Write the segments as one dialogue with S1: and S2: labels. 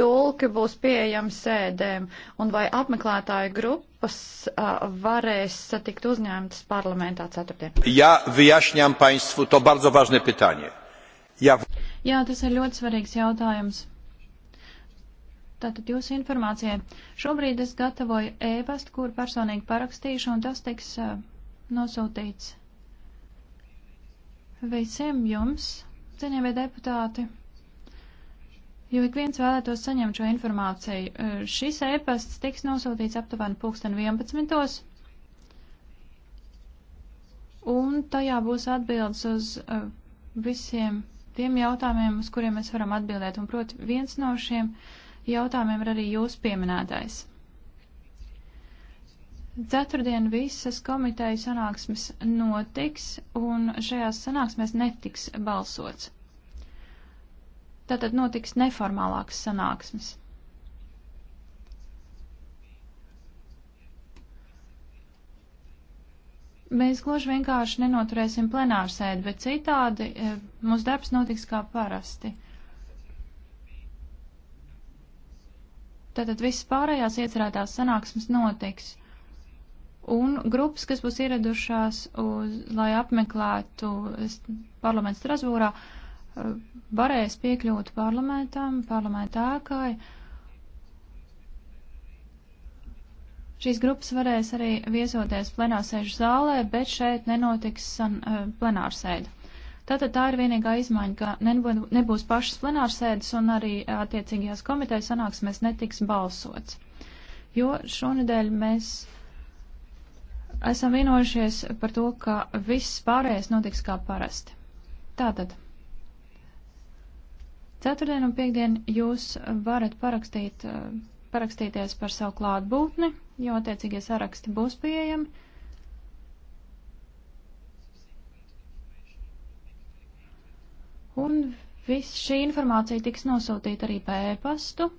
S1: tulki būs pieejami sēdēm un vai apmeklētāju grupas uh, varēs tikt uzņemtas parlamentā ceturtdien?
S2: Ja vyjašņām paņstvu, to bardzo važne pitāņie. Ja...
S1: Jā, tas ir ļoti svarīgs jautājums.
S3: Tātad jūsu informācijai. Šobrīd es gatavoju ēpastu, e kur personīgi parakstīšu, un tas tiks uh, nosūtīts visiem jums, cienījamie deputāti jo ik viens vēlētos saņemt šo informāciju. Eh, šis ēpasts tiks nosūtīts aptuveni pulksten 11. Un tajā būs atbildes uz eh, visiem tiem jautājumiem, uz kuriem mēs varam atbildēt. Un, proti, viens no šiem jautājumiem ir arī jūs pieminētais. Ceturtdien visas komiteju sanāksmes notiks, un šajās sanāksmēs netiks balsots. Tātad notiks neformālākas sanāksmes. Mēs gluži vienkārši nenoturēsim plenārsēdi, bet citādi eh, mūsu darbs notiks kā parasti. Tātad visas pārējās iecerētās sanāksmes notiks. Un grupas, kas būs ieradušās, uz, lai apmeklētu parlamentu Strasbūrā, uh, varēs piekļūt parlamentam, parlamentākai. Šīs grupas varēs arī viesoties plenārsēžu zālē, bet šeit nenotiks eh, plenārsēde. Tātad tā ir vienīgā izmaiņa, ka nebūs pašas plenārsēdes un arī attiecīgajās komitejas sanāksmēs netiks balsots. Jo šonedēļ mēs esam vienojušies par to, ka viss pārējais notiks kā parasti. Tātad. Ceturtdien un piekdien jūs varat parakstīt, eh, parakstīties par savu klātbūtni, jo attiecīgie saraksti būs pieejami. Un viss šī informācija tiks nosūtīta arī pa e-pastu,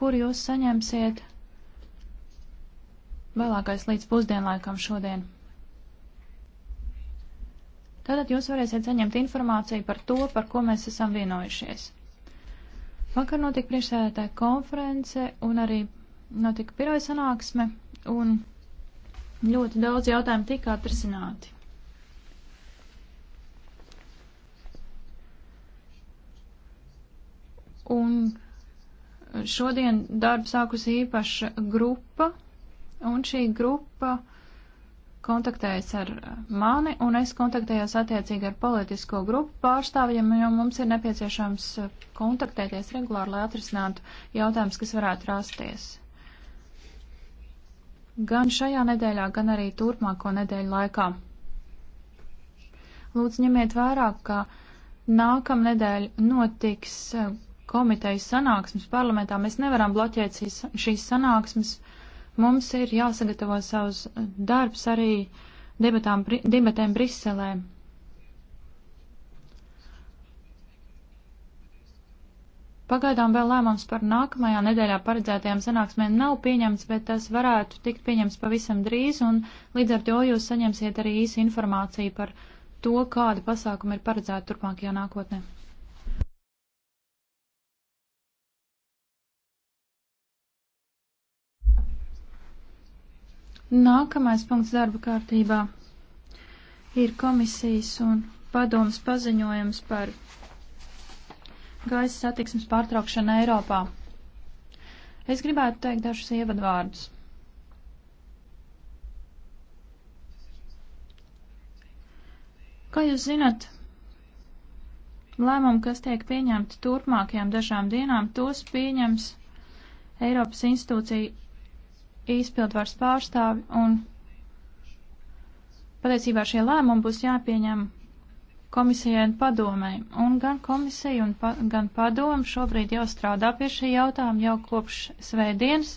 S3: kur jūs saņemsiet vēlākais līdz pusdienlaikam šodien. Tātad jūs varēsiet saņemt informāciju par to, par ko mēs esam vienojušies. Vakar notika priekšsēdētāja konference un arī notika pirmā sanāksme un ļoti daudz jautājumu tika atrisināti. Un šodien darbu sākusi īpaša grupa, un šī grupa uh, kontaktējas ar mani, un es kontaktējos attiecīgi ar politisko grupu pārstāvjiem, jo mums ir nepieciešams kontaktēties regulāri, lai atrisinātu jautājumus, kas varētu rasties. Gan šajā nedēļā, gan arī turpmāko nedēļu laikā. Lūdzu, ņemiet vērā, ka nākamnedēļ notiks eh, komitejas sanāksmes parlamentā. Mēs nevaram bloķēt šīs sanāksmes Mums ir jāsagatavo savus darbs arī debatām, debatēm Briselē. Pagaidām vēl lēmums par nākamajā nedēļā paredzētajām sanāksmēm nav pieņemts, bet tas varētu tikt pieņemts pavisam drīz, un līdz ar to jūs saņemsiet arī īsu informāciju par to, kādi pasākumi ir paredzēti turpmākajā nākotnē. Nākamais punkts darba kārtībā ir komisijas un padomas paziņojums par gaisa satiksmes pārtraukšanu Eiropā. Es gribētu teikt dažus ievadvārdus. Kā jūs zinat, lēmumu, kas tiek pieņemti turpmākajām dažām dienām, tos pieņems Eiropas institūcija izpildvars pārstāvi un patiesībā šie lēmumi būs jāpieņem komisijai un padomai. Un gan komisija un pa, gan padoma šobrīd jau strādā pie šī jautājuma jau kopš svētdienas,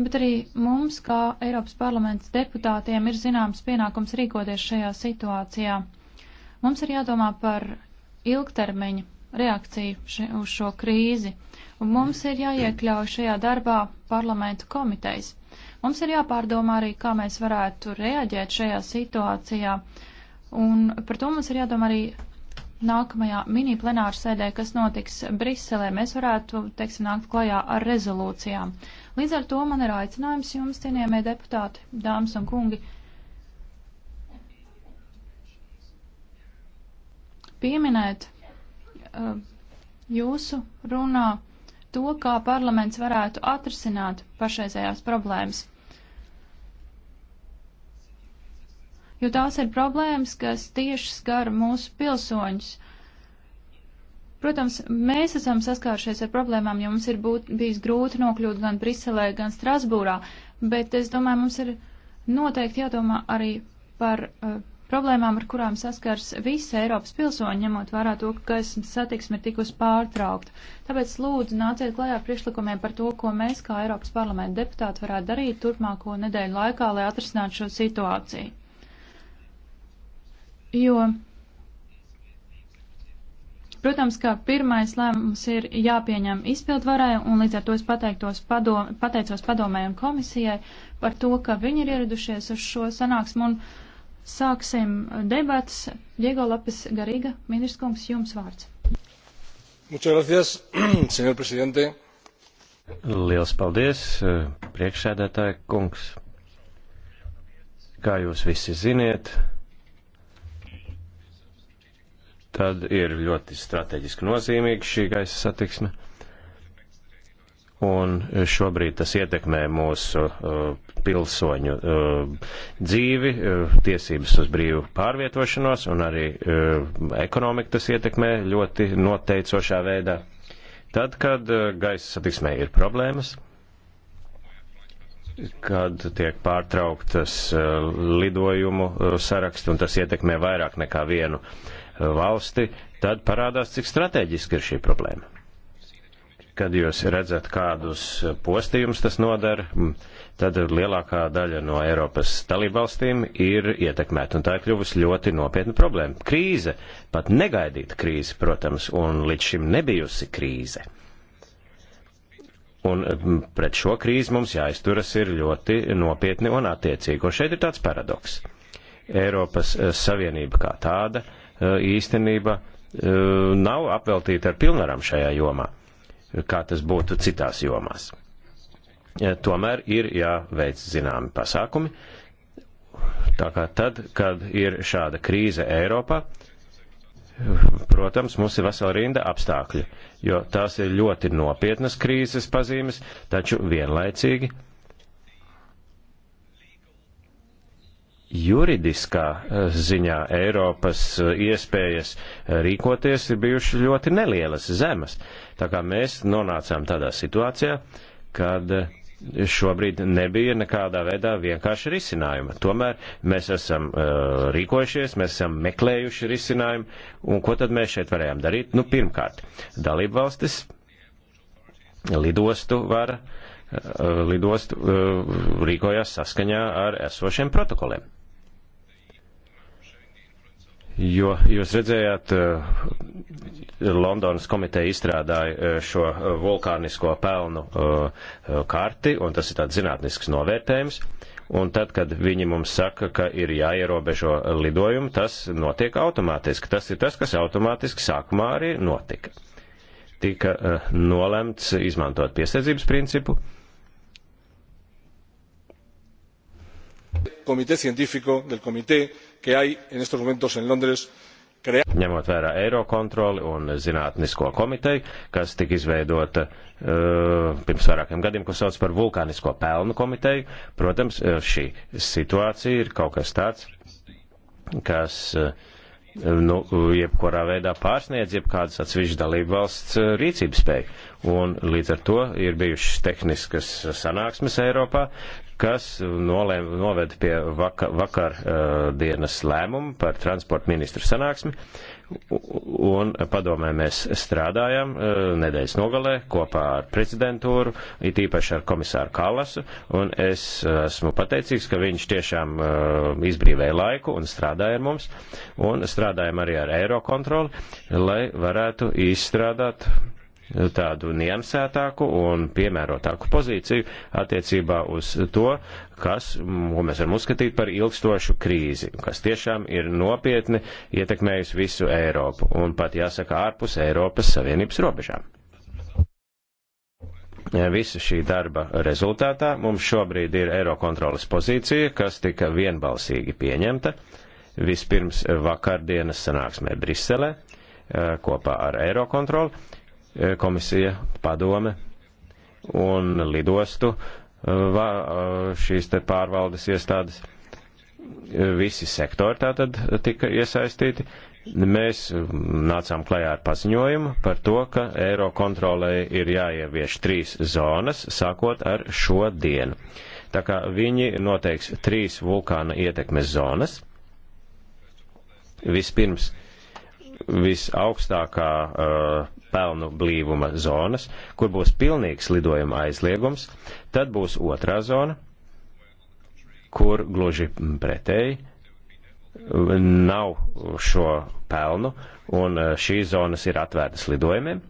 S3: bet arī mums, kā Eiropas parlaments deputātiem, ir zināms pienākums rīkoties šajā situācijā. Mums ir jādomā par ilgtermiņa reakciju še, uz šo krīzi, un mums ir jāiekļauj šajā darbā parlamentu komitejas. Mums ir jāpārdomā arī, kā mēs varētu reaģēt šajā situācijā, un par to mums ir jādomā arī nākamajā mini plenāru sēdē, kas notiks Briselē. Mēs varētu, teiksim, nākt klajā ar rezolūcijām. Līdz ar to man ir aicinājums jums, cienījamie deputāti, dāmas un kungi, pieminēt uh, jūsu runā to, kā parlaments varētu atrisināt pašreizējās problēmas. Jo tās ir problēmas, kas tieši skar mūsu pilsoņus. Protams, mēs esam saskāršies ar problēmām, jo mums ir būt, bijis grūti nokļūt gan Briselē, gan Strasbūrā, bet es domāju, mums ir noteikti jādomā arī par uh, problēmām, ar kurām saskars visi Eiropas pilsoņi, ņemot vērā to, ka gaisa satiksme ir tikus pārtraukta. Tāpēc lūdzu nāciet klajā priekšlikumiem par to, ko mēs kā Eiropas parlamenta deputāti varētu darīt turpmāko nedēļu laikā, lai atrisinātu šo situāciju. Jo, protams, ka pirmais lēmums ir jāpieņem izpildvarai, un līdz ar to es padom, pateicos padomē un komisijai par to, ka viņi ir ieradušies uz šo sanāksmu. Un, uh, Sāksim debats. Diego Lapis Garīga, ministrs jums vārds.
S2: Muchas gracias, señor presidente. Liels paldies, eh, priekšsēdētāja kungs. Kā jūs visi ziniet, tad ir ļoti strateģiski nozīmīga šī gaisa satiksme un šobrīd tas ietekmē mūsu uh, pilsoņu uh, dzīvi, uh, tiesības uz brīvu pārvietošanos un arī uh, ekonomiku tas ietekmē ļoti noteicošā veidā. Tad, kad uh, gaisa satiksmē ir problēmas, kad tiek pārtrauktas uh, lidojumu saraksts un tas ietekmē vairāk nekā vienu valsti, tad parādās, cik strateģiski ir šī problēma Kad jūs redzat, kādus postījumus tas nodara, tad lielākā daļa no Eiropas dalībvalstīm ir ietekmēta, un tā ir kļuvusi ļoti nopietna problēma. Krīze, pat negaidīta krīze, protams, un līdz šim nebijusi krīze. Un pret šo krīzi mums jāizturas ir ļoti nopietni un attiecīgi, un šeit ir tāds paradoks. Eiropas eh, Savienība kā tāda eh, īstenība eh, nav apveltīta ar pilnvaram šajā jomā kā tas būtu citās jomās. Tomēr ir jāveic zināmi pasākumi. Tā kā tad, kad ir šāda krīze Eiropā, protams, mums ir vesela rinda apstākļu, jo tās ir ļoti nopietnas krīzes pazīmes, taču vienlaicīgi juridiskā eh, ziņā Eiropas eh, iespējas rīkoties ir bijušas ļoti nelielas, zemas. Tā kā mēs nonācām tādā situācijā, kad eh, šobrīd nebija nekādā veidā vienkārši risinājuma. Tomēr mēs esam uh, rīkojušies, mēs esam meklējuši risinājumu, un ko tad mēs šeit varējām darīt? Nu, pirmkārt, dalību valstis, lidostu vara, uh, lidostu uh, rīkojās saskaņā ar esošiem protokoliem. Jo jūs redzējāt, eh, Londonas komiteja izstrādāja eh, šo eh, vulkānisko pelnu karti, un tas ir tāds zinātnisks novērtējums. Un tad, kad viņi mums saka, ka ir jāierobežo lidojumu, tas notiek automātiski. Tas ir tas, kas automātiski sākumā arī notika. Tika nolemts izmantot piesardzības principu. Komite científico del comité que hay en estos momentos en Londres ņemot vērā Eirokontroli un Zinātnisko komiteju, kas tika izveidota uh, eh, pirms vairākiem gadiem, ko sauc par vulkānisko pelnu komiteju. Protams, eh, šī situācija ir kaut kas tāds, kas uh, nu, jebkurā veidā pārsniedz jebkādas atsevišķas dalību valsts eh, rīcības spēju. Un līdz ar to ir bijušas tehniskas sanāksmes Eiropā, kas nolēm, noved pie vaka, vakar uh, dienas lēmumu par transporta ministru sanāksmi, Un padomē mēs strādājam eh, nedēļas nogalē kopā ar prezidentūru, it īpaši ar komisāru Kalasu, un es eh, esmu pateicīgs, ka viņš tiešām eh, izbrīvēja laiku un strādāja ar mums, un strādājam arī ar Eirokontroli, lai varētu izstrādāt tādu niansētāku un piemērotāku pozīciju attiecībā uz to, kas, ko mēs varam uzskatīt par ilgstošu krīzi, kas tiešām ir nopietni ietekmējusi visu Eiropu un pat jāsaka ārpus Eiropas Savienības robežām. Visa šī darba rezultātā mums šobrīd ir Eirokontrolas pozīcija, kas tika vienbalsīgi pieņemta vispirms vakardienas sanāksmē Briselē eh, kopā ar Eirokontrolu E, komisija, padome un lidostu e, e, šīs te pārvaldes iestādes. Visi sektori tātad tika iesaistīti. Mēs nācām klajā ar paziņojumu par to, ka eiro kontrolē ir jāievieš trīs zonas, sākot ar šo dienu. Tā kā viņi noteiks trīs vulkāna ietekmes zonas. Vispirms visaugstākā uh, pelnu blīvuma zonas, kur būs pilnīgs lidojuma aizliegums, tad būs otrā zona, kur gluži pretēji uh, nav šo pelnu, un uh, šīs zonas ir atvērtas lidojumiem,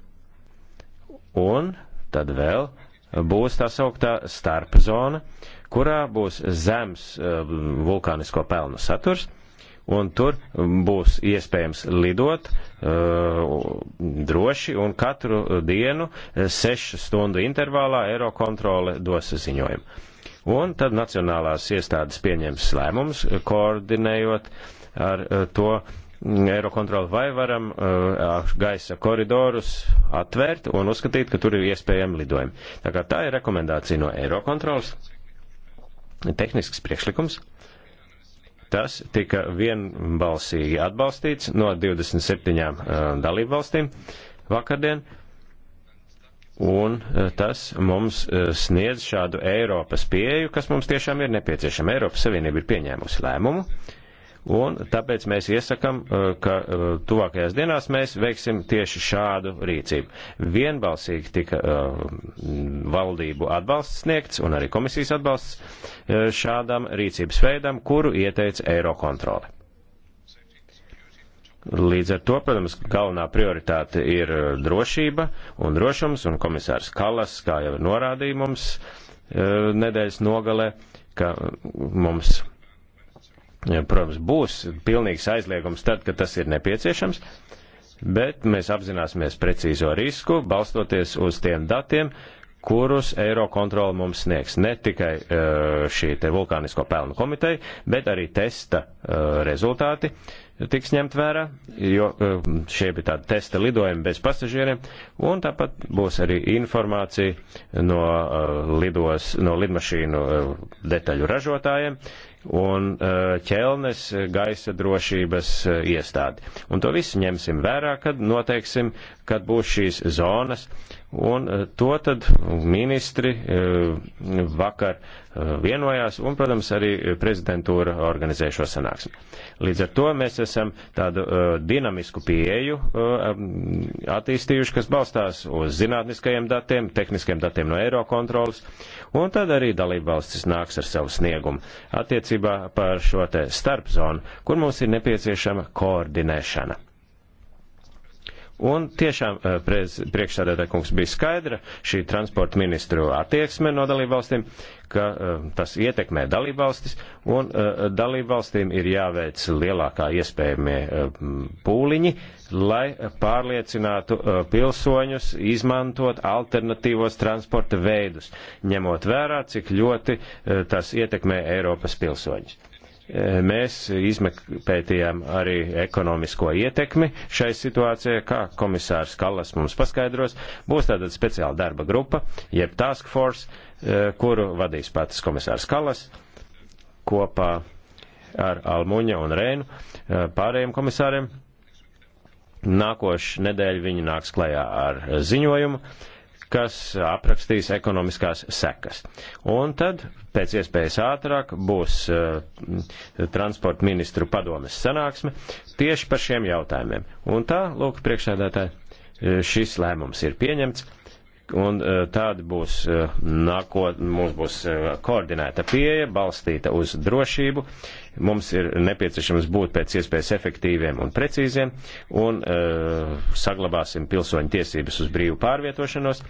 S2: un tad vēl būs tā sauktā starpzona, kurā būs zems uh, vulkānisko pelnu saturs, un tur būs iespējams lidot uh, droši, un katru dienu uh, sešu stundu intervālā Eirokontrole dos ziņojumu. Un tad nacionālās iestādes pieņems lēmumus, koordinējot ar uh, to mm, Eirokontroli, vai varam gaisa koridorus atvērt un uzskatīt, ka tur ir iespējami lidojumi. Tā kā tā ir rekomendācija no Eirokontrolas, tehnisks priekšlikums tas tika vienbalsīgi atbalstīts no 27 dalību valstīm vakardien, un uh, tas mums uh, sniedz šādu Eiropas pieeju, kas mums tiešām ir nepieciešama. Eiropas Savienība ir pieņēmusi lēmumu, Un tāpēc mēs iesakam, uh, ka uh, tuvākajās dienās mēs veiksim tieši šādu rīcību. Vienbalsīgi tika uh, valdību atbalsts sniegts un arī komisijas atbalsts šādam rīcības veidam, kuru ieteica Eirokontrole. Līdz ar to, protams, galvenā prioritāte ir drošība un drošums, un komisārs Kalas, kā jau ir norādījis mums nedēļas nogalē, ka mums Protams, būs pilnīgs aizliegums tad, kad tas ir nepieciešams, bet mēs apzināsimies precīzo risku, balstoties uz tiem datiem, kurus Eirokontrola mums sniegs. Ne tikai eh, šī te vulkānisko pelnu komiteja, bet arī testa eh, rezultāti tiks ņemt vērā, jo eh, šie bija tādi testa lidojumi bez pasažieriem, un tāpat būs arī informācija no, lidos, no lidmašīnu detaļu ražotājiem, un eh, ķelnes eh, gaisa drošības eh, iestādi. Un to visu ņemsim vērā, kad noteiksim, kad būs šīs zonas, Un eh, to tad ministri eh, vakar eh, vienojās, un, protams, arī prezidentūra organizē šo sanāksmi. Līdz ar to mēs esam tādu dinamisku pieeju attīstījuši, kas balstās uz zinātniskajiem datiem, tehniskiem datiem no Eirokontrolas, un tad arī dalība valstis nāks ar savu sniegumu attiecībā par šo te starpzonu, kur mums ir nepieciešama koordinēšana. Un tiešām eh, priekšsādātāja kungs bija skaidra šī transporta ministru attieksme no dalībvalstīm, ka eh, tas ietekmē dalībvalstis, un eh, dalībvalstīm ir jāveic lielākā iespējamie pūliņi, lai pārliecinātu pilsoņus izmantot alternatīvos transporta veidus, ņemot vērā, cik ļoti tas ietekmē Eiropas pilsoņus. Mēs izpētījām arī ekonomisko ietekmi šai situācijai, kā komisārs Kallas mums paskaidros. Būs tāda speciāla darba grupa, jeb task force, eh, kuru vadīs pats komisārs Kallas kopā ar Almuņa un Rēnu eh, pārējiem komisāriem. Nākošu nedēļu viņi nāks klajā ar ziņojumu, kas aprakstīs ekonomiskās sekas. Un tad pēc iespējas ātrāk būs uh, transporta ministru padomes sanāksme tieši par šiem jautājumiem. Un tā, lūk, priekšsēdētāji, eh, šis lēmums ir pieņemts. Un e, tāda būs e, nākotnē, mums būs e, koordinēta pieeja, balstīta uz drošību. Mums ir nepieciešams būt pēc iespējas efektīviem un precīziem, un uh, saglabāsim pilsoņu tiesības uz brīvu pārvietošanos.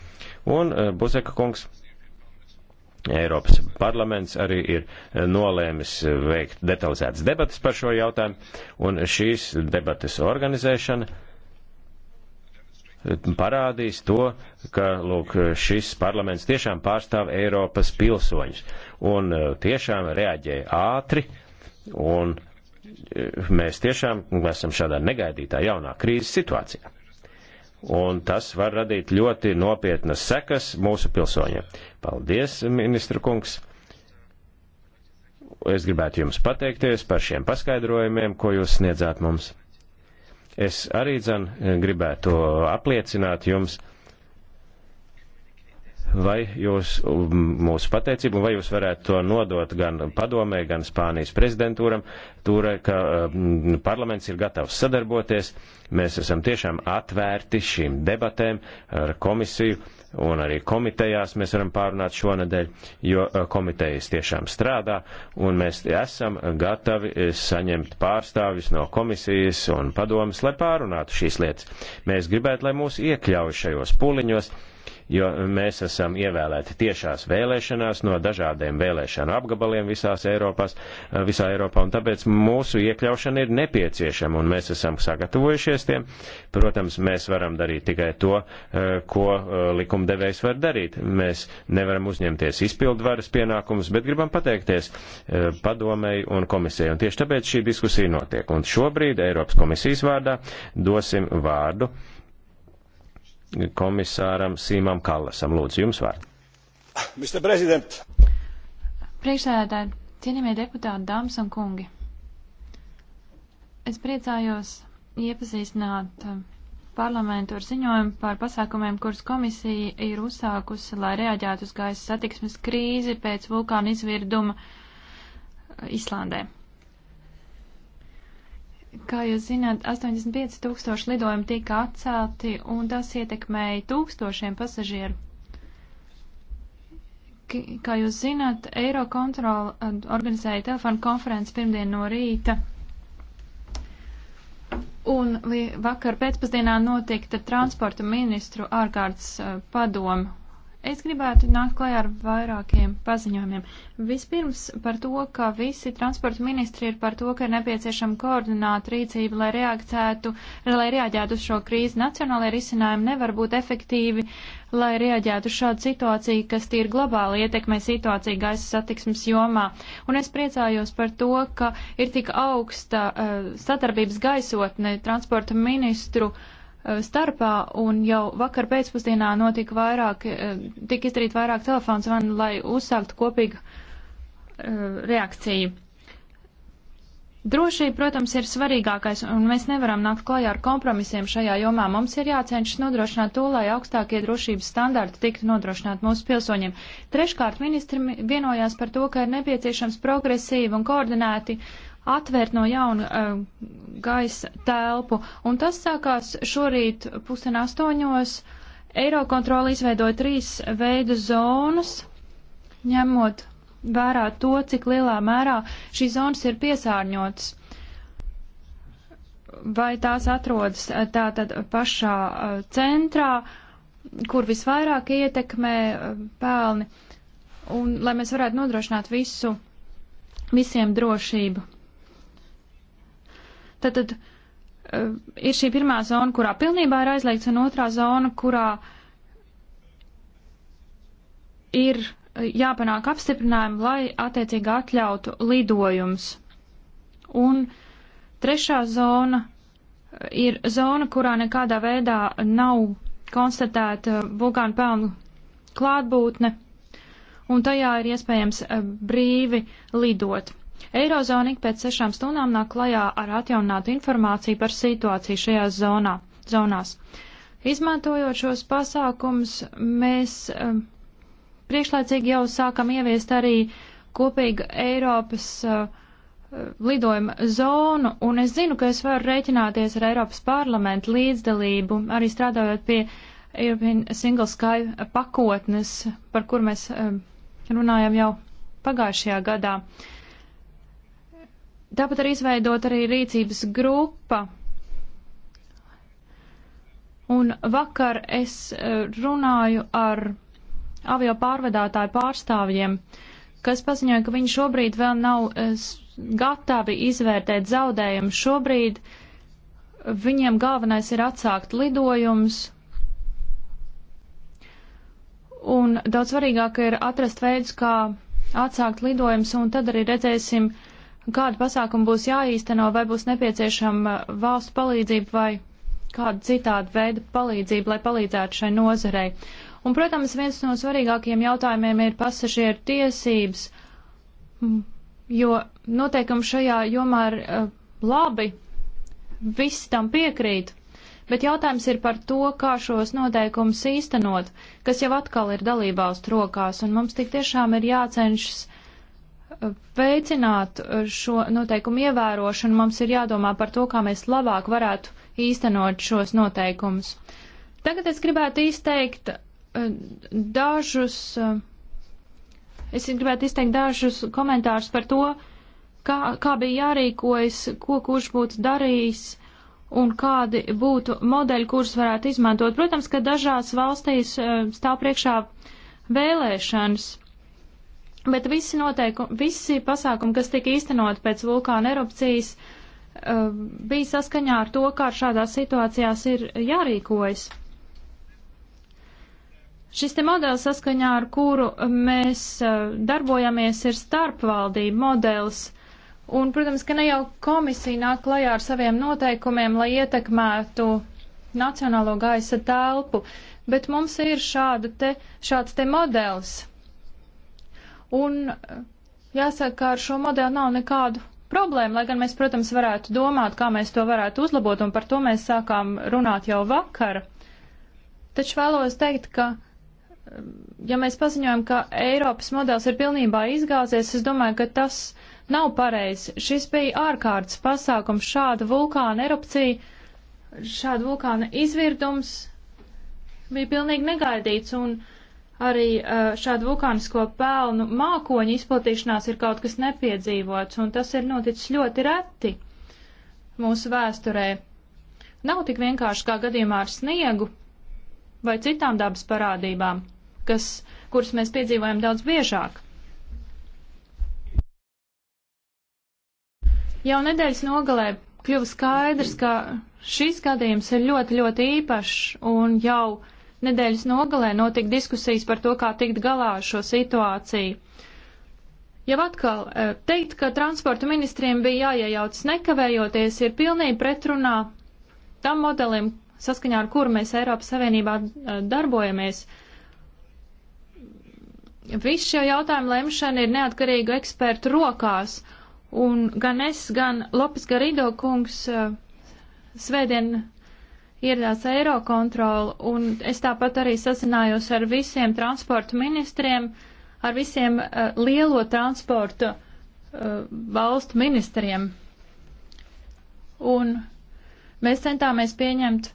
S2: Un uh, Buzeka kungs, Eiropas parlaments arī ir nolēmis veikt detalizētas debatas par šo jautājumu, un šīs debatas organizēšana parādīs to, ka lūk, šis parlaments tiešām pārstāv Eiropas pilsoņus un e, tiešām reaģēja ātri un e, mēs tiešām esam šādā negaidītā jaunā krīzes situācijā. Un tas var radīt ļoti nopietnas sekas mūsu pilsoņiem. Paldies, ministra kungs! Es gribētu jums pateikties par šiem paskaidrojumiem, ko jūs sniedzāt mums. Es arī, dzen, gribētu to apliecināt jums, vai jūs um, mūsu pateicību, vai jūs varētu to nodot gan padomē, gan Spānijas prezidentūram, tūra, ka um, parlaments ir gatavs sadarboties. Mēs esam tiešām atvērti šīm debatēm ar komisiju un arī komitejās mēs varam pārunāt šonadēļ, jo eh, komitejas tiešām strādā, un mēs esam gatavi eh, saņemt pārstāvis no komisijas un padomas, lai pārunātu šīs lietas. Mēs gribētu, lai mūs iekļauj šajos puliņos, jo mēs esam ievēlēti tiešās vēlēšanās no dažādiem vēlēšanu apgabaliem visās Eiropās, eh, visā Eiropā, un tāpēc mūsu iekļaušana ir nepieciešama, un mēs esam sagatavojušies tiem. Protams, mēs varam darīt tikai to, eh, ko eh, likumdevējs var darīt. Mēs nevaram uzņemties izpildvaras pienākumus, bet gribam pateikties padomēji un komisijai, un tieši tāpēc šī diskusija notiek. Un šobrīd Eiropas komisijas vārdā dosim vārdu komisāram Sīmam Kallasam. Lūdzu, jums vārds. Mr. President.
S3: Priekšsēdētāji, cienījamie deputāti, dāmas un kungi. Es priecājos iepazīstināt parlamentu ar ziņojumu par pasākumiem, kurus komisija ir uzsākusi, lai reaģētu uz gaisa satiksmes krīzi pēc vulkāna izvirduma Islandē. Kā jūs zināt, 85 tūkstoši lidojumi tika atcelti, un tas ietekmēja tūkstošiem pasažieru. Kā jūs zināt, Eirokontrola eh, organizēja telefonu konferenci pirmdien no rīta, un vakar pēcpusdienā notika transporta ministru ārkārtas eh, padomu Es gribētu nākt klajā ar vairākiem paziņojumiem. Vispirms par to, ka visi transporta ministri ir par to, ka ir nepieciešama koordināta rīcība, lai, reakcētu, lai reaģētu uz šo krīzi. Nacionālajie risinājumi nevar būt efektīvi, lai reaģētu uz šādu situāciju, kas tīri globāli ietekmē situāciju gaisa satiksmes jomā. Un es priecājos par to, ka ir tik augsta uh, satarbības gaisotne transporta ministru uh, Eh, starpā, un jau vakar pēcpusdienā notika vairāk, eh, tika izdarīt vairāk telefons vani, lai uzsāktu kopīgu eh, reakciju. Drošība, protams, ir svarīgākais, un mēs nevaram nākt klajā ar kompromisiem šajā jomā. Mums ir jācenšas nodrošināt to, lai augstākie drošības standarti tiktu nodrošināti mūsu pilsoņiem. Treškārt, ministri vienojās par to, ka ir nepieciešams progresīvi un koordinēti uh, atvērt no jauna uh, gaisa telpu, un tas sākās šorīt pusen astoņos. Eirokontrola izveidoja trīs veidu zonas, ņemot vērā to, cik lielā mērā šīs zonas ir piesārņotas. Vai tās atrodas eh, tātad pašā uh, centrā, kur visvairāk ietekmē uh, pelni, un lai mēs varētu nodrošināt visu, visiem drošību. Tad, tad uh, ir šī pirmā zona, kurā pilnībā ir aizliegts, un otrā zona, kurā ir eh, jāpanāk apstiprinājumi, lai attiecīgi atļautu lidojums. Un trešā zona eh, ir zona, kurā nekādā veidā nav konstatēta vulkānu pelnu klātbūtne, un tajā ir iespējams brīvi lidot. Eirozona ik pēc sešām stundām nāk klajā ar atjaunātu informāciju par situāciju šajās zonā, zonās. Izmantojot šos pasākums, mēs um, priekšlaicīgi jau sākam ieviest arī kopīgu Eiropas uh, lidojuma zonu, un es zinu, ka es varu rēķināties ar Eiropas parlamentu līdzdalību, arī strādājot pie European Single Sky pakotnes, par kur mēs um, runājam jau pagājušajā gadā. Uh, Tāpat arī izveidot arī rīcības grupa. Un vakar es e, runāju ar avio pārvadātāju pārstāvjiem, kas paziņoja, ka viņi šobrīd vēl nav e, gatavi izvērtēt zaudējumu. Šobrīd viņiem galvenais ir atsākt lidojums. Un daudz svarīgāk ir atrast veidus, kā atsākt lidojums, un tad arī redzēsim, uh, kādu pasākumu būs jāīsteno, vai būs nepieciešama valsts palīdzība vai kāda citāda veida palīdzība, lai palīdzētu šai nozarei. Un, protams, viens no svarīgākajiem jautājumiem ir pasažieru tiesības, jo noteikumi šajā jomā ir uh, labi, visi tam piekrīt, bet jautājums ir par to, kā šos noteikumus īstenot, kas jau atkal ir dalībvalstu rokās, un mums tik tiešām ir jācenšas uh, veicināt šo noteikumu ievērošanu, mums ir jādomā par to, kā mēs labāk varētu īstenot šos noteikumus. Tagad es gribētu izteikt eh, dažus, eh, es gribētu izteikt dažus komentārus par to, kā, kā bija jārīkojas, ko kurš būtu darījis un kādi būtu modeļi, kurus varētu izmantot. Protams, ka dažās valstīs eh, stāv priekšā vēlēšanas Bet visi, noteiku, visi pasākumi, kas tika īstenot pēc vulkāna erupcijas, eh, bija saskaņā ar to, kā šādās situācijās ir jārīkojas. Šis te modelis, saskaņā ar kuru mēs eh, darbojamies, ir starpvaldība modelis. Un, protams, ka ne jau komisija nāk klajā ar saviem noteikumiem, lai ietekmētu nacionālo gaisa telpu, bet mums ir šāda te, šāds te modelis, Un eh, jāsaka, ka ar šo modeli nav nekādu problēmu, lai gan mēs, protams, varētu domāt, kā mēs to varētu uzlabot, un par to mēs sākām runāt jau vakar. Taču vēlos teikt, ka, eh, ja mēs paziņojam, ka Eiropas modelis ir pilnībā izgāzies, es domāju, ka tas nav pareizi. Šis bija ārkārtas pasākums, šāda vulkāna erupcija, šāda vulkāna izvirdums bija pilnīgi negaidīts. Un, uh, arī eh, šādu vulkānisko pelnu mākoņu izplatīšanās ir kaut kas nepiedzīvots, un tas ir noticis ļoti reti mūsu vēsturē. Nav tik vienkārši kā gadījumā ar sniegu vai citām dabas parādībām, kas, kuras mēs piedzīvojam daudz biežāk. Jau nedēļas nogalē kļuva skaidrs, ka šis gadījums ir ļoti, ļoti īpašs un jau Nedēļas nogalē notika diskusijas par to, kā tikt galā ar šo situāciju. Jau atkal eh, teikt, ka transporta ministriem bija jāiejaucas nekavējoties, ir pilnīgi pretrunā tam modelim, saskaņā ar kuru mēs Eiropas Savienībā eh, darbojamies. Viss šie jautājumi lemšana ir neatkarīgu ekspertu rokās, un gan es, gan Lopes Garido kungs eh, svētdien ieradās Eirokontrola, un es tāpat arī sazinājos ar visiem transporta ministriem, ar visiem uh, lielo transporta uh, valstu ministriem. Un mēs centāmies pieņemt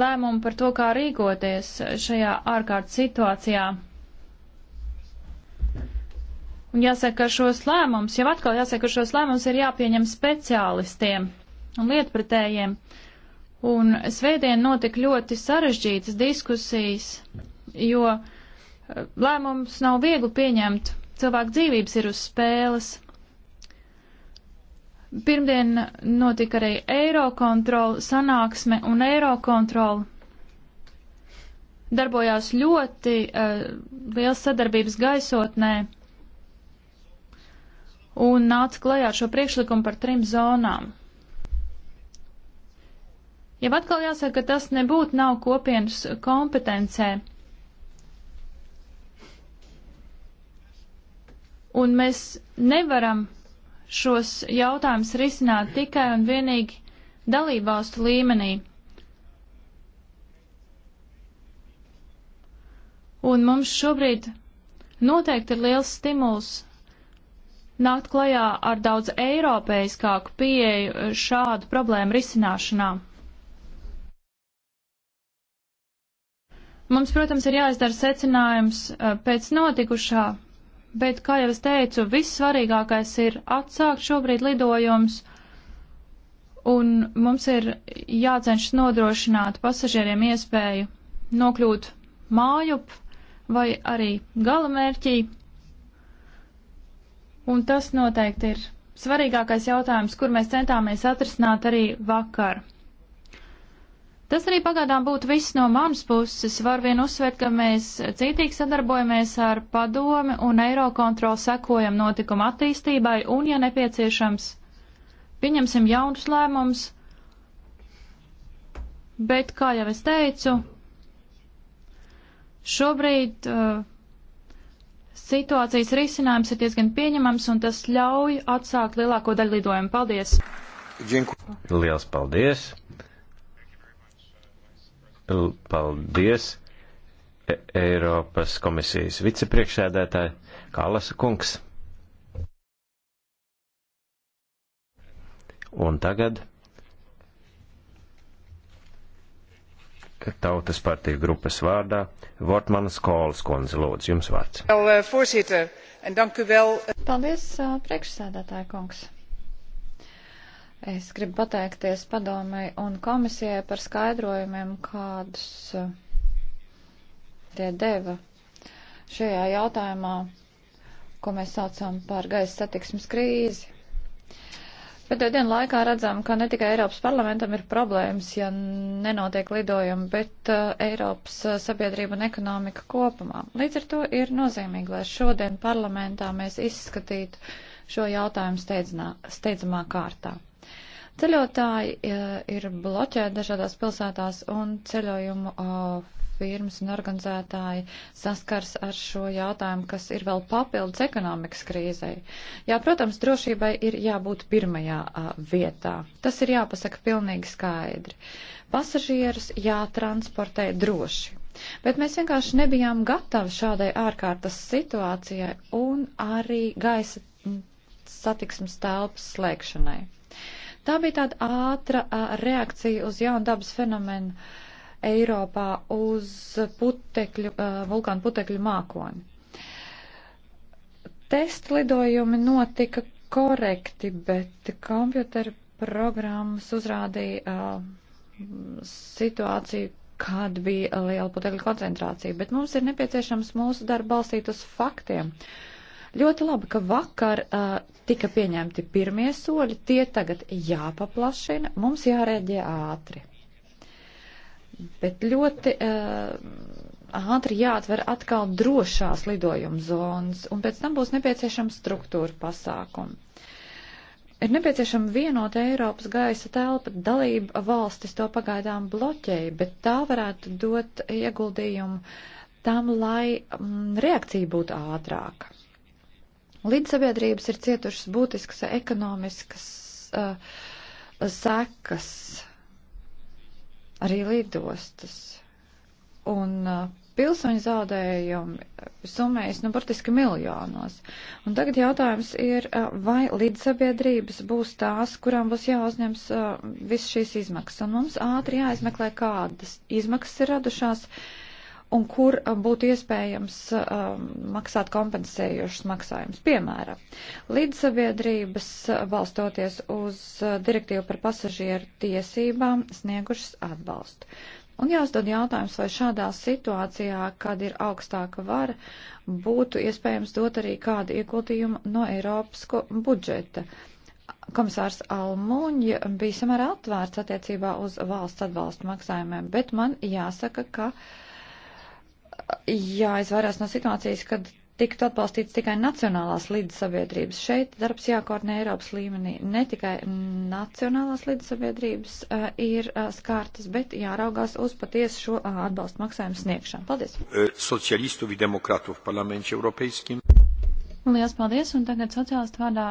S3: lēmumu par to, kā rīkoties šajā ārkārtas situācijā. Un jāsaka, ka šos lēmumus, jau atkal jāsaka, ka šos lēmumus ir jāpieņem speciālistiem un lietpratējiem. Uh, Un svētdien notika ļoti sarežģītas diskusijas, jo eh, lēmums nav viegli pieņemt. Cilvēku dzīvības ir uz spēles. Pirmdien notika arī Eirokontrola sanāksme un Eirokontrola darbojās ļoti uh, liels sadarbības gaisotnē un nāca klajā ar šo priekšlikumu par trim zonām. Jau atkal jāsaka, ka tas nebūtu nav kopienas kompetencē. Un mēs nevaram šos jautājumus risināt tikai un vienīgi dalībvalstu līmenī. Un mums šobrīd noteikti ir liels stimuls nākt klajā ar daudz eiropeiskāku pieeju šādu problēmu risināšanām. Mums, protams, ir jāizdara secinājums eh, pēc notikušā, bet, kā jau es teicu, vissvarīgākais ir atsākt šobrīd lidojums, un mums ir jācenšas nodrošināt pasažieriem iespēju nokļūt mājup vai arī galamērķī, un tas noteikti ir svarīgākais jautājums, kur mēs centāmies atrisināt arī vakar. Tas arī pagādām būtu viss no manas puses. Var vien uzsvērt, ka mēs cītīgi sadarbojamies ar padomi un Eirokontrolu sekojam notikuma attīstībai un, ja nepieciešams, pieņemsim jaunus lēmumus. Bet, kā jau es teicu, šobrīd uh, situācijas risinājums ir diezgan pieņemams un tas ļauj atsākt lielāko daļu lidojumu. Paldies!
S2: Liels paldies! Paldies e, Eiropas komisijas vicepriekšēdētāji Kalasa kungs. Un tagad Tautas partija grupas vārdā Vortmanas Kolas kundze lūdzu jums vārds.
S1: Eh, eh. Paldies, eh, priekšsēdētāja kungs. Es gribu pateikties padomai un komisijai par skaidrojumiem, kādus uh, tie deva šajā jautājumā, ko mēs saucam par gaisa satiksmes krīzi. Pēdējo dienu laikā redzam, ka ne tikai Eiropas parlamentam ir problēmas, ja nenotiek lidojumi, bet uh, Eiropas uh, sabiedrība un ekonomika kopumā. Līdz ar to ir nozīmīgi, lai šodien parlamentā mēs izskatītu šo jautājumu steidzamā kārtā. Ceļotāji e, ir bloķēti dažādās pilsētās un ceļojumu e, firmas un organizētāji saskars ar šo jautājumu, kas ir vēl papildus ekonomikas krīzei. Jā, protams, drošībai ir jābūt pirmajā e, vietā. Tas ir jāpasaka pilnīgi skaidri. Pasažierus jātransportē droši. Bet mēs vienkārši nebijām gatavi šādai ārkārtas situācijai un arī gaisa satiksmes telpas slēgšanai. Tā bija tāda ātra reakcija uz jaunu dabas fenomenu Eiropā, uz putekļu, vulkānu putekļu mākoni. Testa lidojumi notika korekti, bet kompjutera programmas uzrādīja situāciju, kad bija liela putekļa koncentrācija, bet mums ir nepieciešams mūsu darbu balstīt uz faktiem. Uh, Ļoti labi, ka vakar uh, tika pieņemti pirmie soļi, tie tagad jāpaplašina, mums jārēģē ātri. Bet ļoti uh, ātri jāatver atkal drošās lidojuma zonas, un pēc tam būs nepieciešama struktūra pasākuma. Ir nepieciešama vienota Eiropas gaisa telpa, dalība valstis to pagaidām bloķēja, bet tā varētu dot ieguldījumu tam, lai mm, reakcija būtu ātrāka. Līdzsabiedrības ir cietušas būtiskas ekonomiskas uh, sekas, arī lidostas. Un uh, pilsoņu zaudējumi summējas, nu, burtiski miljonos. Un tagad jautājums ir, uh, vai līdzsabiedrības būs tās, kurām būs jāuzņems uh, viss šīs izmaksas. Un mums ātri jāizmeklē, kādas izmaksas ir radušās. Uh, un kur uh, būtu iespējams um, maksāt kompensējušas maksājumus. Piemēram, līdzsabiedrības uh, balstoties uz uh, direktīvu par pasažieru tiesībām sniegušas atbalstu. Un jāuzdod jautājums, vai šādā situācijā, kad ir augstāka vara, būtu iespējams dot arī kādu ieguldījumu no Eiropas budžeta. Komisārs Almuņa bija samērā atvērts attiecībā uz valsts atbalstu maksājumiem, bet man jāsaka, ka uh, jāizvairās no situācijas, kad tiktu atbalstīts tikai nacionālās lidsaviedrības. Šeit darbs jākoordinē Eiropas līmenī. Ne tikai nacionālās lidsaviedrības uh, eh, ir uh, skārtas, bet jāraugās uz patiesu šo uh, atbalstu maksājumu sniegšanu. Paldies!
S2: Socialistu un demokrātu parlamentu europeiskim.
S1: Lielas paldies, un tagad
S3: sociālistu vārdā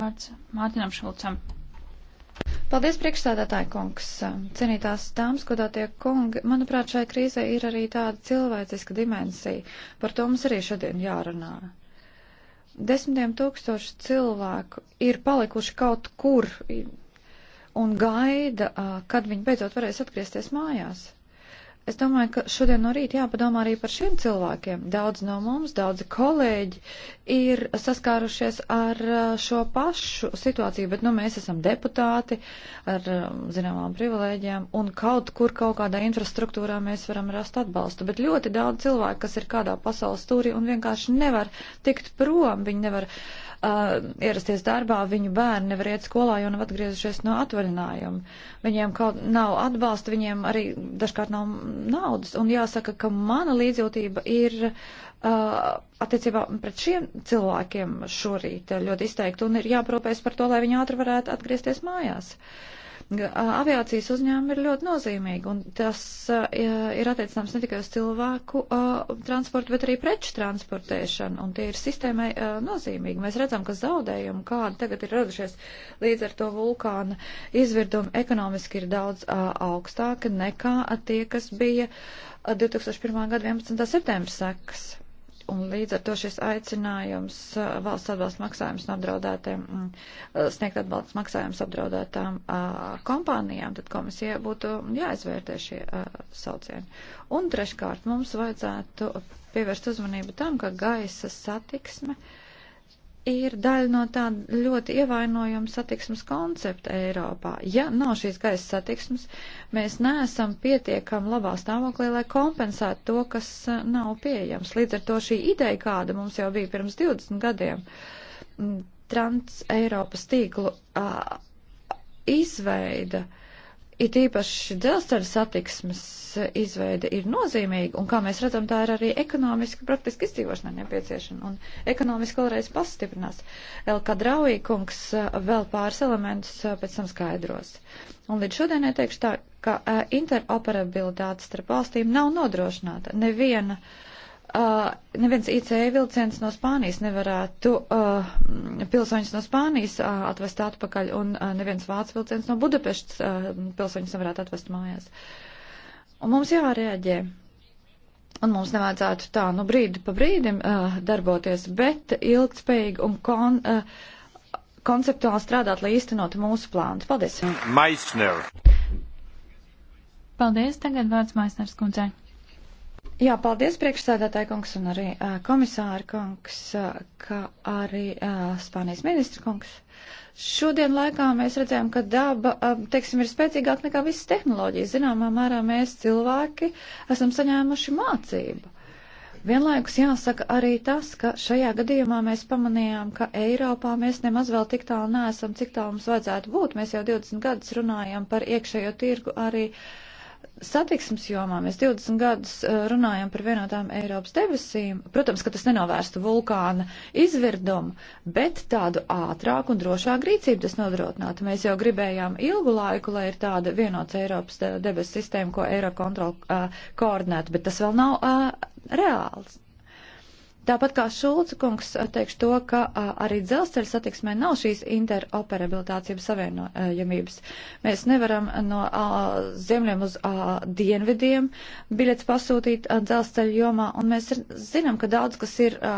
S3: vārds Mārtiņam Šulcam.
S1: Paldies, priekšstādātāji kungs. Cienītās dāmas, godātie kungi, manuprāt, šai krīzē ir arī tāda cilvēciska dimensija. Par to mums arī šodien jārunā. Desmitiem tūkstoši cilvēku ir palikuši kaut kur un gaida, kad viņi beidzot varēs atgriezties mājās. Es domāju, ka šodien no rīta jāpadomā arī par šiem cilvēkiem. Daudz no mums, daudzi kolēģi ir saskārušies ar uh, šo pašu situāciju, bet nu, mēs esam deputāti ar um, zināmām privilēģijām un kaut kur kaut kādā infrastruktūrā mēs varam rast atbalstu. Bet ļoti daudz cilvēku, kas ir kādā pasaules stūrī un vienkārši nevar tikt prom, viņi nevar uh, uh, ierasties darbā, viņu bērni nevar iet skolā, jo nav atgriezušies no atvaļinājuma. Viņiem kaut nav atbalsta, viņiem arī dažkārt nav naudas. Un jāsaka, ka mana līdzjūtība ir uh, attiecībā pret šiem cilvēkiem šorīt ļoti izteikta un ir jāprūpēs par to, lai viņi ātri varētu atgriezties mājās. Uh, aviācijas uzņēmumi ir ļoti nozīmīgi, un tas ir attiecināms ne tikai uz cilvēku transportu, bet arī preču transportēšanu, un tie ir sistēmai nozīmīgi. Mēs redzam, ka zaudējumi, kādi tagad ir radušies līdz ar to vulkāna izvirdumu, ekonomiski ir daudz augstāki nekā tie, kas bija 2001. gada 11. septembra sekas. Un līdz ar to šis aicinājums uh, valsts atbalsta maksājums apdraudētiem, mm, uh, sniegt atbalsta maksājums apdraudētām uh, kompānijām, tad komisija būtu jāizvērtē šie saucieni. Un treškārt mums vajadzētu pievērst uzmanību tam, ka gaisa satiksme. Uh, ir daļa no tāda ļoti ievainojama satiksmes koncepta Eiropā. Ja nav šīs gaisa satiksmes, mēs neesam pietiekami labā stāvoklī, lai kompensētu to, kas eh, nav pieejams. Līdz ar to šī ideja, kāda mums jau bija pirms 20 gadiem, mm, Trans Eiropas tīklu uh, izveida uh, It īpaši dzelzceļa satiksmes izveide ir nozīmīga, un kā mēs redzam, tā ir arī ekonomiski praktiski izdzīvošanai nepieciešama, un ekonomiski vēlreiz pastiprinās. Elka Draujīkungs vēl pāris elementus pēc tam skaidros. Un līdz šodien ieteikšu tā, ka interoperabilitāte starp valstīm nav nodrošināta. Neviena uh, Uh, neviens ICE vilciens no Spānijas nevarētu uh, pilsoņus no Spānijas uh, atvest atpakaļ, un uh, neviens vācu vilciens no Budapeštas uh, pilsoņus nevarētu atvest mājās. Un mums jārēģē. Un mums nevajadzētu tā, nu, brīdi pa brīdim uh, darboties, bet ilgtspējīgi un kon, uh, konceptuāli strādāt, lai īstenotu mūsu plānu. Paldies!
S2: Maisner.
S1: Paldies, tagad vārds Maisners kundzei. Jā, paldies priekšsēdētāji kungs un arī uh, komisāra kungs, uh, kā arī uh, Spānijas ministra kungs. Šodien laikā mēs redzējām, ka daba, uh, teiksim, ir spēcīgāk nekā visas tehnoloģijas. Zināmā mērā mēs cilvēki esam saņēmuši mācību. Vienlaikus jāsaka arī tas, ka šajā gadījumā mēs pamanījām, ka Eiropā mēs nemaz vēl tik tālu neesam, cik tālu mums vajadzētu būt. Mēs jau 20 gadus runājam par iekšējo tirgu arī. Uh, Satiksmes jomā mēs 20 gadus eh, runājam par vienotām Eiropas debesīm. Protams, ka tas nenovērstu vulkāna izvirdumu, bet tādu ātrāku un drošāku rīcību tas nodrošinātu. Mēs jau gribējām ilgu laiku, lai ir tāda vienots Eiropas debesu sistēma, ko Eiropa kontrola uh, eh, koordinētu, bet tas vēl nav uh, reāls. Tāpat kā Šulca kungs teikšu to, ka arī dzelzceļa satiksmē nav šīs interoperabilitātes, jeb savienojamības. Mēs nevaram no a, ziemļiem uz a, dienvidiem biļets pasūtīt a, dzelzceļa jomā, un mēs zinām, ka daudz, kas ir a,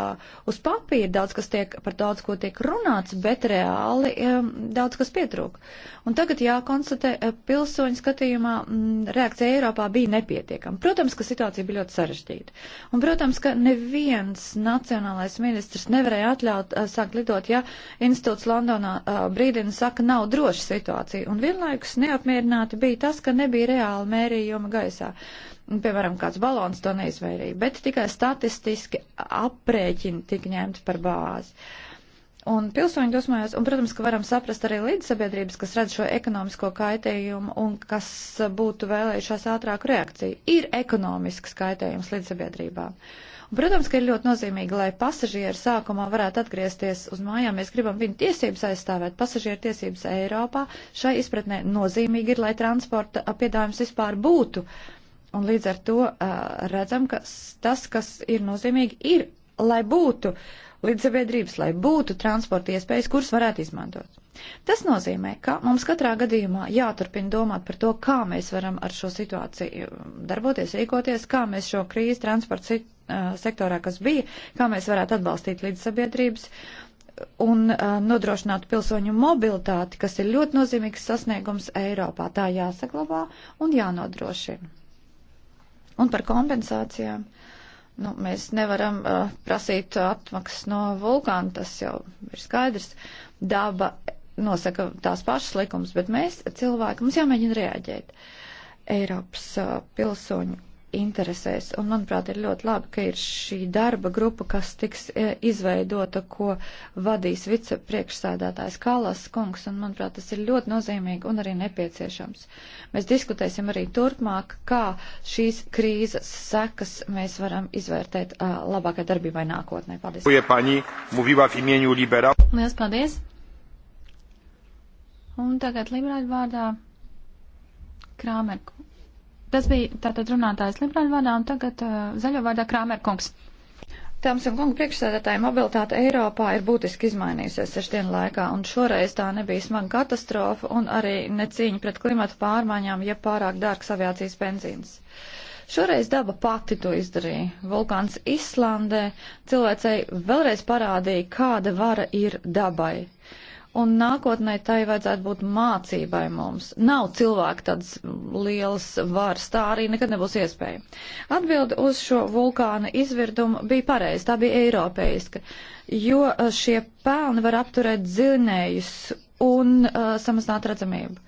S1: uz papīra, daudz, kas tiek par daudz, ko tiek runāts, bet reāli a, daudz, kas pietrūk. Un tagad jākonstatē, pilsoņu skatījumā m, reakcija Eiropā bija nepietiekama. Protams, ka situācija bija ļoti sarežģīta. Un, protams, ka neviens nacionālais ministrs nevarēja atļaut uh, sākt lidot, ja institūts Londonā uh, brīdina saka, nav droša situācija. Un vienlaikus neapmierināti bija tas, ka nebija reāla mērījuma gaisā. Un, piemēram, kāds balons to neizvairīja, bet tikai statistiski aprēķini tika ņemti par bāzi. Un pilsoņi dosmājās, un, protams, ka varam saprast arī līdzsabiedrības, kas redz šo ekonomisko kaitējumu un kas būtu vēlējušās ātrāku reakciju. Ir ekonomisks kaitējums līdzsabiedrībām. Uh, Protams, ka ir ļoti nozīmīgi, lai pasažieri sākumā varētu atgriezties uz mājām. Mēs gribam viņu tiesības aizstāvēt. Pasažieru tiesības Eiropā šai izpratnē nozīmīgi ir, lai transporta piedāvājums vispār būtu. Un līdz ar to uh, redzam, ka tas, kas ir nozīmīgi, ir, lai būtu līdz sabiedrības, lai būtu transporta iespējas, kuras varētu izmantot. Tas nozīmē, ka mums katrā gadījumā jāturpina domāt par to, kā mēs varam ar šo situāciju darboties, rīkoties, kā mēs šo krīzi transporta situāciju sektorā, kas bija, kā mēs varētu atbalstīt līdz sabiedrības un nodrošināt pilsoņu mobilitāti, kas ir ļoti nozīmīgs sasniegums Eiropā. Tā jāsaglabā un jānodrošina. Un par kompensācijām. Nu, mēs nevaram uh, prasīt atmaksas no vulkāna, tas jau ir skaidrs. Daba nosaka tās pašas likums, bet mēs cilvēki, mums jāmēģina reaģēt. Eiropas uh, pilsoņu interesēs. Un, manuprāt, ir ļoti labi, ka ir šī darba grupa, kas tiks e, izveidota, ko vadīs vicepriekšsēdētājs Kalas kungs, un, manuprāt, tas ir ļoti nozīmīgi un arī nepieciešams. Mēs diskutēsim arī turpmāk, kā šīs krīzes sekas mēs varam izvērtēt e, labākai darbībai nākotnē. Paldies! Lielas paldies! Un tagad liberāļu vārdā
S3: Krāmerku Tas bija tātad runātājs liberāļu vārdā un tagad uh, zaļo vārdā
S1: Krāmerkungs. Tāms un kungu priekšsēdētāji mobilitāte Eiropā ir būtiski izmainījusies sešdienu laikā, un šoreiz tā nebija smaga katastrofa un arī necīņa pret klimatu pārmaiņām, ja pārāk dārgs aviācijas benzīns. Šoreiz daba pati to izdarīja. Vulkāns Islandē cilvēcei vēlreiz parādīja, kāda vara ir dabai. Uh, Un nākotnē tai vajadzētu būt mācībai mums. Nav cilvēka tāds liels vars, tā arī nekad nebūs iespēja. Atbildi uz šo vulkāna izvirdumu bija pareizi, tā bija eiropeiska, jo uh, šie pelni var apturēt dzinējus un uh, samazināt redzamību.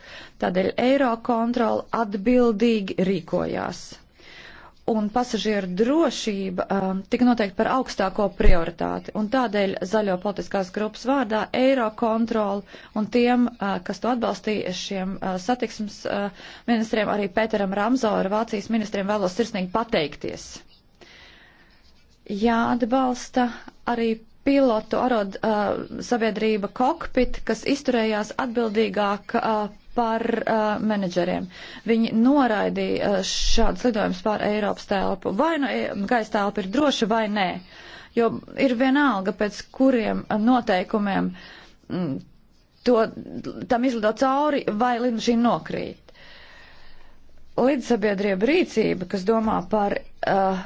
S1: Tādēļ eiro kontrola atbildīgi rīkojās un pasažieru drošība um, tika noteikti par augstāko prioritāti. Un tādēļ zaļo politiskās grupas vārdā eiro kontroli un tiem, uh, kas to atbalstīja šiem uh, satiksmes uh, ministriem, arī Pēteram Ramzauram, Vācijas ministriem vēlos sirsnīgi pateikties. Jāatbalsta arī pilotu arod uh, sabiedrība kokpit, kas izturējās atbildīgāk uh, par uh, menedžeriem. Viņi noraidīja uh, šādus lidojumus pār Eiropas telpu. Vai nu no e, gaisa telpa ir droša vai nē, jo ir vienalga, pēc kuriem uh, noteikumiem mm, to, tam izlido cauri vai lidmašīna nokrīt. Līdzsabiedrība rīcība, kas domā par uh,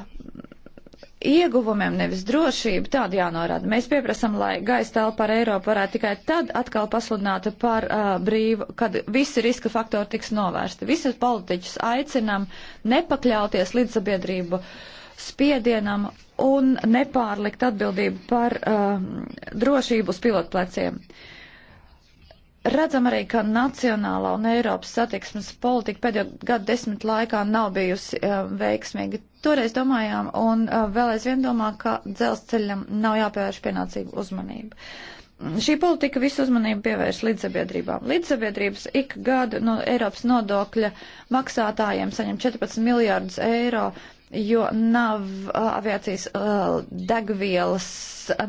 S1: ieguvumiem, nevis drošību, tādu jānorāda. Mēs pieprasam, lai gaisa telpa par Eiropu varētu tikai tad atkal pasludināta par uh, brīvu, kad visi riska faktori tiks novērsti. Visus politiķus aicinam nepakļauties līdz sabiedrību spiedienam un nepārlikt atbildību par uh, drošību uz pilotpleciem. Uh, Redzam arī, ka nacionālā un Eiropas satiksmes politika pēdējo gadu desmit laikā nav bijusi uh, veiksmīga. Toreiz domājām un uh, vēl aizvien domā, ka dzelzceļam nav jāpievērš pienācīga uzmanība. Šī politika visu uzmanību pievērš līdzsabiedrībām. Līdzsabiedrības ik gadu no Eiropas nodokļa maksātājiem saņem 14 miljārdus eiro, jo nav uh, aviācijas uh, degvielas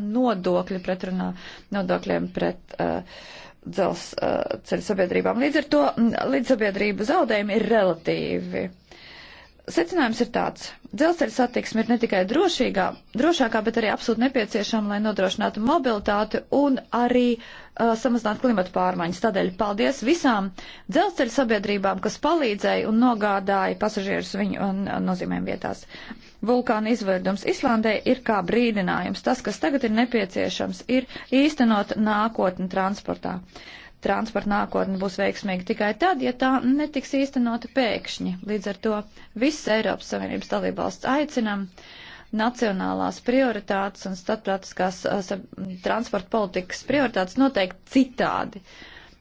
S1: nodokļa pretrunā nodokļiem pret. Uh, dzelzceļa eh, sabiedrībām. Līdz ar to līdzsabiedrību zaudējumi ir relatīvi. Secinājums ir tāds. Dzelzceļa satiksme ir ne tikai drošīgā, drošākā, bet arī absolūti nepieciešama, lai nodrošinātu mobilitāti un arī uh, samazinātu klimatu pārmaiņas. Tādēļ paldies visām dzelzceļa sabiedrībām, kas palīdzēja un nogādāja pasažierus viņu nozīmēm vietās. Uh, vulkāna izveidums Islandē ir kā brīdinājums. Tas, kas tagad ir nepieciešams, ir īstenot nākotni transportā. Transporta nākotne būs veiksmīga tikai tad, ja tā netiks īstenota pēkšņi. Līdz ar to visas Eiropas Savienības dalībvalsts aicinam nacionālās prioritātes un starptautiskās uh, transporta politikas prioritātes noteikti citādi. Uh,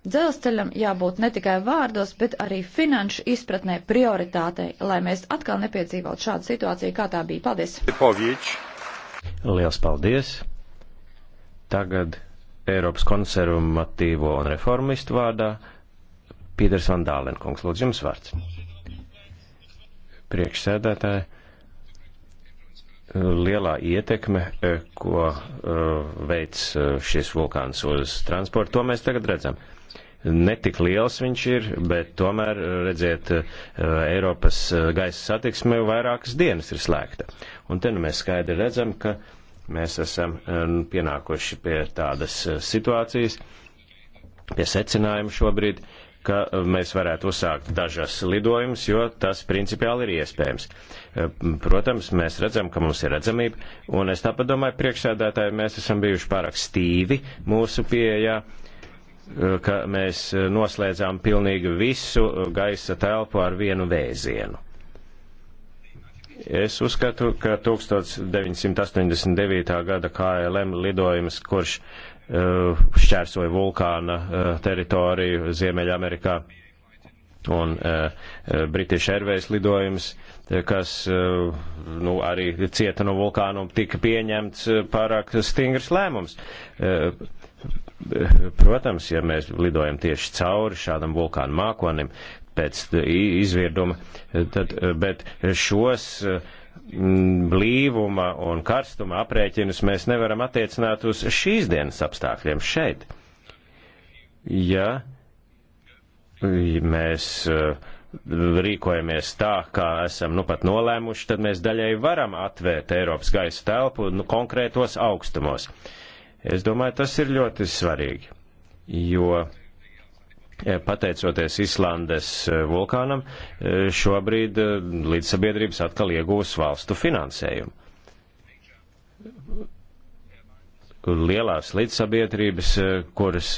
S1: Dzelzceļam jābūt ne tikai vārdos, bet arī finanšu izpratnē prioritātei, lai mēs atkal nepiedzīvotu šādu situāciju, kā tā bija.
S2: Paldies! Liels paldies! Tagad Eiropas konservatīvo un reformistu vārdā Pīters Van Dālenkungs. Lūdzu, jums vārds. Priekšsēdētāji lielā ietekme, eh, ko eh, veids eh, šis vulkāns uz transportu, to mēs tagad redzam netik liels viņš ir, bet tomēr, redziet, eh, Eiropas eh, gaisa satiksme vairākas dienas ir slēgta. Un te nu mēs skaidri redzam, ka mēs esam eh, nu, pienākuši pie tādas situācijas, pie secinājuma šobrīd, ka mēs varētu uzsākt dažas lidojumus, jo tas principiāli ir iespējams. Protams, mēs redzam, ka mums ir redzamība, un es tāpat domāju, priekšsēdētāji, mēs esam bijuši pārāk stīvi mūsu pieejā. Ja Eh, ka mēs eh, noslēdzām pilnīgi visu eh, gaisa telpu ar vienu vēzienu. Es uzskatu, ka 1989. gada KLM lidojums, kurš uh, šķērsoja vulkāna uh, teritoriju Ziemeļamerikā, un uh, British Airways lidojums, kas uh, nu, arī cieta no vulkāna un tika pieņemts uh, pārāk stingrs lēmums. Uh, Protams, ja mēs lidojam tieši cauri šādam vulkānu mākonim pēc izvirduma, tad, bet šos blīvuma un karstuma aprēķinus mēs nevaram attiecināt uz šīs dienas apstākļiem šeit. Ja mēs e, rīkojamies tā, kā esam nu pat nolēmuši, tad mēs daļai varam atvērt Eiropas gaisa telpu nu, konkrētos augstumos. Uh, Es domāju, tas ir ļoti svarīgi, jo e, pateicoties Islandes e, vulkānam, e, šobrīd līdzsabiedrības atkal iegūs valstu finansējumu. Lielās līdzsabiedrības, kuras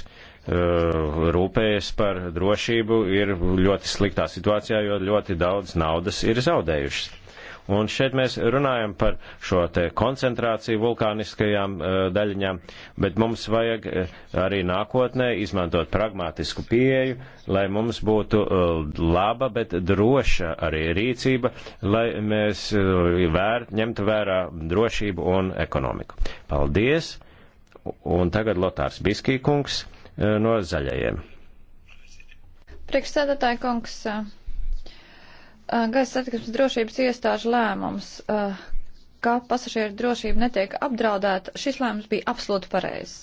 S2: rūpējas par drošību, ir ļoti sliktā situācijā, jo ļoti daudz naudas ir zaudējušas. Un šeit mēs runājam par šo te koncentrāciju vulkāniskajām eh, daļiņām, bet mums vajag eh, arī nākotnē izmantot pragmātisku pieeju, lai mums būtu eh, laba, bet droša arī rīcība, lai mēs vēr, ņemtu vērā drošību un ekonomiku. Paldies! Un tagad Lotārs Biskīkungs no Zaļajiem.
S1: Priekšsēdētāji kungs, Uh, gaisa satiksmes drošības iestāžu lēmums, uh, ka pasažieru drošība netiek apdraudēta, šis lēmums bija absolūti pareizs.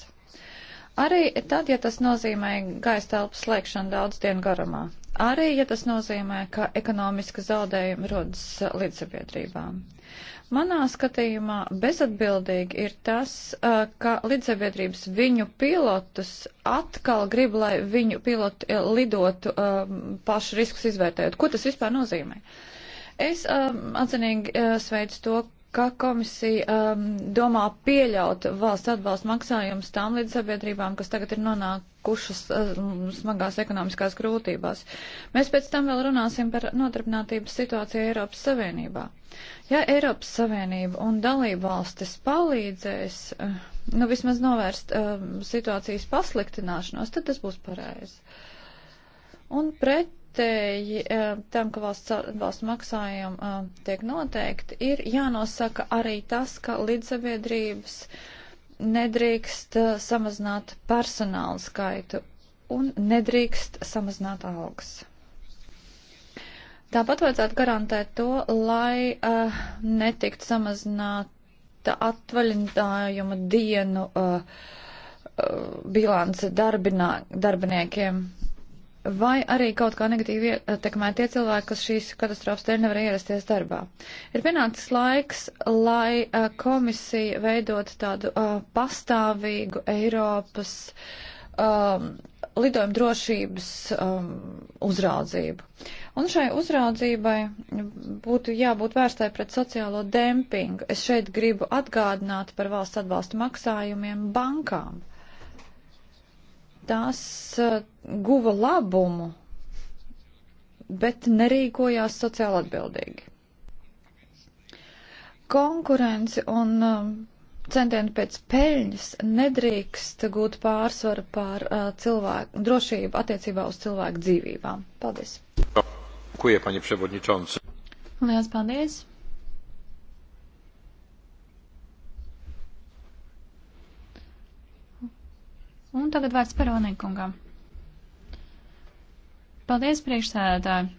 S1: Arī tad, ja tas nozīmē gaisa telpas slēgšanu daudz dienu garumā. Arī, ja tas nozīmē, ka ekonomiska zaudējuma rodas uh, līdzsabiedrībām. Manā skatījumā bezatbildīgi ir tas, ka līdzsabiedrības viņu pilotus atkal grib, lai viņu piloti lidotu pašu riskus izvērtējot. Ko tas vispār nozīmē? Es atzinīgi sveicu to, ka komisija um, domā pieļaut valsts atbalsta maksājumus tām līdz sabiedrībām, kas tagad ir nonākušas um, smagās ekonomiskās grūtībās. Mēs pēc tam vēl runāsim par nodarbinātības situāciju Eiropas Savienībā. Ja Eiropas Savienība un dalība valstis palīdzēs, uh, nu vismaz novērst um, situācijas pasliktināšanos, tad tas būs pareizi. Un pret pretēji eh, tam, ka valsts, valsts maksājumi eh, tiek noteikti, ir jānosaka arī tas, ka līdzsaviedrības nedrīkst eh, samazināt personāla skaitu un nedrīkst samazināt algas. Tāpat vajadzētu garantēt to, lai uh, netikt samazināta atvaļinājuma dienu uh, uh, bilance darbinā, darbiniekiem vai arī kaut kā negatīvi ietekmē tie cilvēki, kas šīs katastrofas dēļ nevar ierasties darbā. Ir pienācis laiks, lai komisija veidot tādu uh, pastāvīgu Eiropas um, lidojuma drošības um, uzraudzību. Un šai uzraudzībai būtu jābūt vērstai pret sociālo dempingu. Es šeit gribu atgādināt par valsts atbalsta maksājumiem bankām tās eh, guva labumu, bet nerīkojās sociāli atbildīgi. Konkurence un eh, centieni pēc peļņas nedrīkst gūt pārsvaru pār eh, cilvēku drošību attiecībā uz cilvēku dzīvībām. Paldies! Kuja, paņi Lielas paldies!
S3: Un tagad vārds Peronīkungam. Paldies, priekšsēdētāji!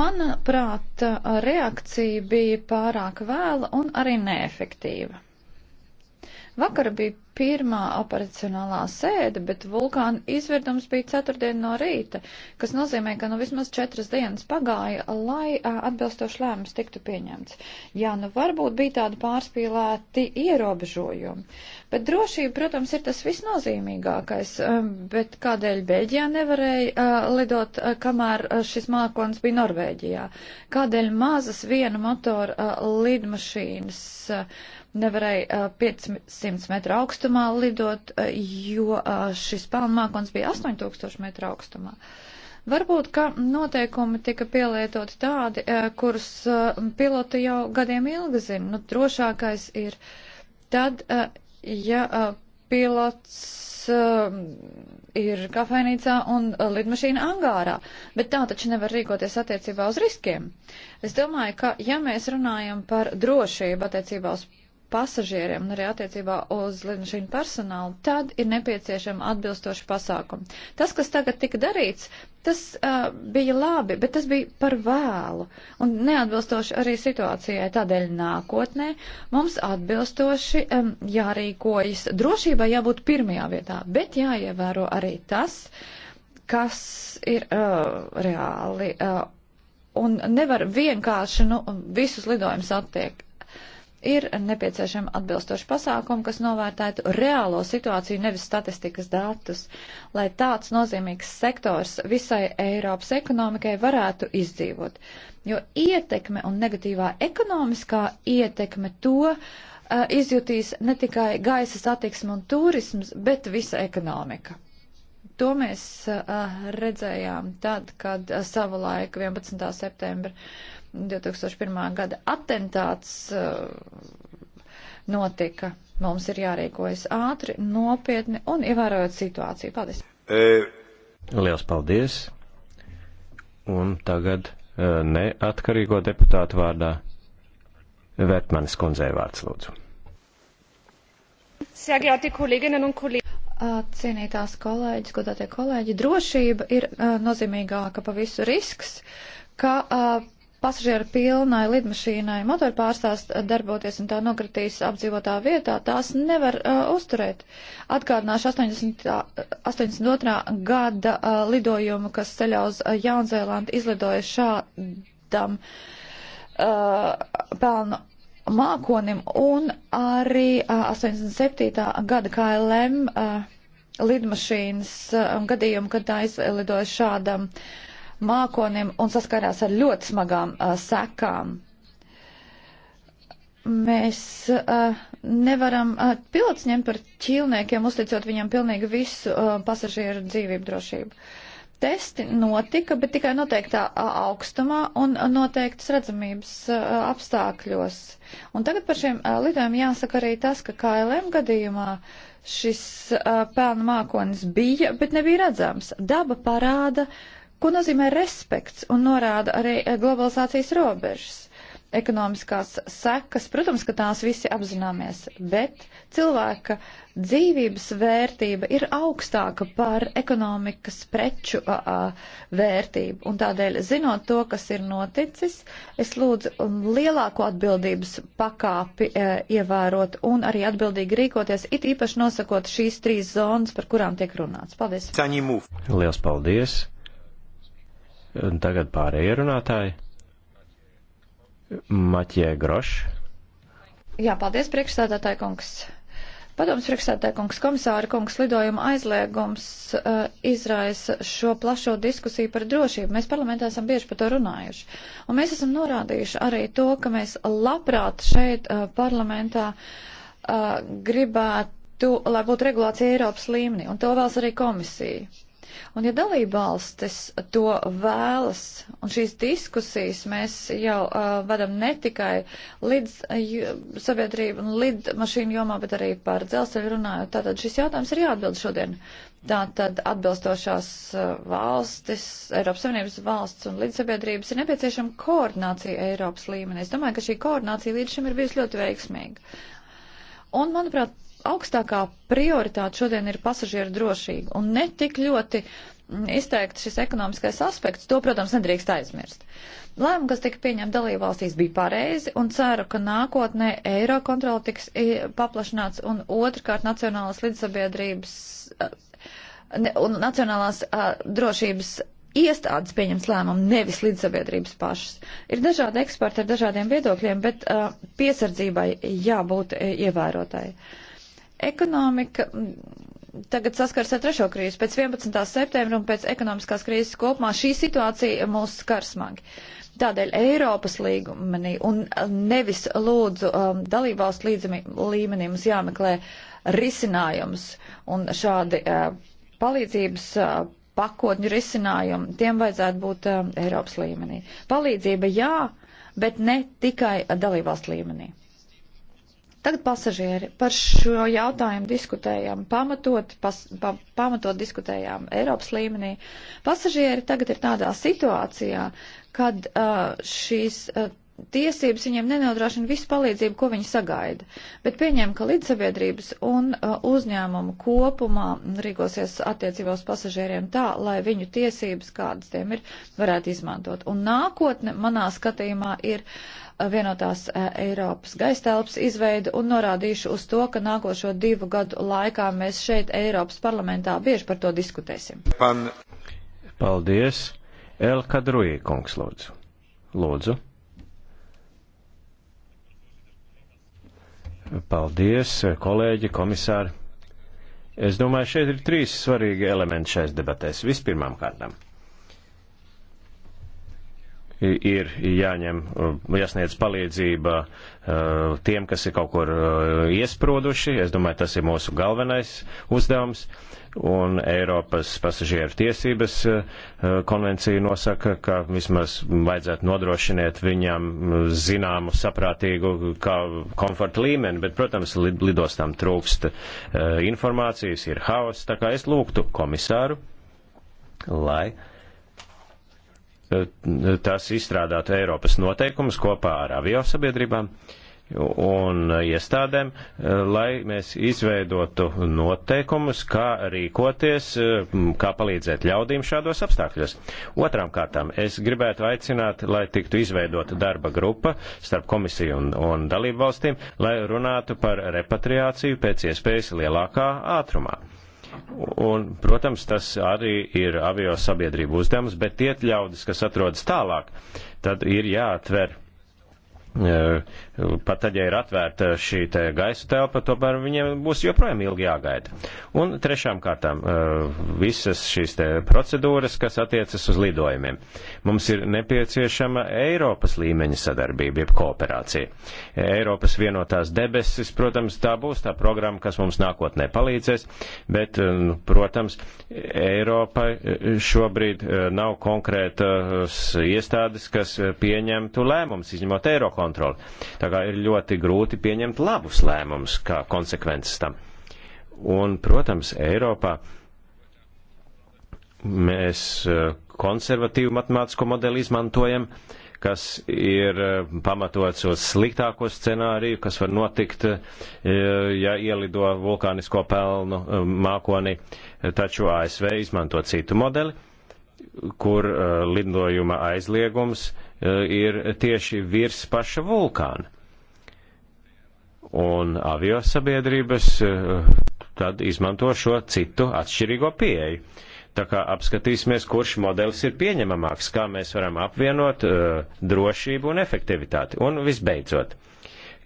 S1: Manuprāt, reakcija bija pārāk vēla un arī neefektīva. Vakar bija pirmā operacionālā sēde, bet vulkāna izvirdums bija ceturtdien no rīta, kas nozīmē, ka nu vismaz četras dienas pagāja, lai atbilstoši lēmums tiktu pieņemts. Jā, nu varbūt bija tādi pārspīlēti ierobežojumi. Bet drošība, protams, ir tas visnozīmīgākais. Um, bet kādēļ Beļģijā nevarēja uh, lidot, uh, kamēr uh, šis mākons bija Norvēģijā? Kādēļ mazas viena motora lidmašīnas nevarēja 500 metru augstumā lidot, jo šis pelnu mākons bija 8000 metru augstumā? Varbūt, ka noteikumi tika pielietoti tādi, kurus piloti jau gadiem ilgi zina. Nu, drošākais ir tad, ja pilots ir kafejnīcā un lidmašīna angārā, bet tā taču nevar rīkoties attiecībā uz riskiem. Es domāju, ka ja mēs runājam par drošību attiecībā uz pasažieriem un arī attiecībā uz lidmašīnu personālu, tad ir nepieciešama atbilstoša pasākuma. Tas, kas tagad tika darīts, tas uh, bija labi, bet tas bija par vēlu un neatbilstoši arī situācijai. Tādēļ nākotnē mums atbilstoši um, jārīkojas. Drošībai jābūt pirmajā vietā, bet jāievēro arī tas, kas ir uh, reāli. Uh, un nevar vienkārši nu, visus lidojumus attiekt ir nepieciešama atbilstoša pasākuma, kas novērtētu reālo situāciju, nevis statistikas datus, lai tāds nozīmīgs sektors visai Eiropas ekonomikai varētu izdzīvot. Jo ietekme un negatīvā ekonomiskā ietekme to uh, izjutīs ne tikai gaisa satiksme un turisms, bet visa ekonomika. To mēs uh, redzējām tad, kad uh, savulaik 11. septembra uh, 2001. gada atentāts uh, notika. Mums ir jārīkojas ātri, nopietni un ievērojot situāciju. Paldies!
S2: E... Liels paldies! Un tagad e, neatkarīgo deputātu vārdā Vērtmanis kundzei vārds lūdzu.
S1: Cienītās kolēģis, godātie kolēģi, drošība ir nozīmīgāka pa visu risks, ka pasažieru pilnai lidmašīnai motorpārstāvs darboties un tā nokritīs apdzīvotā vietā, tās nevar uh, uzturēt. Atgādināšu 80, 82. Uh, gada uh, lidojumu, kas ceļā uz uh, Jaunzēlandu izlidoja šādam uh, pelnu mākonim un arī uh, 87. gada KLM. Uh, lidmašīnas uh, gadījumu, kad tā izlidoja šādam uh, mākonim un saskarās ar ļoti smagām uh, sekām. Mēs uh, nevaram uh, pilots ņemt par ķīlniekiem, uzticot viņam pilnīgi visu uh, pasažieru dzīvību drošību. Testi notika, bet tikai noteiktā uh, augstumā un uh, noteiktas redzamības uh, apstākļos. Un tagad par šiem uh, lidojumiem jāsaka arī tas, ka KLM gadījumā šis uh, pelnu mākonis bija, bet nebija redzams. Daba parāda, uh, Ko nozīmē respekts un norāda arī eh, globalizācijas robežas? Ekonomiskās sekas, protams, ka tās visi apzināmies, bet cilvēka dzīvības vērtība ir augstāka par ekonomikas preču a, a, vērtību. Un tādēļ, zinot to, kas ir noticis, es lūdzu um, lielāko atbildības pakāpi a, e, ievērot un arī atbildīgi rīkoties, it īpaši nosakot šīs trīs zonas, par kurām tiek runāts. Paldies!
S2: Lielas paldies! Tagad pārējie runātāji. Maķie Grošs.
S1: Jā, paldies, priekšstādātāji kungs. Padoms priekšstādātāji kungs, komisāri kungs, lidojuma aizliegums uh, izraisa šo plašo diskusiju par drošību. Mēs parlamentā esam bieži par to runājuši. Un mēs esam norādījuši arī to, ka mēs labprāt šeit uh, parlamentā uh, gribētu, lai būtu regulācija Eiropas līmenī. Un to vēlas arī komisija. Un ja dalībvalstis to vēlas, un šīs diskusijas mēs jau uh, vedam ne tikai līdz uh, sabiedrību un līdz mašīnu jomā, bet arī par dzelzceļu runājot, tātad šis jautājums ir jāatbild šodien. Tātad atbilstošās uh, valstis, Eiropas Savienības valsts un līdzsabiedrības ir nepieciešama koordinācija Eiropas līmenī. Es domāju, ka šī koordinācija līdz šim ir bijusi ļoti veiksmīga. Un, manuprāt, augstākā prioritāte šodien ir pasažieru drošība un ne tik ļoti mm, izteikti šis ekonomiskais aspekts, to, protams, nedrīkst aizmirst. Lēmumu, kas tika pieņemta dalībvalstīs, bija pareizi un ceru, ka nākotnē eiro kontrola tiks paplašināts un otrkārt nacionālas līdzsabiedrības un nacionālās drošības iestādes pieņems lēmumu, nevis līdzsabiedrības pašas. Ir dažādi eksperti ar dažādiem viedokļiem, bet uh, piesardzībai jābūt ievērotai. Uh, Ekonomika mm, tagad saskars ar trešo krīzi. Pēc 11. septembra un pēc ekonomiskās krīzes kopumā šī situācija mūs skar smagi. Tādēļ Eiropas līmenī un um, nevis lūdzu um, dalībvalstu līmenī mums jāmeklē risinājums un šādi uh, palīdzības uh, pakotņu risinājumi, tiem vajadzētu būt uh, Eiropas līmenī. Palīdzība jā, bet ne tikai dalībvalstu līmenī. Tagad pasažieri par šo jautājumu diskutējām pamatot, pas, pa, pamatot diskutējām Eiropas līmenī. Pasažieri tagad ir tādā situācijā, kad uh, šīs uh, tiesības viņiem nenodrošina visu palīdzību, ko viņi sagaida. Bet pieņem, ka līdzsaviedrības un uh, uzņēmumu kopumā rīkosies attiecībā uz pasažieriem tā, lai viņu tiesības, kādas tiem ir, varētu izmantot. Un nākotne manā skatījumā ir uh, vienotās e, Eiropas gaistelpas izveidu un norādīšu uz to, ka nākošo divu gadu laikā mēs šeit Eiropas parlamentā bieži par to diskutēsim.
S4: Pan...
S2: Paldies. Elka Druī, kungs, lūdzu. Lūdzu. Paldies, kolēģi, komisāri. Es domāju, šeit ir trīs svarīgi elementi šais debatēs. Vispirmām kārtām ir jāņem, uh, jāsniedz palīdzība uh, tiem, kas ir kaut kur uh, iesprūduši. Es domāju, tas ir mūsu galvenais uzdevums. Un Eiropas pasažieru tiesības konvencija nosaka, ka vismaz vajadzētu nodrošināt viņam zināmu, saprātīgu komforta līmeni, bet, protams, lidostām trūkst informācijas, ir haoss, tā kā es lūgtu komisāru, lai uh, tās izstrādātu Eiropas noteikumus kopā ar aviosabiedrībām un iestādēm, lai mēs izveidotu noteikumus, kā rīkoties, kā palīdzēt ļaudīm šādos apstākļos. Otrām kārtām es gribētu aicināt, lai tiktu izveidota darba grupa starp komisiju un, un dalību valstīm, lai runātu par repatriāciju pēc iespējas lielākā ātrumā. Un, protams, tas arī ir avio sabiedrību uzdevums, bet tie ļaudis, kas atrodas tālāk, tad ir jāatver Eh, pat tad, ja ir atvērta šī te gaisa telpa, tomēr viņiem būs joprojām ilgi jāgaida. Un trešām kārtām eh, visas šīs te procedūras, kas attiecas uz lidojumiem. Mums ir nepieciešama Eiropas līmeņa sadarbība, jeb kooperācija. Eiropas vienotās debesis, protams, tā būs tā programma, kas mums nākotnē palīdzēs, bet, eh, nu, protams, Eiropai šobrīd nav konkrētas iestādes, kas pieņemtu lēmumus, izņemot Eiropu kontroli. Tā kā ir ļoti grūti pieņemt labus lēmumus kā konsekvences tam. Un, protams, Eiropā mēs eh, konservatīvu matemātisko modeli izmantojam, kas ir eh, pamatots uz sliktāko scenāriju, kas var notikt, eh, ja ielido vulkānisko pelnu mākoni, taču ASV izmanto citu modeli, kur lidojuma aizliegums Eh, ir tieši virs paša vulkāna. Un aviosabiedrības eh, tad izmanto šo citu atšķirīgo pieeju. Tā kā apskatīsimies, kurš modelis ir pieņemamāks, kā mēs varam apvienot uh, drošību un efektivitāti. Un visbeidzot,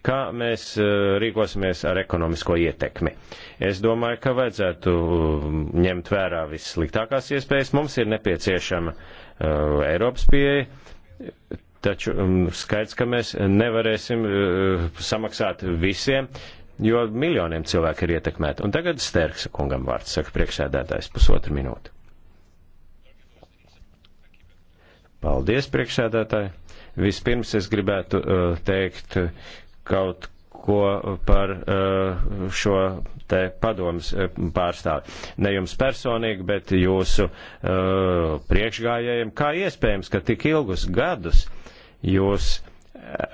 S2: kā mēs uh, rīkosimies ar ekonomisko ietekmi. Es domāju, ka vajadzētu ņemt vērā vissliktākās iespējas. Mums ir nepieciešama uh, Eiropas pieeja, Taču um, skaidrs, ka mēs nevarēsim uh, samaksāt visiem, jo miljoniem cilvēku ir ietekmēti. Un tagad Sterksa kungam vārds saka priekšsēdētājs pusotru minūti. Paldies, priekšsēdētāji. Vispirms es gribētu uh, teikt uh, kaut ko par eh, šo te padomus eh, pārstāvi. Ne jums personīgi, bet jūsu eh, priekšgājējiem. Kā iespējams, ka tik ilgus gadus jūs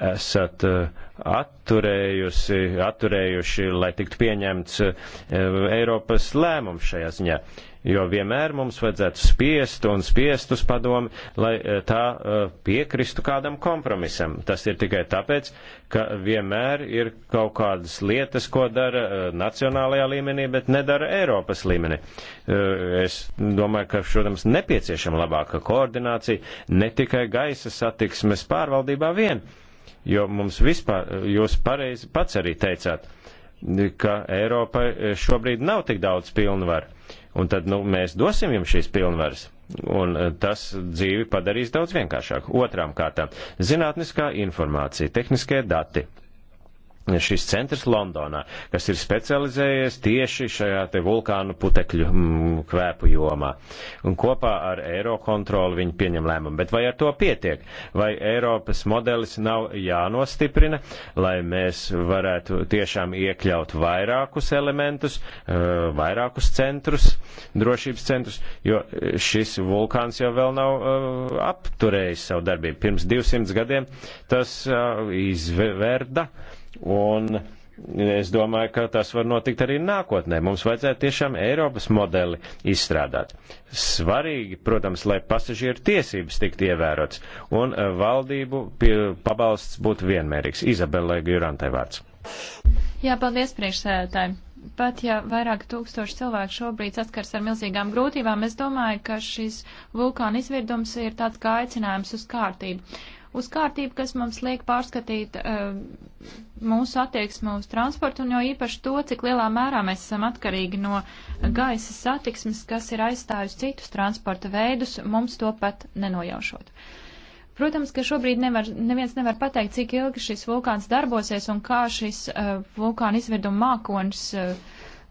S2: esat atturējusi, atturējuši, lai tiktu pieņemts Eiropas lēmums šajā ziņā? jo vienmēr mums vajadzētu spiest un spiest uz padomu, lai eh, tā eh, piekristu kādam kompromisam. Tas ir tikai tāpēc, ka vienmēr ir kaut kādas lietas, ko dara eh, nacionālajā līmenī, bet nedara Eiropas līmenī. Es domāju, ka, protams, nepieciešama labāka koordinācija, ne tikai gaisa satiksmes pārvaldībā vien, jo mums vispār, jūs pareizi pats arī teicāt, ka Eiropai šobrīd nav tik daudz pilnvaru Un tad nu, mēs dosim jums šīs pilnvaras. Un eh, tas dzīvi padarīs daudz vienkāršāku. Otrām kārtām - zinātniskā informācija, tehniskie dati šis centrs Londonā, kas ir specializējies tieši šajā te vulkānu putekļu mm, kvēpu jomā. Un kopā ar eiro kontroli viņi pieņem lēmumu. Bet vai ar to pietiek? Vai Eiropas modelis nav jānostiprina, lai mēs varētu tiešām iekļaut vairākus elementus, eh, vairākus centrus, drošības centrus, jo eh, šis vulkāns jau vēl nav eh, apturējis savu darbību. Pirms 200 gadiem tas izvērda Un es domāju, ka tas var notikt arī nākotnē. Mums vajadzētu tiešām Eiropas modeli izstrādāt. Svarīgi, protams, lai pasažieru tiesības tiktu ievērotas un eh, valdību pabalsts būtu vienmērīgs. Izabelē Jurantai vārds.
S3: Jā, paldies priekšsēdētāji. Pat ja vairāk tūkstoši cilvēku šobrīd saskars ar milzīgām grūtībām, es domāju, ka šis vulkāna izvirdums ir tāds kā aicinājums uz kārtību uz kārtību, kas mums liek pārskatīt uh, mūsu attieksmi uz transportu un jo īpaši to, cik lielā mērā mēs esam atkarīgi no gaisa satiksmes, kas ir aizstājusi citus transporta veidus, mums to pat nenojaušot. Protams, ka šobrīd nevar, neviens nevar pateikt, cik ilgi šis vulkāns darbosies un kā šis uh, vulkāna izvirduma mākonis uh,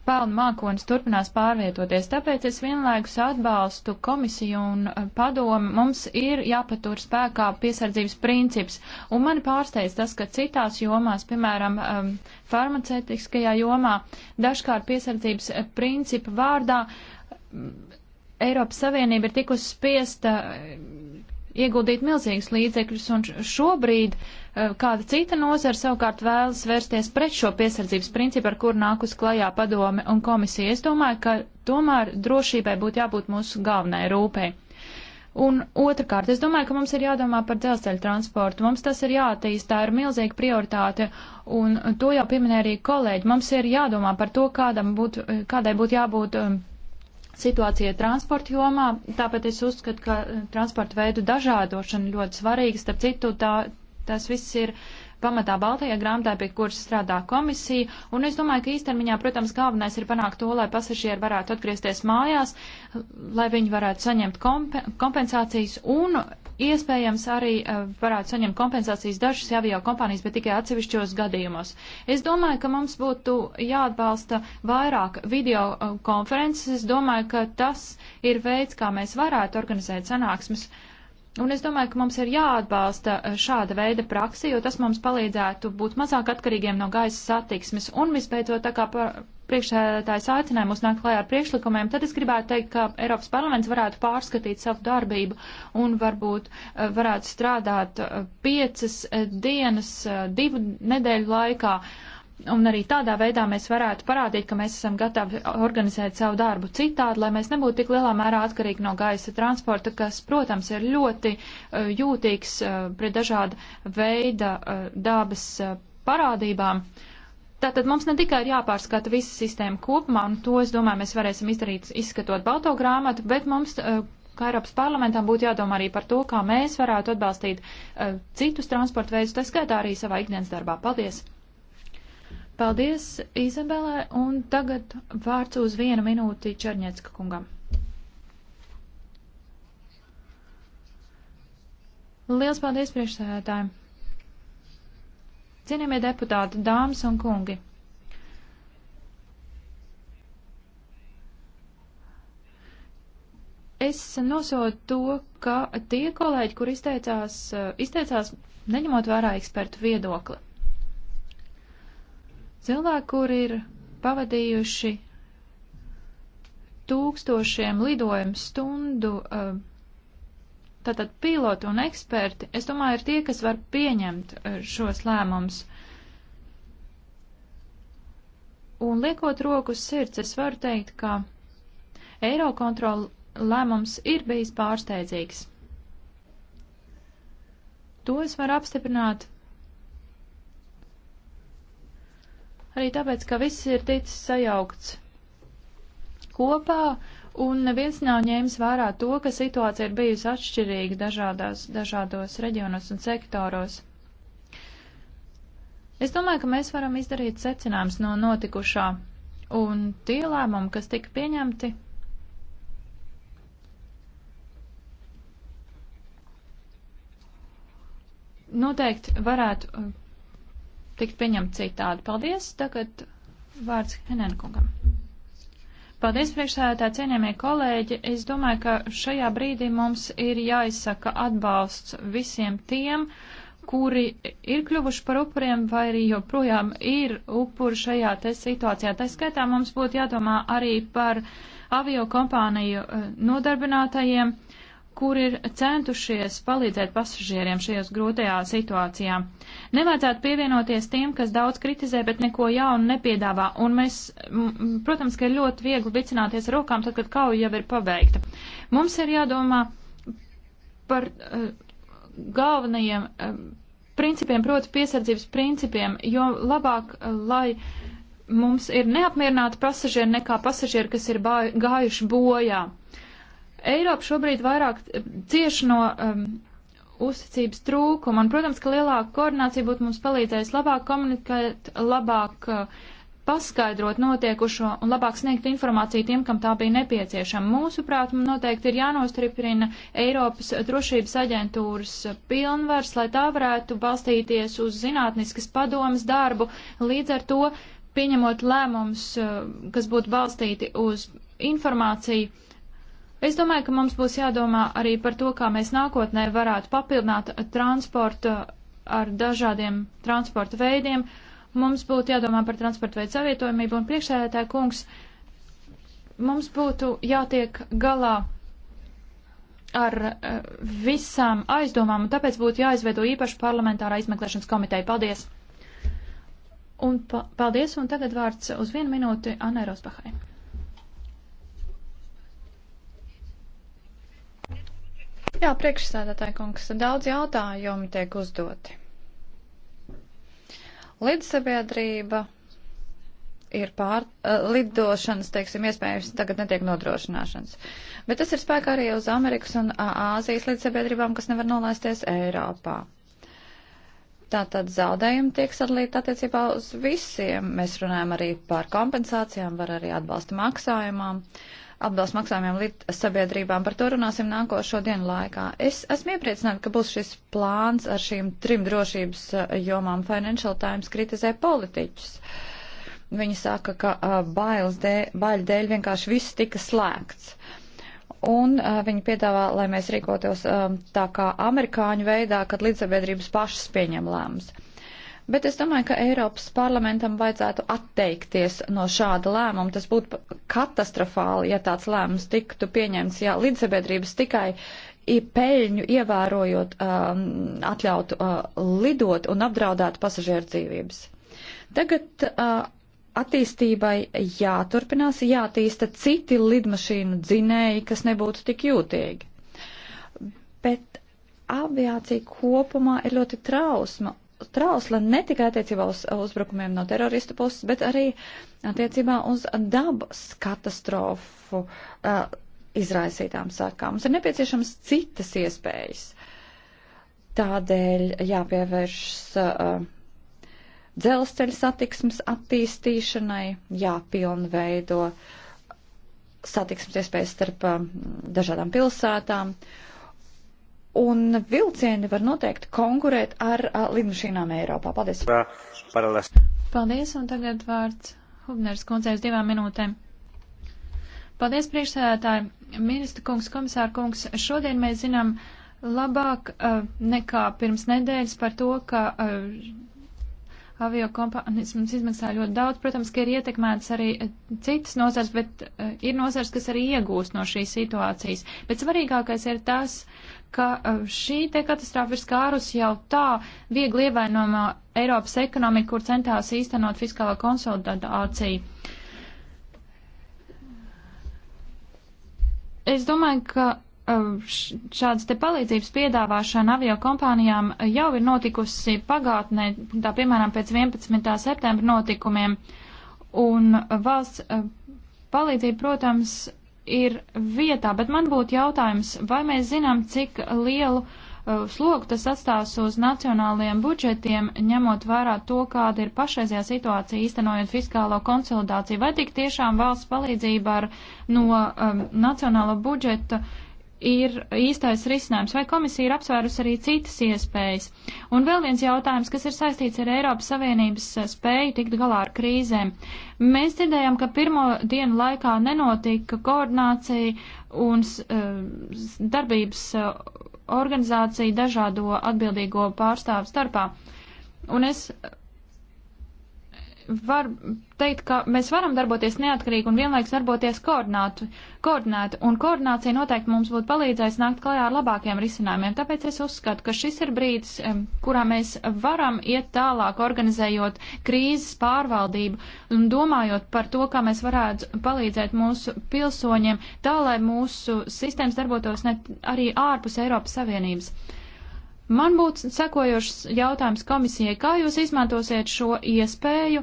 S3: pelnu mākonis turpinās pārvietoties. Tāpēc es vienlaikus atbalstu komisiju un eh, padomu. Mums ir jāpatur spēkā piesardzības princips. Un mani pārsteidz tas, ka citās jomās, piemēram, farmaceitiskajā jomā, dažkārt piesardzības eh, principa vārdā Eiropas Savienība ir tikusi spiesta ieguldīt milzīgus līdzekļus, un šobrīd eh, kāda cita nozara savukārt vēlas vērsties pret šo piesardzības principu, ar kur nāk uz klajā padome un komisija. Es domāju, ka tomēr drošībai būtu jābūt mūsu galvenai rūpei. Un otrkārt, es domāju, ka mums ir jādomā par dzelzceļa transportu. Mums tas ir jātīst, tā ir milzīga prioritāte, un to jau pieminēja arī kolēģi. Mums ir jādomā par to, kādam būtu, kādai būtu jābūt um, situācija transporta jomā, tāpēc es uzskatu, ka eh, transporta veidu dažādošana ļoti svarīga. Starp citu, tā, tas viss ir pamatā Baltajā grāmatā, pie kuras strādā komisija, un es domāju, ka īstermiņā, protams, galvenais ir panākt to, lai pasažieri varētu atgriezties mājās, lai viņi varētu saņemt komp kompensācijas un Iespējams, arī eh, varētu saņemt kompensācijas dažas avio kompānijas, bet tikai atsevišķos gadījumos. Es domāju, ka mums būtu jāatbalsta vairāk video eh, konferences. Es domāju, ka tas ir veids, kā mēs varētu organizēt sanāksmes. Uh, Un es domāju, ka mums ir jāatbalsta eh, šāda veida praksi, jo tas mums palīdzētu būt mazāk atkarīgiem no gaisa satiksmes. Un visbeidzot, tā kā priekšsēdētājs aicināja mūs nākt klājā ar priekšlikumiem, tad es gribētu teikt, ka Eiropas parlaments varētu pārskatīt savu darbību un varbūt eh, varētu strādāt eh, piecas dienas, divu nedēļu laikā. Uh, Un arī tādā veidā mēs varētu parādīt, ka mēs esam gatavi organizēt savu darbu citādi, lai mēs nebūtu tik lielā mērā atkarīgi no gaisa transporta, kas, protams, ir ļoti uh, jūtīgs uh, pret dažāda veida uh, dabas uh, parādībām. Tātad mums ne tikai ir jāpārskata visa sistēma kopumā, un to, es domāju, mēs varēsim izdarīt, izskatot balto grāmatu, bet mums uh, kā Eiropas parlamentam būtu jādomā arī par to, kā mēs varētu atbalstīt uh, citus transporta veidus, tā skaitā arī savā ikdienas darbā. Paldies! Paldies, Izabelē, un tagad vārds uz vienu minūti Černiecka kungam. Liels paldies priekšsēdētājiem! Cienījamie deputāti, dāmas un kungi! es nosodu to, ka tie kolēģi, kur izteicās, izteicās neņemot vērā ekspertu viedokli. Cilvēki, kuri ir pavadījuši tūkstošiem lidojumu stundu, eh, tātad piloti un eksperti, es domāju, ir tie, kas var pieņemt eh, šos lēmumus. Un liekot roku uz sirds, es varu teikt, ka Eirokontrola lēmums ir bijis pārsteidzīgs. To es varu apstiprināt arī tāpēc, ka viss ir ticis sajaukts kopā, un neviens nav ņēmis vērā to, ka situācija ir bijusi atšķirīga dažādās, dažādos reģionos un sektoros. Es domāju, ka mēs varam izdarīt secinājums no notikušā, un tie lēmumi, kas tika pieņemti, noteikti varētu tikt pieņemt citādi. Paldies, tagad vārds Henenkungam. Paldies, priekšsēdētāji, cienījamie kolēģi. Es domāju, ka šajā brīdī mums ir jāizsaka atbalsts visiem tiem, kuri ir kļuvuši par upuriem vai arī joprojām ir upuri šajā te situācijā. Tā skaitā mums būtu jādomā arī par avio kompāniju eh, nodarbinātajiem. Uh, kur ir centušies palīdzēt pasažieriem šajos grūtajā situācijā. Nevajadzētu pievienoties tiem, kas daudz kritizē, bet neko jaunu nepiedāvā, un mēs, protams, ka ir ļoti viegli vicināties rokām, tad, kad kauja jau ir pabeigta. Mums ir jādomā par uh, galvenajiem uh, principiem, proti piesardzības principiem, jo labāk, uh, lai mums ir neapmierināti pasažieri nekā pasažieri, kas ir bāju, gājuši bojā. Uh, Eiropa šobrīd vairāk eh, cieš no um, uzticības trūkuma, un, protams, ka lielāka koordinācija būtu mums palīdzējis labāk komunikēt, labāk uh, paskaidrot notiekušo un labāk sniegt informāciju tiem, kam tā bija nepieciešama. Mūsuprāt, mums noteikti ir jānostriprina Eiropas drošības aģentūras eh, pilnvars, lai tā varētu balstīties uz zinātniskas padomas darbu, līdz ar to pieņemot lēmumus, kas būtu balstīti uz informāciju Es domāju, ka mums būs jādomā arī par to, kā mēs nākotnē varētu papildināt transportu ar dažādiem transporta veidiem. Mums būtu jādomā par transporta veidu savietojamību un priekšsēdētāja kungs. Mums būtu jātiek galā ar eh, visām aizdomām, un tāpēc būtu jāizveido īpaši parlamentārā izmeklēšanas komiteja. Paldies! Un pa paldies, un tagad vārds uz
S1: vienu minūti Anai Rosbahai. Jā, priekšsēdētāji kungs, daudz jautājumu tiek uzdoti. Lidsabiedrība ir pār, uh, lidošanas, teiksim, iespējams, tagad netiek nodrošināšanas. Bet tas ir spēkā arī uz Amerikas un Āzijas līdzsabiedrībām, kas nevar nolaisties Eiropā. Tātad zaudējumi tiek sadalīti attiecībā uz visiem. Mēs runājam arī par kompensācijām, var arī atbalsta maksājumām. Uh, apbalstu maksājumiem līdz sabiedrībām. Par to runāsim nākošo dienu laikā. Es esmu iepriecināta, ka būs šis plāns ar šīm trim drošības eh, jomām. Financial Times kritizē politiķus. Viņi saka, ka eh, bailes dēļ, baiļu dēļ vienkārši viss tika slēgts. Un uh, viņi piedāvā, lai mēs rīkotos um, tā kā amerikāņu veidā, kad līdzsabiedrības pašas pieņem lēmumus. Bet es domāju, ka Eiropas parlamentam vajadzētu atteikties no šāda lēmuma. Tas būtu katastrofāli, ja tāds lēmums tiktu pieņemts, ja līdzsabiedrības tikai peļņu ievērojot um, atļautu uh, lidot un apdraudētu pasažieru dzīvības. Tagad uh, attīstībai jāturpinās, jātīsta citi lidmašīnu dzinēji, kas nebūtu tik jūtīgi. Bet aviācija kopumā ir ļoti trausma trausla ne tikai attiecībā uz uzbrukumiem no teroristu puses, bet arī attiecībā uz dabas katastrofu uh, izraisītām sakām. Mums ir nepieciešams citas iespējas. Tādēļ jāpievēršas uh, dzelzceļa satiksmes attīstīšanai, jāpilnveido satiksmes iespējas starp uh, dažādām pilsētām. Uh, un vilcieni var noteikti konkurēt ar uh, lidmašīnām Eiropā. Paldies! Paldies, un tagad vārds Hubners
S3: kundzei uz divām minūtēm. Paldies, priekšsēdētāji! Ministra kungs, komisāra kungs, šodien mēs zinām labāk uh, nekā pirms nedēļas par to, ka uh, avio kompānijas mums izmaksā ļoti daudz. Protams, ka ir ietekmētas arī citas nozars, bet uh, ir nozars, kas arī iegūst no šīs situācijas. Bet svarīgākais ir tas, ka eh, šī te katastrofa ir skārus jau tā viegli ievainojama Eiropas ekonomika, kur centās īstenot fiskālā konsolidāciju. Es domāju, ka eh, šādas te palīdzības piedāvāšana avio kompānijām jau ir notikusi pagātnē, tā piemēram pēc 11. septembra notikumiem, un eh, valsts palīdzība, protams, ir vietā, bet man būtu jautājums, vai mēs zinām, cik lielu uh, slogu tas atstās uz nacionālajiem budžetiem, ņemot vērā to, kāda ir pašreizajā situācija, īstenojot fiskālo konsolidāciju, vai tik tiešām valsts palīdzība ar, no um, nacionāla budžeta uh, ir īstais risinājums, vai komisija ir apsvērusi arī citas iespējas. Un vēl viens jautājums, kas ir saistīts ar Eiropas Savienības eh, spēju tikt galā ar krīzēm. Mēs dzirdējām, ka pirmo dienu laikā nenotika koordinācija un uh, darbības eh, organizācija dažādo atbildīgo pārstāvu starpā. Un es var teikt, ka mēs varam darboties neatkarīgi un vienlaiks darboties koordināti, koordinēti, un koordinācija noteikti mums būtu palīdzējis nākt klajā ar labākiem risinājumiem. Tāpēc es uzskatu, ka šis ir brīdis, kurā mēs varam iet tālāk, organizējot krīzes pārvaldību un domājot par to, kā mēs varētu palīdzēt mūsu pilsoņiem, tā lai mūsu sistēmas darbotos ne arī ārpus Eiropas Savienības. Man būtu sekojošs jautājums komisijai, kā jūs izmantosiet šo iespēju,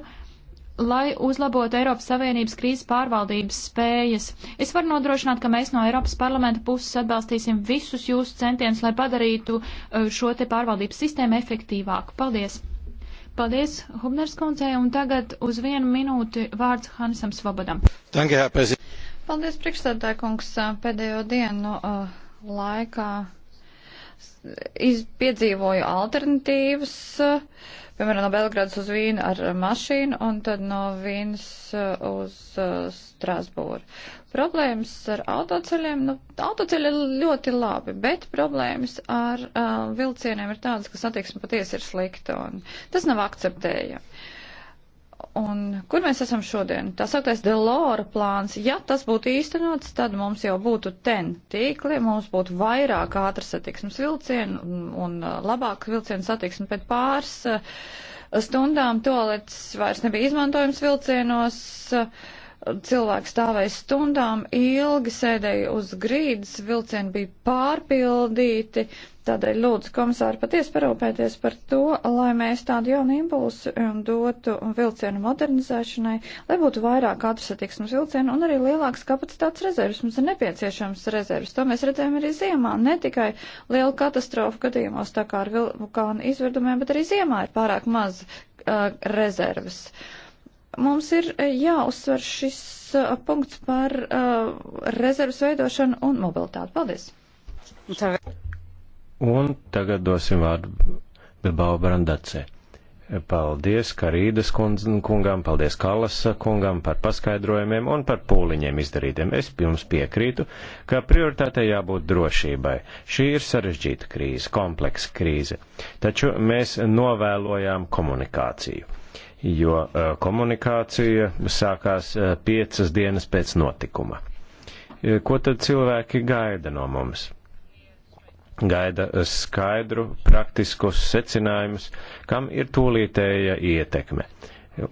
S3: lai uzlabotu Eiropas Savienības krīzes pārvaldības spējas. Es varu nodrošināt, ka mēs no Eiropas parlamenta puses atbalstīsim visus jūsu centienus, lai padarītu uh, šo te pārvaldības sistēmu efektīvāku. Paldies! Paldies, Hubners kundzei, un tagad uz vienu minūti vārds
S1: Hanisam Svobodam.
S3: Paldies,
S1: priekšstādākungs, pēdējo dienu uh, laikā piedzīvoju alternatīvas, piemēram, no Belgradas uz Vīnu ar mašīnu un tad no Vīnas uh, uz uh, Strasbūru. Problēmas ar autoceļiem, nu, autoceļi ir ļoti labi, bet problēmas ar uh, vilcieniem ir tādas, ka satiksme patiesi ir slikta un tas nav akceptējami. Un kur mēs esam šodien? Tā sauktais Delora plāns. Ja tas būtu īstenots, tad mums jau būtu ten tīkli, mums būtu vairāk ātras satiksmes vilcienu un, un uh, labāk vilcienu satiksmi pēc pāris uh, stundām. Toalets vairs nebija izmantojams vilcienos. Uh, cilvēki stāvēja stundām ilgi, sēdēja uz grīdas, vilcieni bija pārpildīti, tādēļ lūdzu komisāri patiesi parūpēties par to, lai mēs tādu jaunu impulsu um, dotu vilcienu modernizēšanai, lai būtu vairāk atrasatiksmes vilcienu un arī lielāks kapacitātes rezervs. Mums ir nepieciešams rezervs. To mēs redzējām arī ziemā, ne tikai liela katastrofa gadījumos, tā kā ar vulkānu izvirdumiem, bet arī ziemā ir pārāk maz uh, rezervas. Uh, Mums ir eh, jāuzsver šis eh, punkts par uh, eh, rezervas veidošanu un mobilitāti. Paldies!
S2: Un tagad dosim vārdu Bilbao Brandacē. Paldies Karīdas kungam, paldies Kalasa kungam par paskaidrojumiem un par pūliņiem izdarītiem. Es jums piekrītu, ka prioritātei jābūt drošībai. Šī ir sarežģīta krīze, kompleksa krīze. Taču mēs novēlojām komunikāciju jo e, komunikācija sākās e, piecas dienas pēc notikuma. E, ko tad cilvēki gaida no mums? Gaida skaidru, praktiskus secinājumus, kam ir tūlītēja ietekme.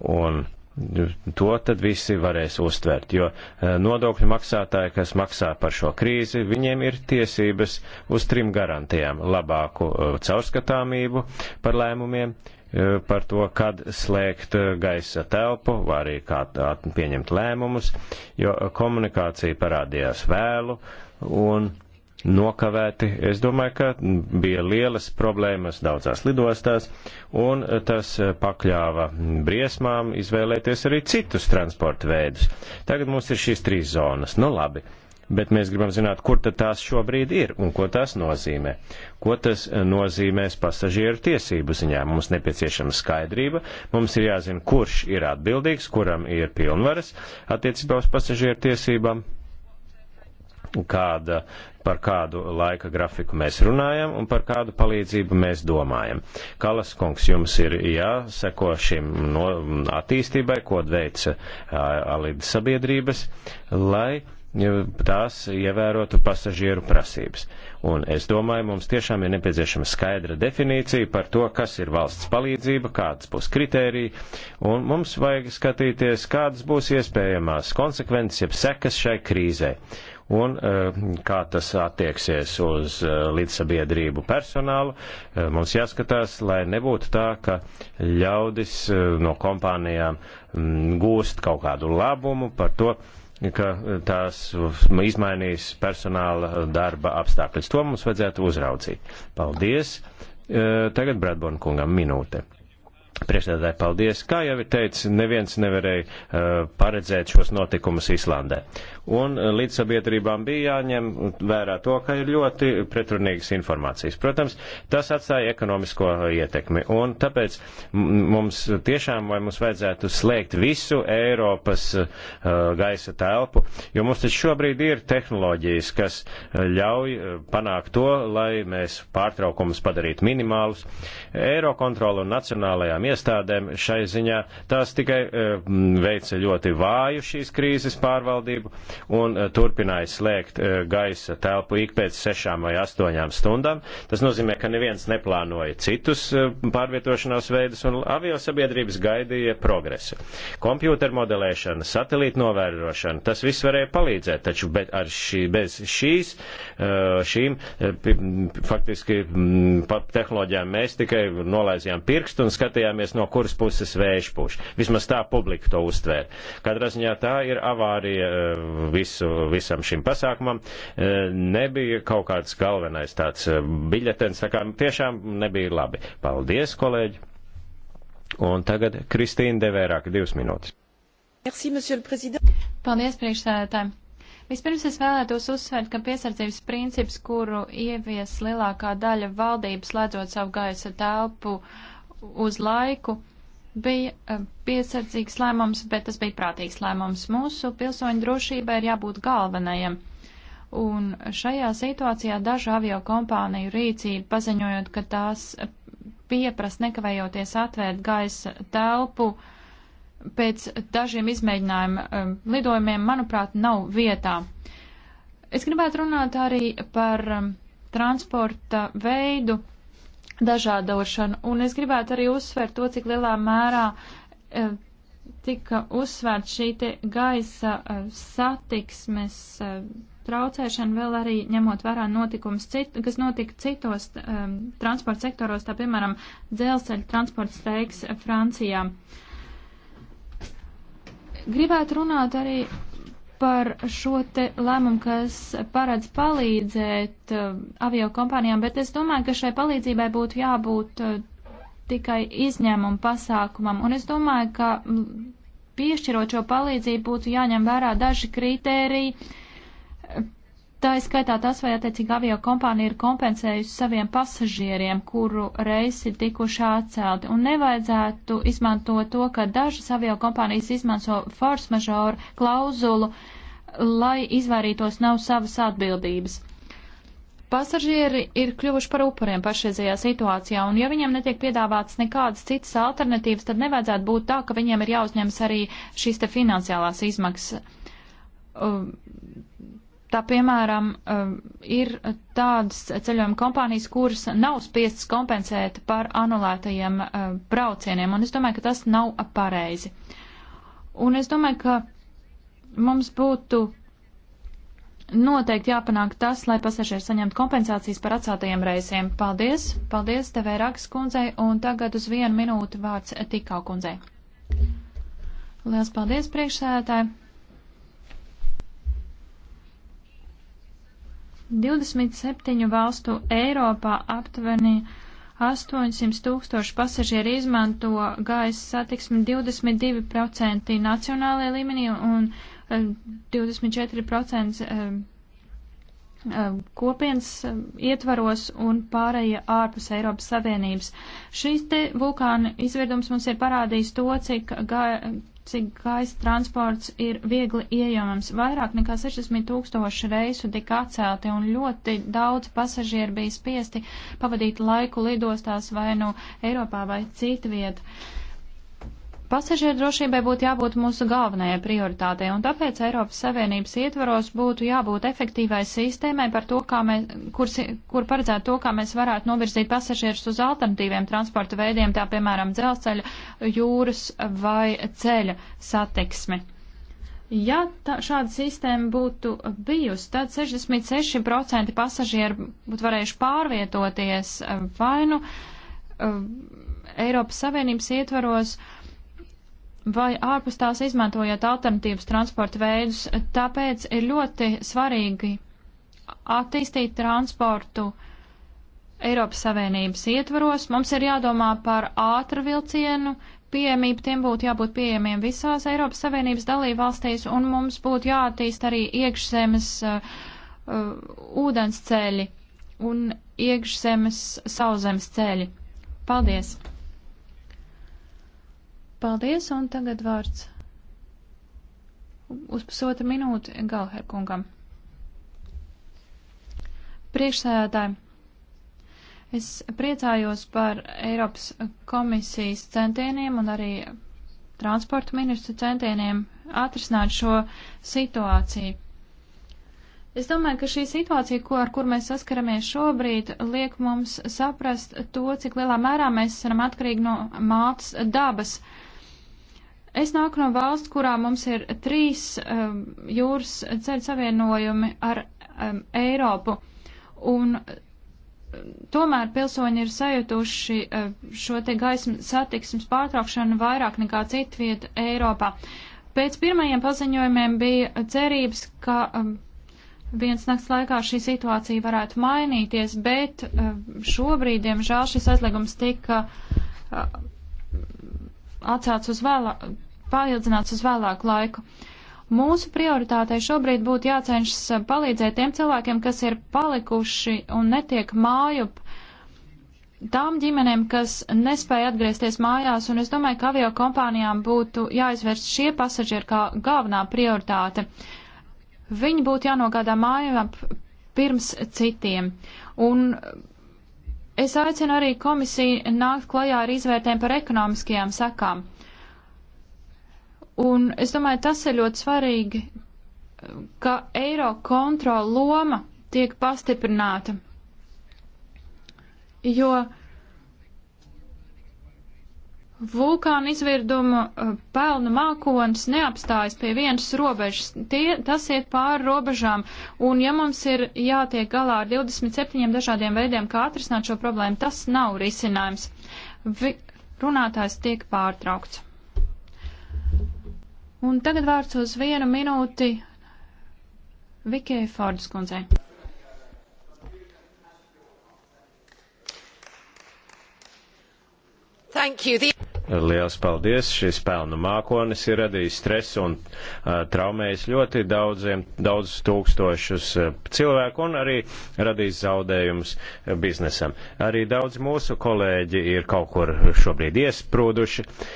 S2: Un to tad visi varēs uztvert, jo nodokļu maksātāji, kas maksā par šo krīzi, viņiem ir tiesības uz trim garantijām - labāku caurskatāmību par lēmumiem, E, par to, kad slēgt e, gaisa telpu, vai arī kā pieņemt lēmumus, jo komunikācija parādījās vēlu un nokavēti. Es domāju, ka bija lielas problēmas daudzās lidostās, un tas e, pakļāva briesmām izvēlēties arī citus transporta veidus. Tagad mums ir šīs trīs zonas. Nu labi, bet mēs gribam zināt, kur tad tās šobrīd ir un ko tās nozīmē. Ko tas nozīmēs pasažieru tiesību ziņā? Mums nepieciešama skaidrība, mums ir jāzina, kurš ir atbildīgs, kuram ir pilnvaras attiecībā uz pasažieru tiesībām, kāda, par kādu laika grafiku mēs runājam un par kādu palīdzību mēs domājam. Kalas kungs, jums ir jāseko šim no, attīstībai, ko veica alīdas sabiedrības, lai tās ievērotu pasažieru prasības. Un es domāju, mums tiešām ir nepieciešama skaidra definīcija par to, kas ir valsts palīdzība, kādas būs kritērija, un mums vajag skatīties, kādas būs iespējamās konsekvences, jeb sekas šai krīzē un eh, kā tas attieksies uz eh, līdzsabiedrību personālu. Eh, mums jāskatās, lai nebūtu tā, ka ļaudis no kompānijām mm, gūst kaut kādu labumu par to, ka tās izmainīs personāla darba apstākļus. To mums vajadzētu uzraudzīt. Paldies! E, tagad Bradbona kungam minūte. Priekšstādāji, paldies! Kā jau ir teicis, neviens nevarēja e, paredzēt šos notikumus Islandē un eh, līdzsabiedrībām bija jāņem vērā to, ka ir ļoti pretrunīgas informācijas. Protams, tas atstāja ekonomisko ietekmi, un tāpēc mums tiešām vai mums vajadzētu slēgt visu Eiropas uh, gaisa telpu, jo mums taču šobrīd ir tehnoloģijas, kas eh, ļauj panākt to, lai mēs pārtraukumus padarītu minimālus. Eirokontrola un nacionālajām iestādēm šai ziņā tās tikai uh, veica ļoti vāju šīs krīzes pārvaldību. Uh, un eh, turpināja slēgt eh, gaisa telpu ik pēc sešām vai astoņām stundām. Tas nozīmē, ka neviens neplānoja citus eh, pārvietošanās veidus un aviosabiedrības gaidīja progresu. Kompjūter modelēšana, satelīta novērošana, tas viss varēja palīdzēt, taču bet ar šī, bez šīs, šīm faktiski mm, tehnoloģijām mēs tikai nolaizījām pirkstu un skatījāmies, no kuras puses vējš puš. Vismaz tā publika to uztvēra. Katrā ziņā tā ir avārija visu, visam šim pasākumam, e, nebija kaut kāds galvenais tāds e, biļetens, tā kā tiešām nebija labi. Paldies, kolēģi! Un tagad Kristīna Devērāka divas minūtes.
S4: Merci,
S3: Paldies, priekšsēdētāji! Vispirms es vēlētos uzsvērt, ka piesardzības princips, kuru ievies lielākā daļa valdības, slēdzot savu gaisa telpu uz laiku, uh, bija e, piesardzīgs lēmums, bet tas bija prātīgs lēmums. Mūsu pilsoņu drošībai ir jābūt galvenajam. Un šajā situācijā dažu avio kompāniju rīcība paziņojot, ka tās pieprast nekavējoties atvērt gaisa telpu pēc dažiem izmēģinājumu e, lidojumiem, manuprāt, nav vietā. Es gribētu runāt arī par e, transporta veidu, dažādošanu. Un es gribētu arī uzsvērt to, cik lielā mērā e, tika uzsvērt šī gaisa e, satiksmes e, traucēšana, vēl arī ņemot vērā notikums, cit, kas notika citos e, transporta sektoros, tā piemēram dzelzceļa transporta steiks Francijā. Gribētu runāt arī par šo te lēmumu, kas paredz palīdzēt uh, avio kompānijām, bet es domāju, ka šai palīdzībai būtu jābūt uh, tikai izņēmumu pasākumam. Un es domāju, ka mm, piešķirot šo palīdzību būtu jāņem vērā daži kritēriji, Tā ir skaitā tas, vai attiecīgi avio kompānija ir kompensējusi saviem pasažieriem, kuru reisi ir tikuši atcelti. Un nevajadzētu izmantot to, ka dažas avio kompānijas izmanto force majeure klauzulu, lai izvairītos nav savas atbildības. Pasažieri ir kļuvuši par upuriem pašreizajā situācijā, un ja viņiem netiek piedāvāts nekādas citas alternatīvas, tad nevajadzētu būt tā, ka viņiem ir jāuzņemas arī šīs te finansiālās izmaksas. Um, Tā piemēram, um, ir tādas ceļojuma kompānijas, kuras nav spiestas kompensēt par anulētajiem um, braucieniem, un es domāju, ka tas nav pareizi. Un es domāju, ka mums būtu noteikti jāpanāk tas, lai pasažieri saņemtu kompensācijas par atsātajiem reisiem. Paldies, paldies tev, Rakas kundzei, un tagad uz vienu minūti vārds tikā kundzei. Lielas paldies, priekšsēdētāji! 27 valstu Eiropā aptuveni 800 tūkstoši pasažieru izmanto gaisa satiksmi 22% nacionālajā līmenī un 24% eh, eh, eh, kopienas ietvaros un pārējie ārpus Eiropas Savienības. Šīs te vulkāna izvirdums mums ir parādījis to, cik, ga, cik gaisa transports ir viegli ieejamams. Vairāk nekā 60 tūkstoši reisu tika atcelti un ļoti daudz pasažieru bija spiesti pavadīt laiku lidostās vai nu no Eiropā vai citviet. vieta. Pasažieru drošībai būtu jābūt mūsu galvenajai prioritātei, un tāpēc Eiropas Savienības ietvaros būtu jābūt efektīvai sistēmai par to, kā mēs, kur, kur paredzētu to, kā mēs varētu novirzīt pasažierus uz alternatīviem transporta veidiem, tā piemēram dzelzceļa, jūras vai ceļa satiksmi. Ja tā, šāda sistēma būtu bijusi, tad 66% pasažieru būtu varējuši pārvietoties vai nu eh, Eiropas Savienības ietvaros, uh, vai ārpus tās izmantojot alternatīvas transporta veidus. Tāpēc ir ļoti svarīgi attīstīt transportu Eiropas Savienības ietvaros. Mums ir jādomā par ātru vilcienu pieejamību, tiem būtu jābūt pieejamiem visās Eiropas Savienības dalībvalstīs, un mums būtu jāattīst arī iekšzemes uh, uh, ūdens ceļi un iekšzemes sauszemes ceļi. Paldies! Paldies, un tagad vārds uz pusotru minūti Galher kungam. Priekšsēdētāji, es priecājos par Eiropas komisijas centieniem un arī transporta ministru centieniem atrisināt šo situāciju. Es domāju, ka šī situācija, ko, ar kur mēs saskaramies šobrīd, liek mums saprast to, cik lielā mērā mēs esam atkarīgi no mātes dabas. Uh, Es nāku no valsts, kurā mums ir trīs um, jūras ceļu savienojumi ar um, Eiropu, un um, tomēr pilsoņi ir sajutuši uh, šo te gaismu satiksmes pārtraukšanu vairāk nekā citu vietu Eiropā. Pēc pirmajiem paziņojumiem bija cerības, ka um, viens nakts laikā šī situācija varētu mainīties, bet um, šobrīd, diemžēl, šis aizliegums tika uh, atcēts uz vēlā, paildzināts uz vēlāku laiku. Mūsu prioritātei šobrīd būtu jācenšas eh, palīdzēt tiem cilvēkiem, kas ir palikuši un netiek mājup tām ģimenēm, kas nespēja atgriezties mājās, un es domāju, ka avio kompānijām būtu jāizvērst šie pasažieri kā galvenā prioritāte. Viņi būtu jānogādā mājām pirms citiem. Un es aicinu arī komisiju nākt klajā ar izvērtēm par ekonomiskajām sekām. Un es domāju, tas ir ļoti svarīgi, ka eiro kontrola loma tiek pastiprināta. Jo vulkāna izvirduma eh, pelnu mākonis neapstājas pie vienas robežas. Tie, tas iet pāri robežām. Un ja mums ir jātiek galā ar 27 dažādiem veidiem, kā atrisināt šo problēmu, tas nav risinājums. Vi, runātājs tiek pārtraukts. Un tagad vārds uz vienu minūti Vikijai Fordas kundzei.
S4: Thank you. The...
S2: Liels paldies! Šis pelnu mākonis ir radījis stresu un uh, traumējis ļoti daudziem, daudzus tūkstošus uh, cilvēku un arī radījis zaudējumus uh, biznesam. Arī daudz mūsu kolēģi ir kaut kur šobrīd iesprūduši. Uh,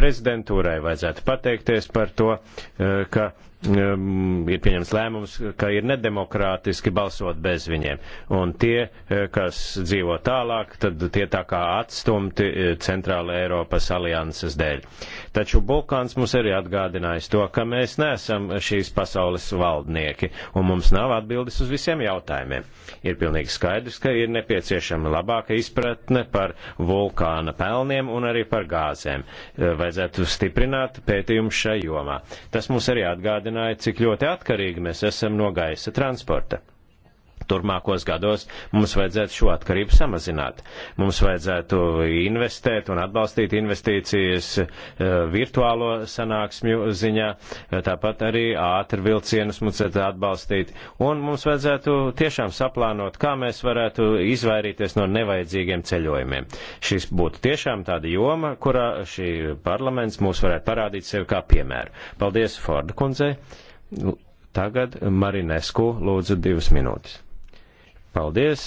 S2: prezidentūrai vajadzētu pateikties par to, uh, ka ir pieņems lēmums, ka ir nedemokrātiski balsot bez viņiem. Un tie, eh, kas dzīvo tālāk, tad tie tā kā atstumti eh, Centrāla Eiropas alianses dēļ. Taču Bulkāns mums arī atgādinājis to, ka mēs neesam šīs pasaules valdnieki, un mums nav atbildes uz visiem jautājumiem. Ir pilnīgi skaidrs, ka ir nepieciešama labāka izpratne par vulkāna pelniem un arī par gāzēm. Eh, vajadzētu stiprināt pētījumus šai jomā. Tas mums arī atgādina atgādināja, cik ļoti atkarīgi mēs esam no gaisa transporta turpmākos gados mums vajadzētu šo atkarību samazināt. Mums vajadzētu investēt un atbalstīt investīcijas eh, virtuālo sanāksmju ziņā, eh, tāpat arī ātri vilcienus mums vajadzētu atbalstīt. Un mums vajadzētu tiešām saplānot, kā mēs varētu izvairīties no nevajadzīgiem ceļojumiem. Šis būtu tiešām tāda joma, kurā šī parlaments mūs varētu parādīt sevi kā piemēru. Paldies Forda kundzei! Tagad Marinesku lūdzu divas minūtes. Paldies!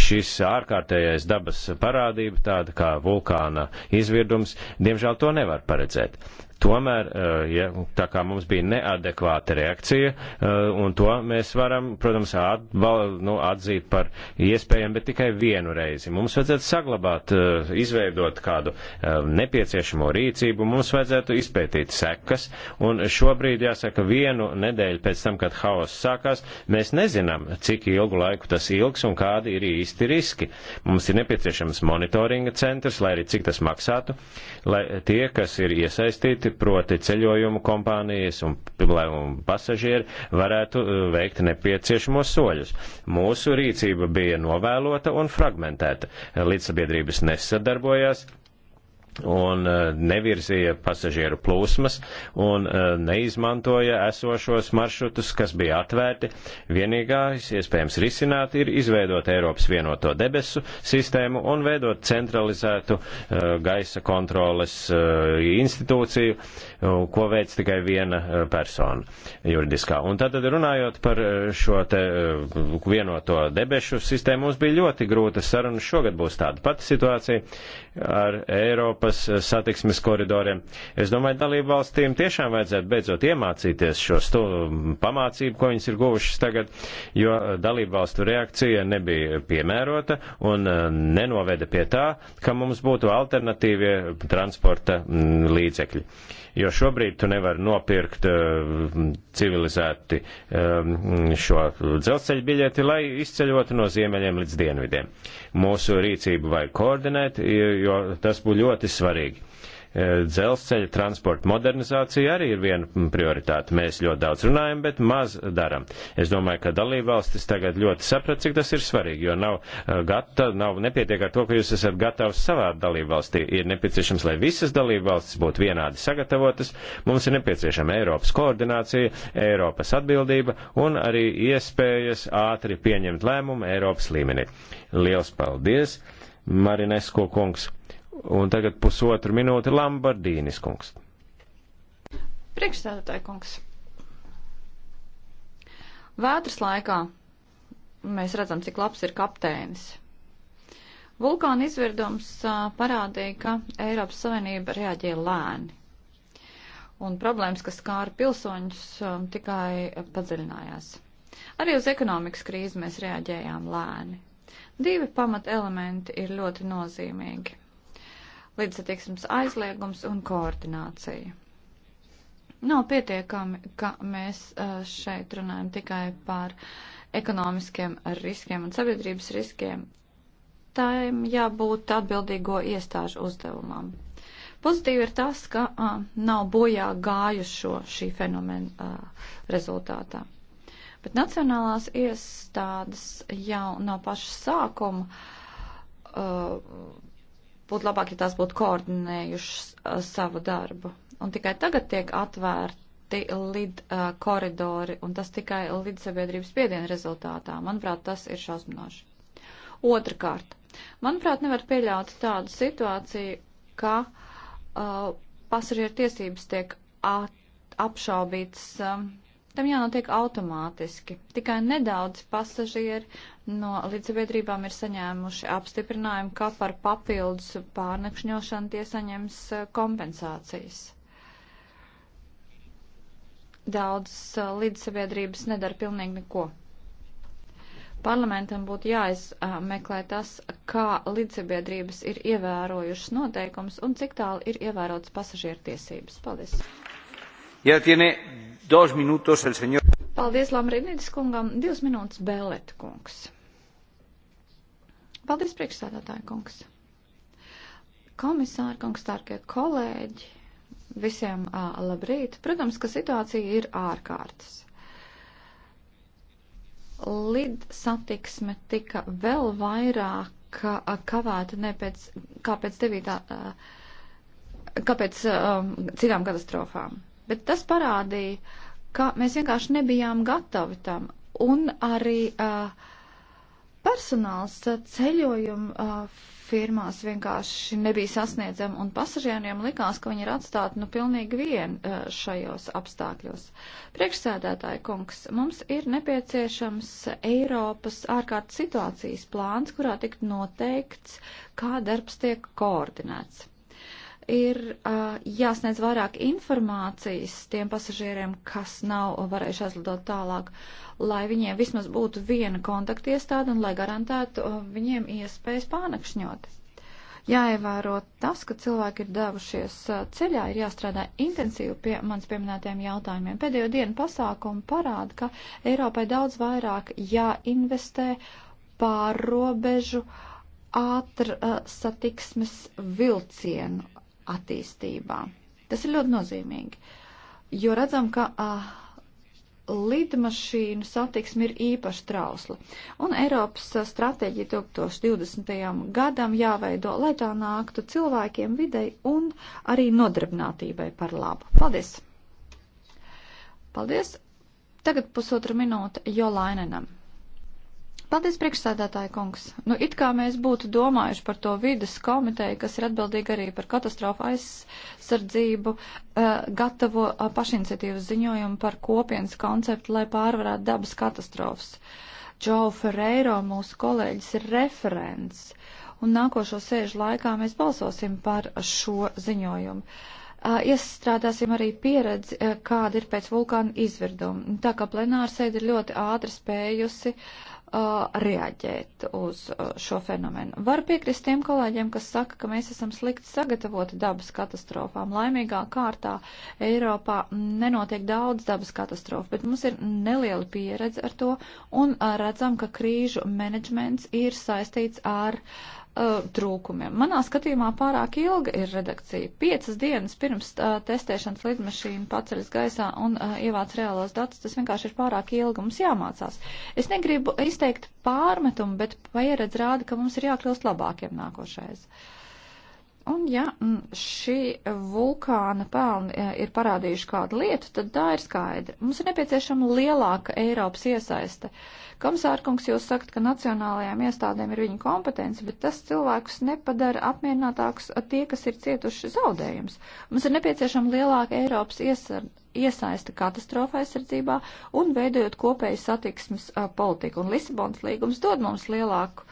S2: Šis ārkārtējais dabas parādība, tāda kā vulkāna izvirdums, diemžēl to nevar paredzēt. Tomēr, eh, ja, tā kā mums bija neadekvāta reakcija, eh, un to mēs varam, protams, atbal, nu, atzīt par iespējam, bet tikai vienu reizi. Mums vajadzētu saglabāt, eh, izveidot kādu nepieciešamo rīcību, mums vajadzētu izpētīt sekas, un šobrīd, jāsaka, vienu nedēļu pēc tam, kad haoss sākās, mēs nezinām, cik ilgu laiku tas ilgs un kādi ir īsti riski. Mums ir nepieciešams monitoringa centrs, lai arī cik tas maksātu, lai tie, kas ir iesaistīti, citi, proti ceļojumu kompānijas un, un pasažieri, varētu uh, veikt nepieciešamos soļus. Mūsu rīcība bija novēlota un fragmentēta. Līdzsabiedrības nesadarbojās, un e, nevirzīja pasažieru plūsmas un e, neizmantoja esošos maršrutus, kas bija atvērti. Vienīgais iespējams risināt ir izveidot Eiropas vienoto debesu sistēmu un veidot centralizētu e, gaisa kontroles institūciju, ko veic tikai viena eh, persona juridiskā. Un tātad runājot par eh, šo te eh, vienoto debešu sistēmu, mums bija ļoti grūta saruna. Šogad būs tāda pati situācija ar Eiropas satiksmes koridoriem. Es domāju, dalību valstīm tiešām vajadzētu beidzot iemācīties šo stu, pamācību, ko viņas ir guvušas tagad, jo dalību valstu reakcija nebija piemērota un nenoveda pie tā, ka mums būtu alternatīvie transporta mm, līdzekļi jo šobrīd tu nevari nopirkt eh, civilizēti eh, šo dzelzceļa biļeti, lai izceļotu no ziemeļiem līdz dienvidiem. Mūsu rīcību vajag koordinēt, jo tas būtu ļoti svarīgi dzelzceļa transporta modernizācija arī ir viena prioritāte. Mēs ļoti daudz runājam, bet maz daram. Es domāju, ka dalībvalstis tagad ļoti saprat, cik tas ir svarīgi, jo nav, eh, gata, nav nepietiek ar to, ka jūs esat gatavs savā dalībvalstī. Ir nepieciešams, lai visas dalībvalstis būtu vienādi sagatavotas. Mums ir nepieciešama Eiropas koordinācija, Eiropas atbildība un arī iespējas ātri pieņemt lēmumu Eiropas līmenī. Liels paldies, Marinesko kungs! Un tagad pusotru minūti Lambardīnis kungs.
S1: Priekšstādātāji kungs. Vētras laikā mēs redzam, cik labs ir kapteinis. Vulkāna izvirdums parādīja, ka Eiropas Savienība reaģēja lēni. Un problēmas, kas skāra pilsoņus, tikai padziļinājās. Arī uz ekonomikas krīzi mēs reaģējām lēni. Divi pamat elementi ir ļoti nozīmīgi līdzsatiksmes aizliegums un koordinācija. Nav pietiekami, ka mēs eh, šeit runājam tikai par ekonomiskiem riskiem un sabiedrības riskiem. Tām jābūt atbildīgo iestāžu uzdevumam. Pozitīvi ir tas, ka a, eh, nav bojā gājušo šī fenomena a, eh, rezultātā. Bet nacionālās iestādes jau no paša sākuma a, būtu labāk, ja tās būtu koordinējušas uh, savu darbu. Un tikai tagad tiek atvērti lid uh, koridori, un tas tikai lid sabiedrības spiediena rezultātā. Manuprāt, tas ir šausminoši. Otrakārt, manuprāt, nevar pieļaut tādu situāciju, ka uh, pasažieru tiesības tiek at, apšaubītas. Um, Tam jānotiek automātiski. Tikai nedaudz pasažieri no līdzsabiedrībām ir saņēmuši apstiprinājumu, ka par papildus pārnakšņošanu tie saņems eh, kompensācijas. Daudzas eh, līdzsabiedrības nedara pilnīgi neko. Parlamentam būtu jāizmeklē tas, kā līdzsabiedrības ir ievērojušas noteikums un cik tālu ir ievērotas pasažieru tiesības. Paldies!
S2: Ja tiene Dos minūtos el senjor.
S1: Paldies Lamrinītis kungam. Divas minūtes Bēlēt kungs. Paldies priekšsādātāju kungs. Komisāri kungs, tārkie kolēģi, visiem uh, labrīt. Protams, ka situācija ir ārkārtas lid satiksme tika vēl vairāk kavēta ne pēc, kā pēc devītā, kāpēc um, citām katastrofām bet tas parādīja, ka mēs vienkārši nebijām gatavi tam. Un arī uh, personāls ceļojuma uh, firmās vienkārši nebija sasniedzama, un pasažieriem likās, ka viņi ir atstāti nu pilnīgi vien uh, šajos apstākļos. Priekšsēdētāji kungs, mums ir nepieciešams Eiropas ārkārtas situācijas plāns, kurā tikt noteikts, kā darbs tiek koordinēts ir uh, jāsniedz vairāk informācijas tiem pasažieriem, kas nav varējuši aizlidot tālāk, lai viņiem vismaz būtu viena kontaktiestāde un lai garantētu uh, viņiem iespējas pārnakšņot. Jāievēro tas, ka cilvēki ir devušies uh, ceļā, ir jāstrādā intensīvi pie manas pieminētajiem jautājumiem. Pēdējo dienu pasākumu parāda, ka Eiropai daudz vairāk jāinvestē pārrobežu ātr uh, satiksmes vilcienu attīstībā. Tas ir ļoti nozīmīgi, jo redzam, ka uh, lidmašīnu satiksme ir īpaši trausla. Un Eiropas ah, stratēģija 2020. gadam jāveido, lai tā nāktu cilvēkiem videi un arī nodarbinātībai par labu. Paldies! Paldies! Tagad pusotra minūte Jolainenam. Paldies, priekšsēdētāji kungs. Nu, it kā mēs būtu domājuši par to vidas komiteju, kas ir atbildīga arī par katastrofu aizsardzību, uh, gatavo uh, pašiniciatīvas ziņojumu par kopienas konceptu, lai pārvarētu dabas katastrofas. Džo Ferreiro, mūsu kolēģis, ir referents, un nākošo sēžu laikā mēs balsosim par šo ziņojumu. Uh, iestrādāsim arī pieredzi, kāda ir pēc vulkāna izvirduma. Tā kā plenārsēde ir ļoti ātri spējusi uh, reaģēt uz šo fenomenu. Var piekrist tiem kolēģiem, kas saka, ka mēs esam slikti sagatavoti dabas katastrofām. Laimīgā kārtā Eiropā nenotiek daudz dabas katastrofu, bet mums ir neliela pieredze ar to un redzam, ka krīžu menedžments ir saistīts ar uh, uh, trūkumiem. Manā skatījumā pārāk ilga ir redakcija. Piecas dienas pirms uh, testēšanas lidmašīna paceļas gaisā un uh, ievāc reālos datus, tas vienkārši ir pārāk ilga, mums jāmācās. Es negribu izteikt pārmetumu, bet pieredze rāda, ka mums ir jākļūst labākiem nākošais. Uh, Un ja mm, šī vulkāna pelni e, ir parādījuši kādu lietu, tad tā ir skaidra. Mums ir nepieciešama lielāka Eiropas iesaiste. Komisārkungs, jūs sakat, ka nacionālajām iestādēm ir viņa kompetence, bet tas cilvēkus nepadara apmierinātākus tie, kas ir cietuši zaudējums. Mums ir nepieciešama lielāka Eiropas iesaiste iesaista katastrofa aizsardzībā un veidojot kopēju satiksmes a, politiku. Un Lisabonas līgums dod mums lielāku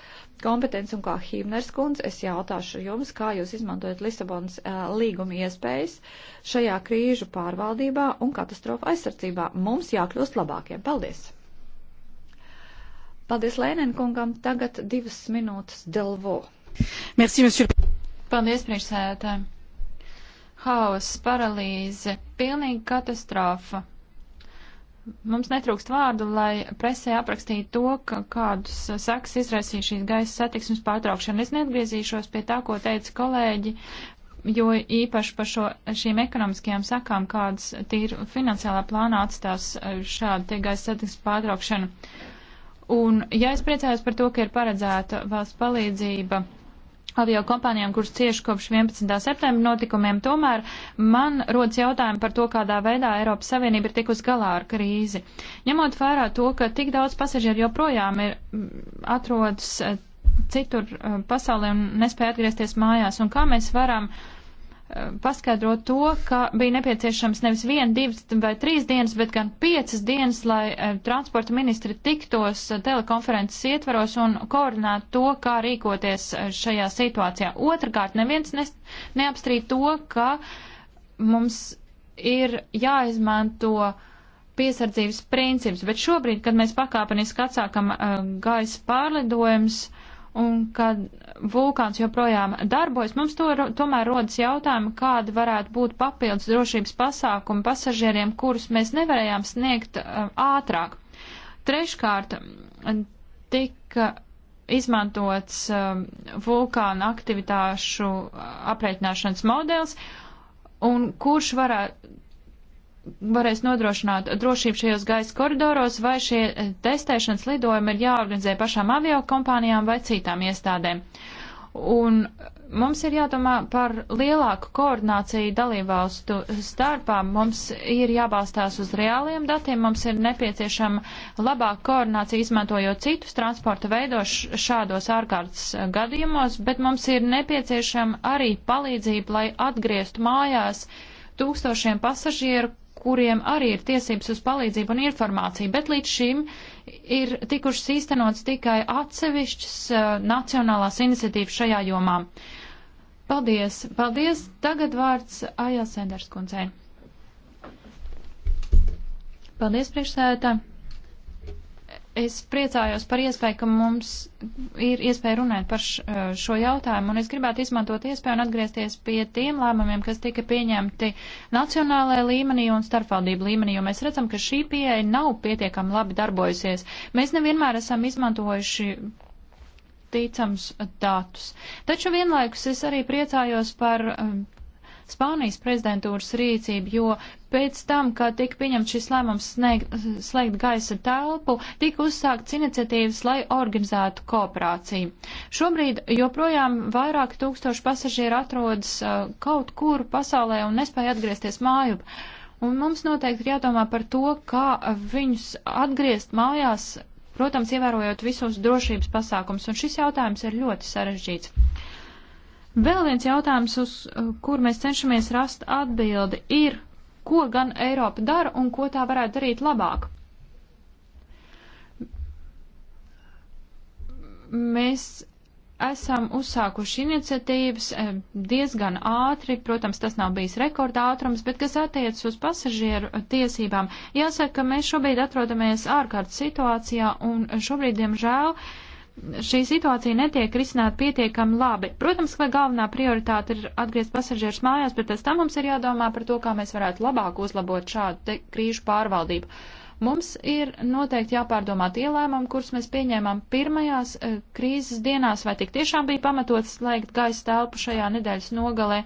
S1: kompetenci un kā Himners kundze, es jautāšu jums, kā jūs izmantojat Lisabonas uh, līguma iespējas šajā krīžu pārvaldībā un katastrofu aizsardzībā. Mums jākļūst labākiem. Paldies! Paldies Lēnenkungam. Tagad divas minūtes Delvo.
S3: Merci, monsieur. Paldies, priekšsēdētāji. Haoss, paralīze, pilnīga katastrofa. Mums netrūkst vārdu, lai presē aprakstītu to, ka kādus saks izraisīja šīs gaisa satiksmes pārtraukšana. Es neatgriezīšos pie tā, ko teica kolēģi, jo īpaši par šo, šīm ekonomiskajām sakām, kādas tīri finansiālā plānā atstās e, šāda tie gaisa satiksmes pārtraukšana. Un, ja es priecājos par to, ka ir paredzēta valsts palīdzība avio kompānijām, kuras cieši kopš 11. septembra notikumiem, tomēr man rodas jautājumi par to, kādā veidā Eiropas Savienība ir tikus galā ar krīzi. Ņemot vērā to, ka tik daudz pasažieru joprojām ir atrodas eh, citur eh, pasaulē un nespēja atgriezties mājās, un kā mēs varam uh, paskaidrot to, ka bija nepieciešams nevis viena, divas vai trīs dienas, bet gan piecas dienas, lai e, transporta ministri tiktos e, telekonferences ietvaros un koordinētu to, kā rīkoties e, šajā situācijā. Otrakārt, neviens ne, neapstrīd to, ka mums ir jāizmanto piesardzības princips, bet šobrīd, kad mēs pakāpeniski atsākam uh, gaisa pārlidojums, uh, un kad vulkāns joprojām darbojas, mums to, tomēr rodas jautājumi, kāda varētu būt papildus drošības pasākumi pasažieriem, kurus mēs nevarējām sniegt uh, ātrāk. Treškārt tika izmantots uh, vulkāna aktivitāšu uh, aprēķināšanas modelis, un kurš varētu varēs nodrošināt drošību šajos gaisa koridoros, vai šie eh, testēšanas lidojumi ir jāorganizē pašām aviokompānijām vai citām iestādēm. Un mums ir jādomā par lielāku koordināciju dalībvalstu starpā. Mums ir jābalstās uz reāliem datiem, mums ir nepieciešama labāka koordinācija izmantojot citus transporta veidos šādos ārkārtas gadījumos, bet mums ir nepieciešama arī palīdzība, lai atgrieztu mājās tūkstošiem pasažieru, kuriem arī ir tiesības uz palīdzību un informāciju, bet līdz šim ir tikušas īstenots tikai atsevišķas uh, nacionālās iniciatīvas šajā jomā. Paldies, paldies. Tagad vārds Ajā Senders kundzei. Paldies, priekšsēdētāji. Es priecājos par iespēju, ka mums ir iespēja runāt par šo jautājumu, un es gribētu izmantot iespēju un atgriezties pie tiem lēmumiem, kas tika pieņemti nacionālajā līmenī un starpvaldību līmenī, jo mēs redzam, ka šī pieeja nav pietiekami labi darbojusies. Mēs nevienmēr esam izmantojuši ticams datus. Taču vienlaikus es arī priecājos par Spānijas prezidentūras rīcību, jo pēc tam, kad tika pieņemts šis lēmums slēgt gaisa telpu, tika uzsākts iniciatīvas, lai organizētu kooperāciju. Šobrīd joprojām vairāki tūkstoši pasažieru atrodas uh, kaut kur pasaulē un nespēja atgriezties māju. Un mums noteikti ir jādomā par to, kā viņus atgriezt mājās, protams, ievērojot visus drošības pasākums, un šis jautājums ir ļoti sarežģīts. Vēl viens jautājums, uz uh, kur mēs cenšamies rast atbildi, ir, ko gan Eiropa dara un ko tā varētu darīt labāk. Mēs esam uzsākuši iniciatīvas eh, diezgan ātri, protams, tas nav bijis rekorda ātrums, bet kas attiecas uz pasažieru tiesībām, jāsaka, ka mēs šobrīd atrodamies ārkārtas situācijā un šobrīd, diemžēl, uh, šī situācija netiek risināta pietiekami labi. Protams, ka galvenā prioritāte ir atgriezt pasažierus mājās, bet pēc tam mums ir jādomā par to, kā mēs varētu labāk uzlabot šādu krīžu pārvaldību. Uh, Mums ir noteikti jāpārdomā tie lēmumi, kurus mēs pieņēmām pirmajās e, krīzes dienās, vai tik tiešām bija pamatots slēgt gaisa telpu šajā nedēļas nogalē.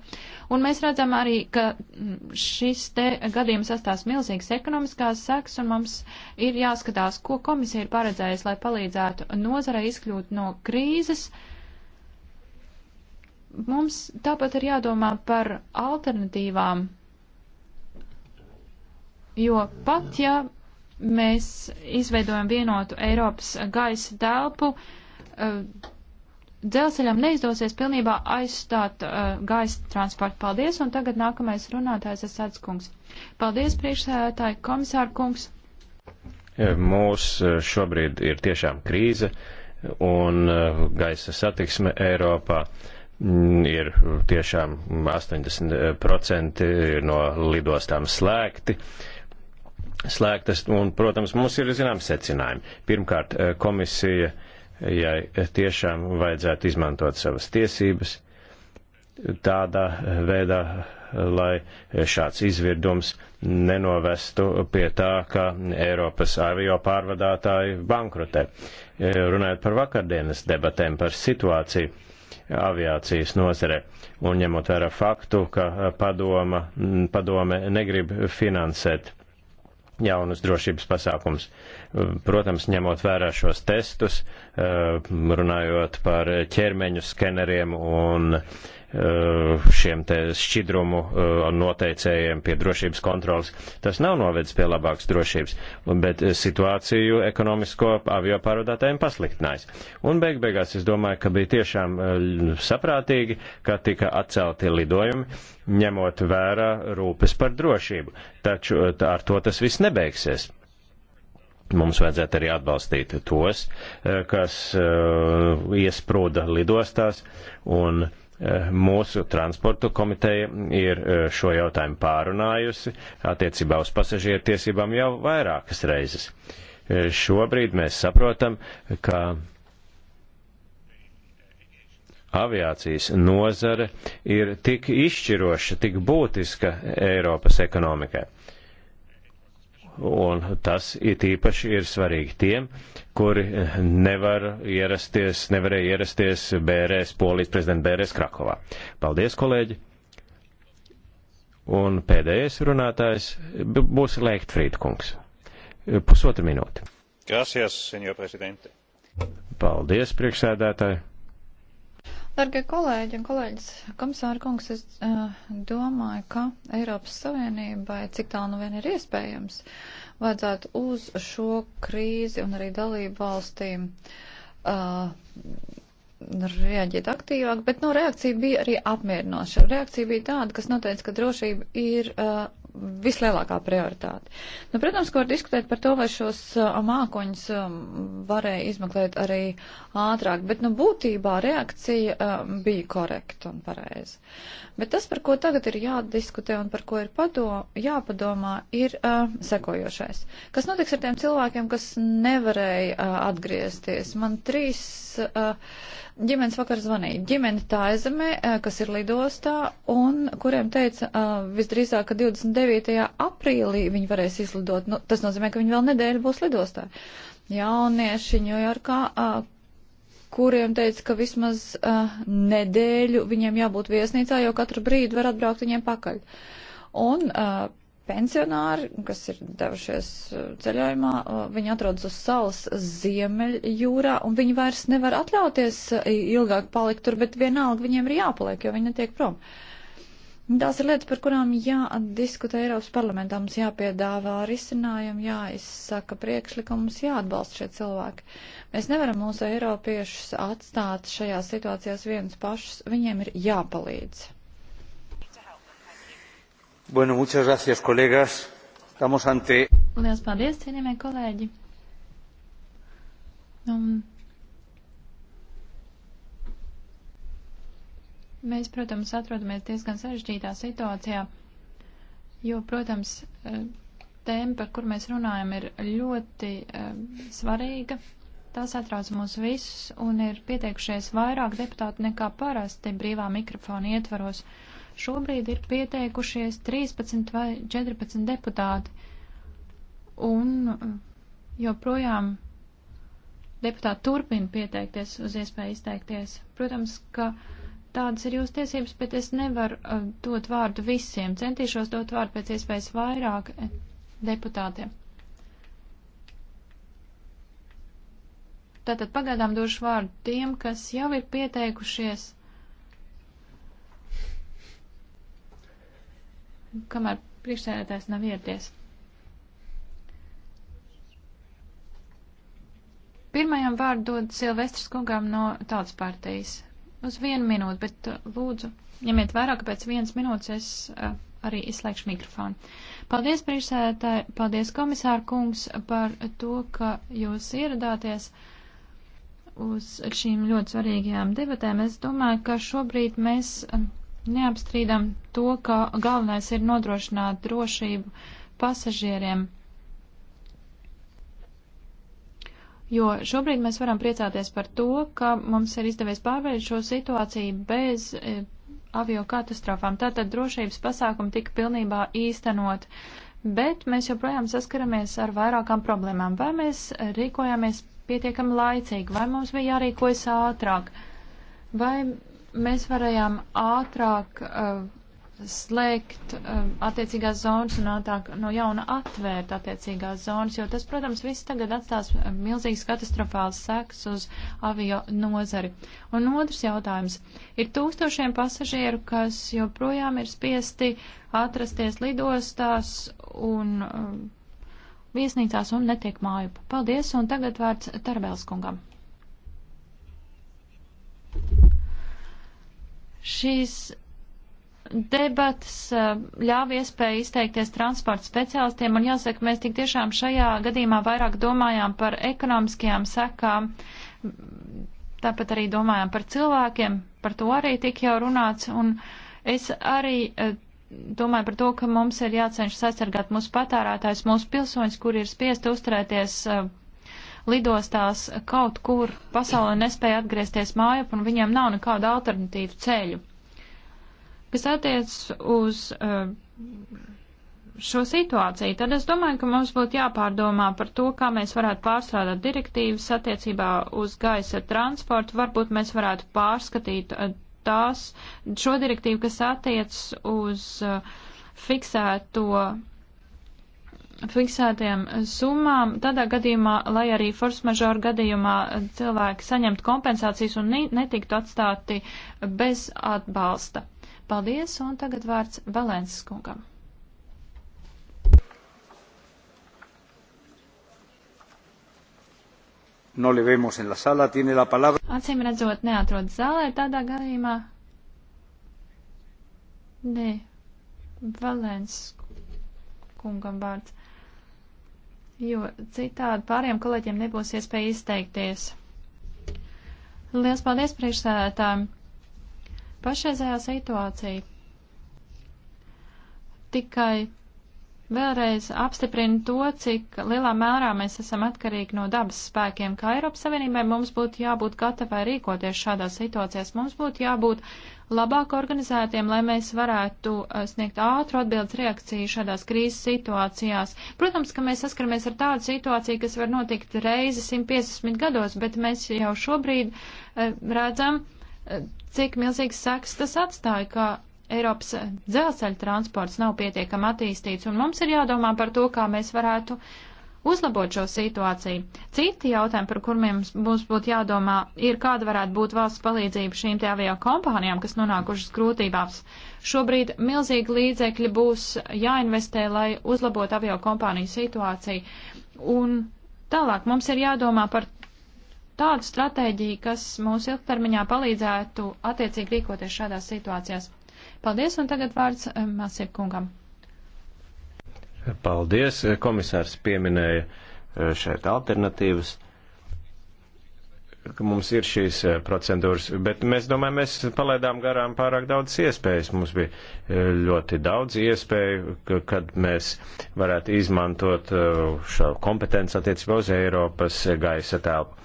S3: Un mēs redzam arī, ka šis te gadījums atstās milzīgas ekonomiskās seks, un mums ir jāskatās, ko komisija ir paredzējusi, lai palīdzētu nozarei izkļūt no krīzes mums tāpat ir jādomā par alternatīvām, jo pat ja Mēs izveidojam vienotu Eiropas gaisa telpu. Eh, dzelzceļam neizdosies pilnībā aizstāt uh, gaisa transportu. Paldies, un tagad nākamais runātājs ir Sēdz kungs. Paldies, priekšsēdētāji, komisāra kungs.
S2: Eh, mūs šobrīd ir tiešām krīze, un gaisa satiksme Eiropā mm, ir tiešām 80% no lidostām slēgti. Uh, slēgtas, un, protams, mums ir zināms secinājumi. Pirmkārt, eh, komisija, ja eh, tiešām vajadzētu izmantot savas tiesības tādā eh, veidā, lai šāds izvirdums nenovestu pie tā, ka Eiropas avio pārvadātāji bankrotē. Runājot par vakardienas debatēm par situāciju aviācijas nozare un ņemot vērā faktu, ka padoma, padome negrib finansēt jaunus drošības pasākums. Protams, ņemot vērā šos testus, eh, runājot par ķermeņu skeneriem un uh, Eh, šiem te šķidrumu eh, noteicējiem pie drošības kontrolas. Tas nav novedis pie labākas drošības, bet eh, situāciju ekonomisko avio pārvadātājiem pasliktinājis. Un beig beigās es domāju, ka bija tiešām saprātīgi, ka tika atcelti lidojumi, ņemot vērā rūpes par drošību. Taču ar to tas viss nebeigsies mums vajadzētu arī atbalstīt tos, kas iesprūda lidostās un Eh, mūsu transportu komiteja ir eh, šo jautājumu pārunājusi attiecībā uz pasažieru tiesībām jau vairākas reizes. Eh, šobrīd mēs saprotam, ka aviācijas nozare ir tik izšķiroša, tik būtiska Eiropas ekonomikai. Un tas it īpaši ir svarīgi tiem, kuri nevar ierasties, nevarēja ierasties Bērēs, Polijas prezidenta Bērēs Krakovā. Paldies, kolēģi! Un pēdējais runātājs būs Leichtfriedkungs. Pusotra minūte. Gracias, senjor prezidente. Paldies, priekšsēdētāji!
S1: Dargie kolēģi un kolēģis, komisāra kungs, es uh, domāju, ka Eiropas Savienībai, cik tālu nu vien ir iespējams, vajadzētu uz šo krīzi un arī dalību valstīm uh, reaģēt aktīvāk, bet no nu, reakcija bija arī apmierinoša. Reakcija bija tāda, kas noteica, ka drošība ir uh, vislielākā prioritāte. Nu, protams, ko var diskutēt par to, vai šos uh, mākoņus um, varēja izmeklēt arī ātrāk, bet nu, būtībā reakcija um, bija korekta un pareiza. Bet tas, par ko tagad ir jādiskutē un par ko ir padom, jāpadomā, ir uh, sekojošais. Kas notiks ar tiem cilvēkiem, kas nevarēja uh, atgriezties? Man trīs. Uh, Ģimenes vakar zvanīja. Ģimene Taizemē, eh, kas ir lidostā, un kuriem teica ah, visdrīzāk, ka 29. aprīlī viņi varēs izlidot. Nu, tas nozīmē, ka viņi vēl nedēļu būs lidostā. Jaunieši Ņujorkā, ah, kuriem teica, ka vismaz uh, nedēļu viņiem jābūt viesnīcā, jo katru brīdi var atbraukt viņiem pakaļ. Un uh, pensionāri, kas ir devušies uh, ceļojumā, uh, viņi atrodas uz salas Ziemeļjūrā, un viņi vairs nevar atļauties uh, ilgāk palikt tur, bet vienalga viņiem ir jāpaliek, jo viņi netiek prom. Tās ir lietas, par kurām jādiskutē Eiropas parlamentā, mums jāpiedāvā risinājumi, jāizsaka priekšlikums, jāatbalsta šie cilvēki. Mēs nevaram mūsu eiropiešus atstāt šajās situācijās viens pašus, viņiem ir jāpalīdz.
S2: Bueno, muchas gracias, kolēgas. Estamos ante.
S3: Lielas paldies, cienījamie kolēģi. Un mēs, protams, atrodamies diezgan sarežģītā situācijā, jo, protams, eh, tēma, par kur mēs runājam, ir ļoti eh, svarīga. Tās atrauc mūs visus un ir pieteikušies vairāk deputāti nekā parasti brīvā mikrofona ietvaros. Uh, Šobrīd ir pieteikušies 13 vai 14 deputāti, un uh, joprojām deputāti turpina pieteikties uz iespēju izteikties. Protams, ka tādas ir jūsu tiesības, bet es nevaru uh, dot vārdu visiem. Centīšos dot vārdu pēc iespējas vairāk eh, deputātiem. Tātad pagaidām došu vārdu tiem, kas jau ir pieteikušies kamēr priekšsēdētājs nav ieradies. Pirmajam vārdu dod Silvestris kungam no tautas partijas. Uz vienu minūti, bet uh, lūdzu, ņemiet vērā, ka pēc vienas minūtes es uh, arī izslēgšu mikrofonu. Paldies, priekšsēdētāji, paldies, komisāra kungs, par to, ka jūs ieradāties uz šīm ļoti svarīgajām debatēm. Es domāju, ka šobrīd mēs. Uh, Neapstrīdam to, ka galvenais ir nodrošināt drošību pasažieriem. Jo šobrīd mēs varam priecāties par to, ka mums ir izdevies pārvarēt šo situāciju bez e, avio katastrofām. Tātad drošības pasākumi tika pilnībā īstenot, bet mēs joprojām saskaramies ar vairākām problēmām. Vai mēs rīkojāmies pietiekami laicīgi, vai mums bija jārīkojas ātrāk, vai mēs varējām ātrāk uh, slēgt uh, attiecīgās zonas un ātrāk no jauna atvērt attiecīgās zonas, jo tas, protams, viss tagad atstās uh, milzīgas katastrofāls seks uz avio nozari. Un otrs jautājums. Ir tūkstošiem pasažieru, kas joprojām ir spiesti atrasties lidostās un uh, viesnīcās un netiek māju. Paldies, un tagad vārds Tarbēls kungam. Šīs debatas eh, ļāva iespēju izteikties transporta speciālistiem, un jāsaka, mēs tik tiešām šajā gadījumā vairāk domājām par ekonomiskajām sekām, tāpat arī domājām par cilvēkiem, par to arī tik jau runāts, un es arī eh, domāju par to, ka mums ir jācenšas aizsargāt mūsu patērētājs, mūsu pilsoņus, kuri ir spiest uzturēties eh, lidostās kaut kur pasaulē nespēja atgriezties mājup un viņiem nav nekādu alternatīvu ceļu. Kas attiec uz eh, šo situāciju, tad es domāju, ka mums būtu jāpārdomā par to, kā mēs varētu pārstrādāt direktīvas attiecībā uz gaisa transportu. Varbūt mēs varētu pārskatīt eh, tās, šo direktīvu, kas attiec uz eh, fiksēto fiksētajām summām, tādā gadījumā, lai arī force majeure gadījumā cilvēki saņemtu kompensācijas un netiktu atstāti bez atbalsta. Paldies, un tagad vārds Valences kungam.
S2: No le vemos en la sala, tiene la palabra.
S3: Acīm redzot, neatrod zālē tādā gadījumā. Nē, Valens kungam vārds jo citādi pāriem kolēģiem nebūs iespēja izteikties. Lielas paldies priekšsēdētājiem! Pašreizējā situācija tikai vēlreiz apstiprina to, cik lielā mērā mēs esam atkarīgi no dabas spēkiem. Kā Eiropas Savienībai mums būtu jābūt gatavai rīkoties šādās situācijās, mums būtu jābūt labāk organizētiem, lai mēs varētu uh, sniegt ātru atbildes reakciju šādās krīzes situācijās. Protams, ka mēs saskaramies ar tādu situāciju, kas var notikt reizi 150 gados, bet mēs jau šobrīd uh, redzam, uh, cik milzīgs seks tas atstāja, kā Eiropas dzelzceļa transports nav pietiekami attīstīts, un mums ir jādomā par to, kā mēs varētu uzlabot šo situāciju. Citi jautājumi, par kuriem mums būtu jādomā, ir kāda varētu būt valsts palīdzība šīm te avio kompānijām, kas nonākušas grūtībās. Šobrīd milzīgi līdzekļi būs jāinvestē, lai uzlabotu avio kompāniju situāciju. Un tālāk mums ir jādomā par tādu stratēģiju, kas mūs ilgtermiņā palīdzētu attiecīgi rīkoties šādās situācijās. Paldies, un tagad vārds eh, Māsiek kungam.
S2: Paldies, eh, komisārs pieminēja eh, šeit alternatīvas ka mums ir šīs procedūras, bet mēs domājam, mēs palaidām garām pārāk daudz iespējas. Mums bija ļoti daudz iespēju, kad mēs varētu izmantot šo kompetenci attiecībā uz Eiropas gaisa telpu.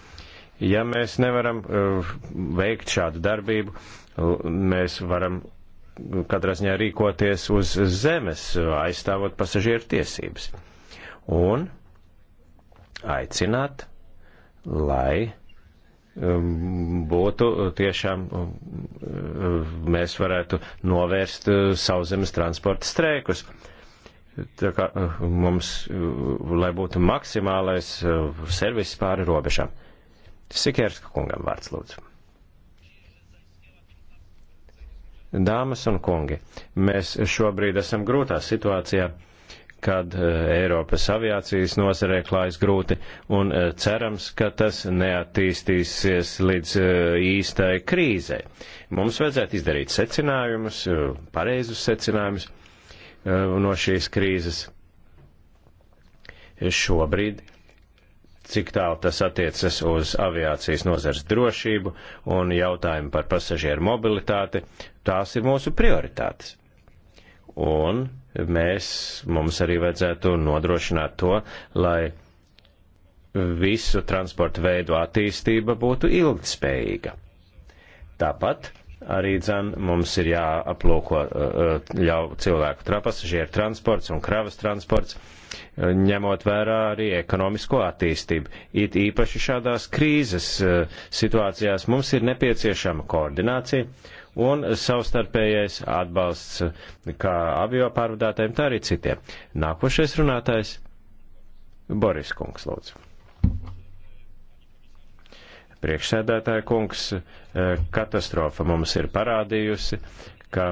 S2: Ja mēs nevaram veikt šādu darbību, mēs varam katrā ziņā rīkoties uz zemes, aizstāvot pasažieru tiesības. Un aicināt, lai um, būtu tiešām um, mēs varētu novērst uh, sauszemes transporta streikus. Tā kā uh, mums, uh, lai būtu maksimālais servis pāri robežām. Sikerska kungam vārds lūdzu. Dāmas un kungi, mēs šobrīd esam grūtā situācijā, kad eh, Eiropas aviācijas nozarē klājas grūti, un eh, cerams, ka tas neattīstīsies līdz eh, īstai krīzē. Mums vajadzētu izdarīt secinājumus, pareizus secinājumus no šīs krīzes. Šobrīd cik tālu tas attiecas uz aviācijas nozars drošību un jautājumu par pasažieru mobilitāti, tās ir mūsu prioritātes. Un mēs, mums arī vajadzētu nodrošināt to, lai visu transportu veidu attīstība būtu ilgtspējīga. Tāpat arī dzen mums ir jāaplūko eh, eh, ļau cilvēku trapas, žieru transports un kravas transports, eh, ņemot vērā arī ekonomisko attīstību. It īpaši šādās krīzes situācijās mums ir nepieciešama koordinācija un savstarpējais atbalsts kā avio pārvadātājiem, tā arī citiem. Nākošais runātājs - Boris Kungs, lūdzu. Priekšsēdētāja kungs, e, katastrofa mums ir parādījusi, ka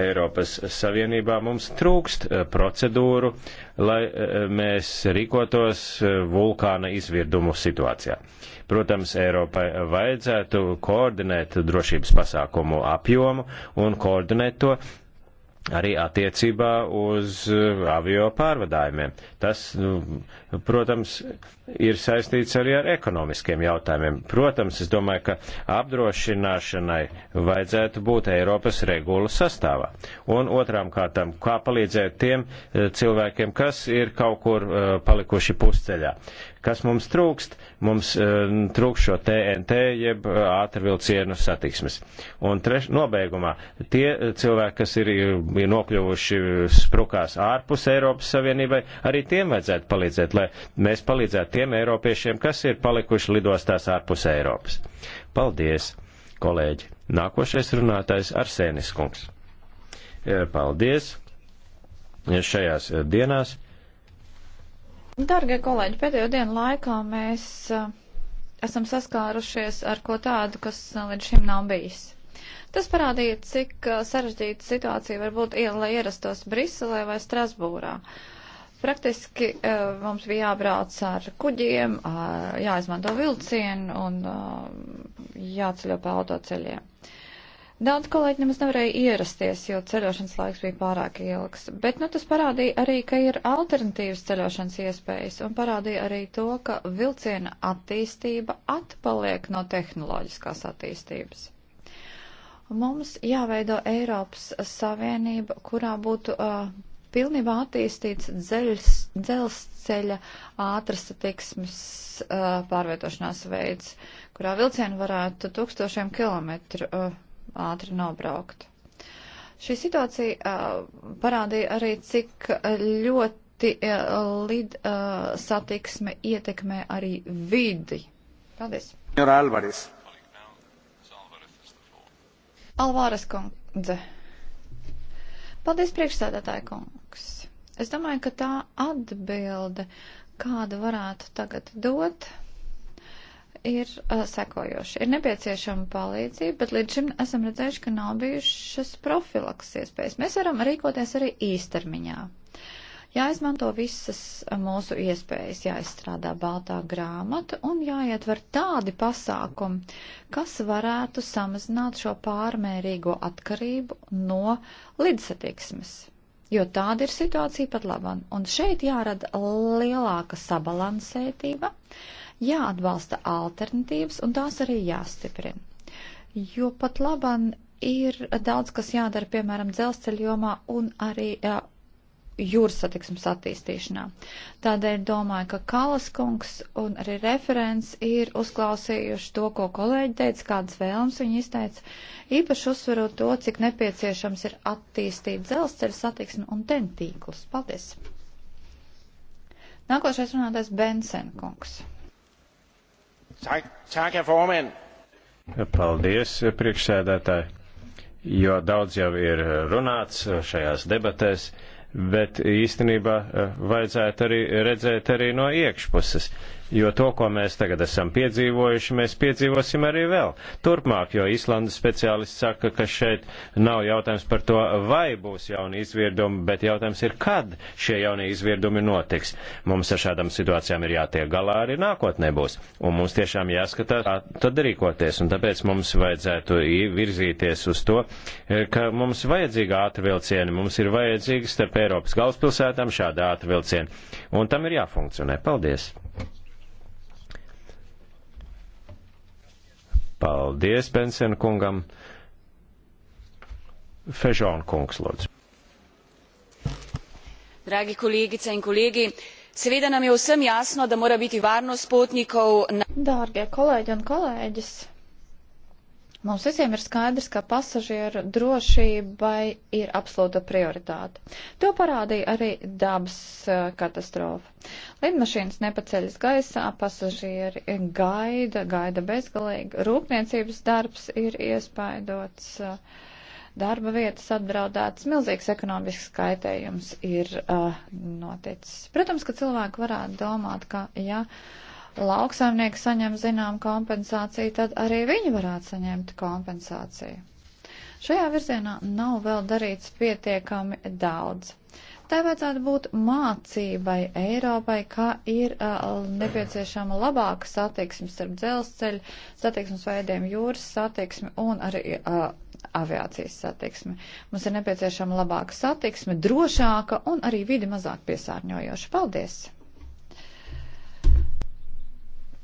S2: Eiropas Savienībā mums trūkst e, procedūru, lai e, mēs rīkotos vulkāna izvirdumu situācijā. Protams, Eiropai vajadzētu koordinēt drošības pasākumu apjomu un koordinēt to arī attiecībā uz avio pārvadājumiem. Tas nu, protams, ir saistīts arī ar ekonomiskiem jautājumiem. Protams, es domāju, ka apdrošināšanai vajadzētu būt Eiropas regulu sastāvā. Un otrām kārtām, kā palīdzēt tiem eh, cilvēkiem, kas ir kaut kur eh, palikuši pusceļā. Kas mums trūkst? Mums eh, trūkst šo TNT jeb ātrvilcienu satiksmes. Un treš, nobeigumā tie cilvēki, kas ir, ir nokļuvuši sprukās ārpus Eiropas Savienībai, arī tiem vajadzētu palīdzēt, lai mēs palīdzētu tiem eiropiešiem, kas ir palikuši lidostās ārpus Eiropas. Paldies, kolēģi! Nākošais runātājs Arsēnis Kungs. E, paldies! E, šajās e, dienās.
S1: Dargie kolēģi, pēdējo dienu laikā mēs esam saskārušies ar ko tādu, kas līdz šim nav bijis. Tas parādīja, cik sarežģīta situācija var būt, lai ierastos Briselē vai Strasbūrā. Uh, Praktiski eh, mums bija jābrauc ar kuģiem, eh, jāizmanto vilcienu un eh, jāceļo pa autoceļiem. Daudz kolēģi nemaz nevarēja ierasties, jo ceļošanas laiks bija pārāk ilgs, bet nu, tas parādīja arī, ka ir alternatīvas ceļošanas iespējas un parādīja arī to, ka vilciena attīstība atpaliek no tehnoloģiskās attīstības. Mums jāveido Eiropas Savienība, kurā būtu uh, pilnībā attīstīts dzeļs, dzelzceļa ātras satiksmes uh, pārvietošanās veids, kurā vilcieni varētu tūkstošiem kilometru uh, ātri nobraukt. Šī situācija uh, parādīja arī, cik ļoti uh, lid uh, satiksme ietekmē arī vidi. Paldies.
S2: Alvarez.
S1: Alvarez kundze. Paldies priekšsēdētāju kungu. Es domāju, ka tā atbilde, kādu varētu tagad dot, ir uh, sekojoša. Ir nepieciešama palīdzība, bet līdz šim esam redzējuši, ka nav bijušas profilaks iespējas. Mēs varam rīkoties arī īstermiņā. Jāizmanto visas mūsu iespējas, jāizstrādā baltā grāmata un jāietver tādi pasākumi, kas varētu samazināt šo pārmērīgo atkarību no līdzsatiksmes. Jo tāda ir situācija pat laban. Un šeit jārada lielāka sabalansētība, jāatbalsta alternatīvas un tās arī jāstiprina. Jo pat laban ir daudz, kas jādara, piemēram, dzelzceļa jomā un arī jā, jūras satiksmes attīstīšanā. Tādēļ domāju, ka Kalas kungs un arī referents ir uzklausījuši to, ko kolēģi teica, kādas vēlmes viņi izteica, īpaši uzsverot to, cik nepieciešams ir attīstīt dzelzceļa satiksmi un tentīklus. Paldies! Nākošais runātais Bensen kungs.
S2: Tak, tak, Paldies, priekšsēdētāji, jo daudz jau ir runāts šajās debatēs bet īstenībā eh, vajadzētu arī redzēt arī no iekšpuses jo to, ko mēs tagad esam piedzīvojuši, mēs piedzīvosim arī vēl turpmāk, jo Īslandes speciālists saka, ka šeit nav jautājums par to, vai būs jauni izvirdumi, bet jautājums ir, kad šie jaunie izvirdumi notiks. Mums ar šādām situācijām ir jātiek galā arī nākotnē būs, un mums tiešām jāskatās, kā tad rīkoties, un tāpēc mums vajadzētu virzīties uz to, ka mums vajadzīga ātrvilcieni, mums ir vajadzīga starp Eiropas galvaspilsētām šāda ātrvilcieni, un tam ir jāfunkcionē. Paldies! Paldies, Pensena kungam. Fežona kungs, lūdzu.
S1: Dragi kolegice in kolegi, seveda nam je vsem jasno, da mora biti varnost potnikov. Na... Dārgie kolēģi un kolēģis, Mums visiem ir skaidrs, ka pasažieru drošībai ir absolūta prioritāte. To parādīja arī dabas e, katastrofa. Lidmašīnas nepaceļas gaisā, pasažieri gaida, gaida bezgalīgi, rūpniecības darbs ir iespaidots, e, darba vietas apdraudētas, milzīgs ekonomisks kaitējums ir uh, noticis. Protams, ka cilvēki varētu domāt, ka, ja. Uh, lauksaimnieki saņem zinām kompensāciju, tad arī viņi varētu saņemt kompensāciju. Šajā virzienā nav vēl darīts pietiekami daudz. Tai vajadzētu būt mācībai Eiropai, kā ir uh, nepieciešama labāka satiksme starp dzelzceļu, satiksmes veidiem jūras satiksmi un arī uh, aviācijas satiksmi. Mums ir nepieciešama labāka satiksme, drošāka un arī vidi mazāk piesārņojoša. Paldies!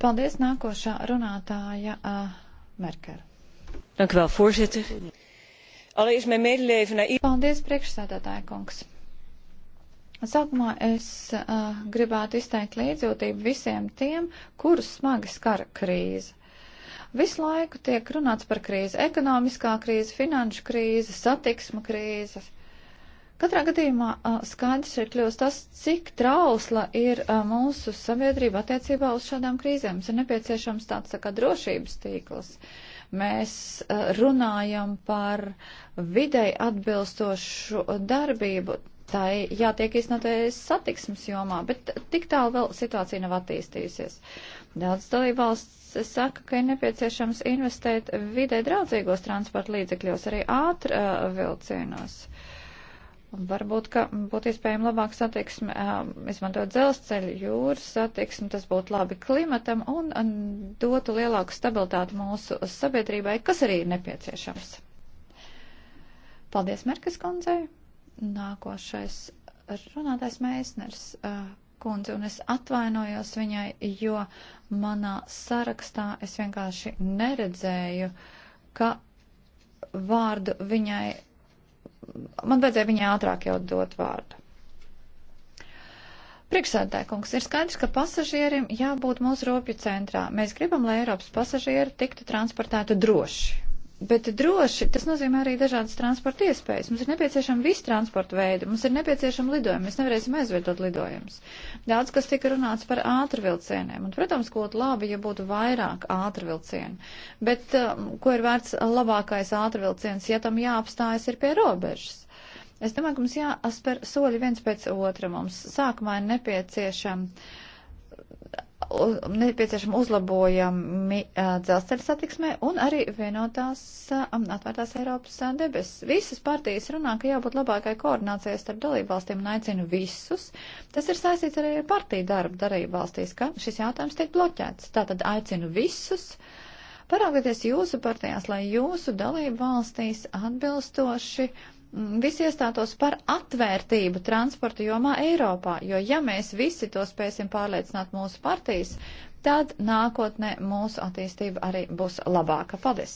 S1: Paldies, nākošā runātāja uh, Merker. Dank u wel, voorzitter. Allereerst mijn medeleven naar iedereen. Paldies, priekšsēdētāja kungs. Sākumā es uh, gribētu izteikt līdzjūtību visiem tiem, kurus smagi skara krīze. Visu laiku tiek runāts par krīzi - ekonomiskā krīze, finanšu krīze, satiksma krīzes Katrā gadījumā skaidrs ir kļūst tas, cik trausla ir mūsu sabiedrība attiecībā uz šādām krīzēm. Mums ir nepieciešams tāds tā kā drošības tīkls. Mēs runājam par videi atbilstošu darbību. Tā jātiek iznotējas satiksmes jomā, bet tik tālu vēl situācija nav attīstījusies. Daudz dalībvalsts saka, ka ir nepieciešams investēt vidē draudzīgos transporta līdzekļos, arī ātrvilcienos. Uh, vilcienos Varbūt, ka būtu iespējama labāka satiksme, izmantojot dzelzceļu, jūras satiksmi, tas būtu labi klimatam un dotu lielāku stabilitāti mūsu sabiedrībai, kas arī ir nepieciešams. Paldies Merkes kundzei. Nākošais runātais Meisners kundze, un es atvainojos viņai, jo manā sarakstā es vienkārši neredzēju, ka vārdu viņai man vajadzēja viņai ātrāk jau dot vārdu. Priekšsēdētāj, kungs, ir skaidrs, ka pasažierim jābūt mūsu rūpju centrā. Mēs gribam, lai Eiropas pasažieri tiktu transportēti droši. Bet droši tas nozīmē arī dažādas transporta iespējas. Mums ir nepieciešama visi transporta veidi, mums ir nepieciešama lidojuma, mēs nevarēsim aizvietot lidojumus. Daudz, kas tika runāts par ātrvilcieniem, un, protams, ko labi, ja būtu vairāk ātrvilcienu, bet um, ko ir vērts labākais ātrvilciens, ja tam jāapstājas ir pie robežas. Es domāju, ka mums jāspēr soļi viens pēc otra. Mums sākumā ir nepieciešama nepieciešami uzlabojami dzelzceļa satiksmē un arī vienotās atvērtās Eiropas debesis. Visas partijas runā, ka jābūt labākai koordinācijai starp dalību valstīm un aicinu visus. Tas ir saistīts arī ar partiju darbu darību valstīs, ka šis jautājums tiek bloķēts. Tātad aicinu visus. Parāgieties jūsu partijās, lai jūsu dalību valstīs atbilstoši uh, visi iestātos par atvērtību transporta jomā Eiropā, jo ja mēs visi to spēsim pārliecināt mūsu partijas, tad nākotnē mūsu attīstība arī būs labāka. Paldies!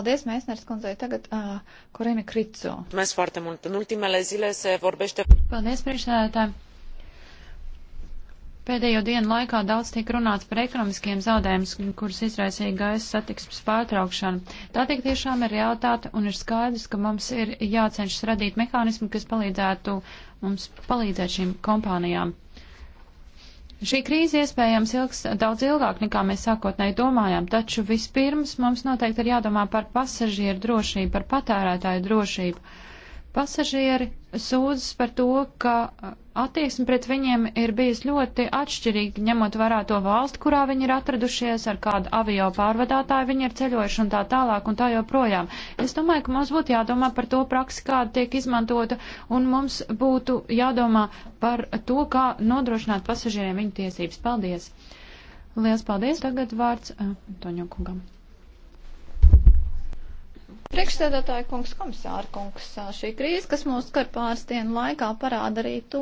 S1: Paldies, Mēsners kundzei. Tagad uh, Korina Kricu.
S4: Mēs foarte mult. În ultimele zile se vorbește...
S1: Paldies, priekšsēdētāji.
S3: Pēdējo dienu laikā daudz tiek runāts par ekonomiskiem zaudējumus, kurus izraisīja gaisa satiksmes pārtraukšana. Tā tik tiešām ir realitāte un ir skaidrs, ka mums ir jācenšas radīt mehānismu, kas palīdzētu mums palīdzēt šīm kompānijām. Šī krīze iespējams ilgs daudz ilgāk nekā mēs sākotnēji domājām, taču vispirms mums noteikti ir jādomā par pasažieru drošību, par patērētāju drošību. Pasažieri sūdzas par to, ka attieksme pret viņiem ir bijusi ļoti atšķirīga, ņemot vērā to valstu, kurā viņi ir atradušies, ar kādu avio pārvadātāju viņi ir ceļojuši un tā tālāk un tā joprojām. Es domāju, ka mums būtu jādomā par to praksi, kāda tiek izmantota, un mums būtu jādomā par to, kā nodrošināt pasažieriem viņu tiesības. Paldies! Lielas paldies! Tagad vārds eh, Toņokungam. Uh,
S1: Priekšsēdētāja kungs, komisāra kungs, šī krīze, kas mūs skar pāris dienu laikā, parāda arī to,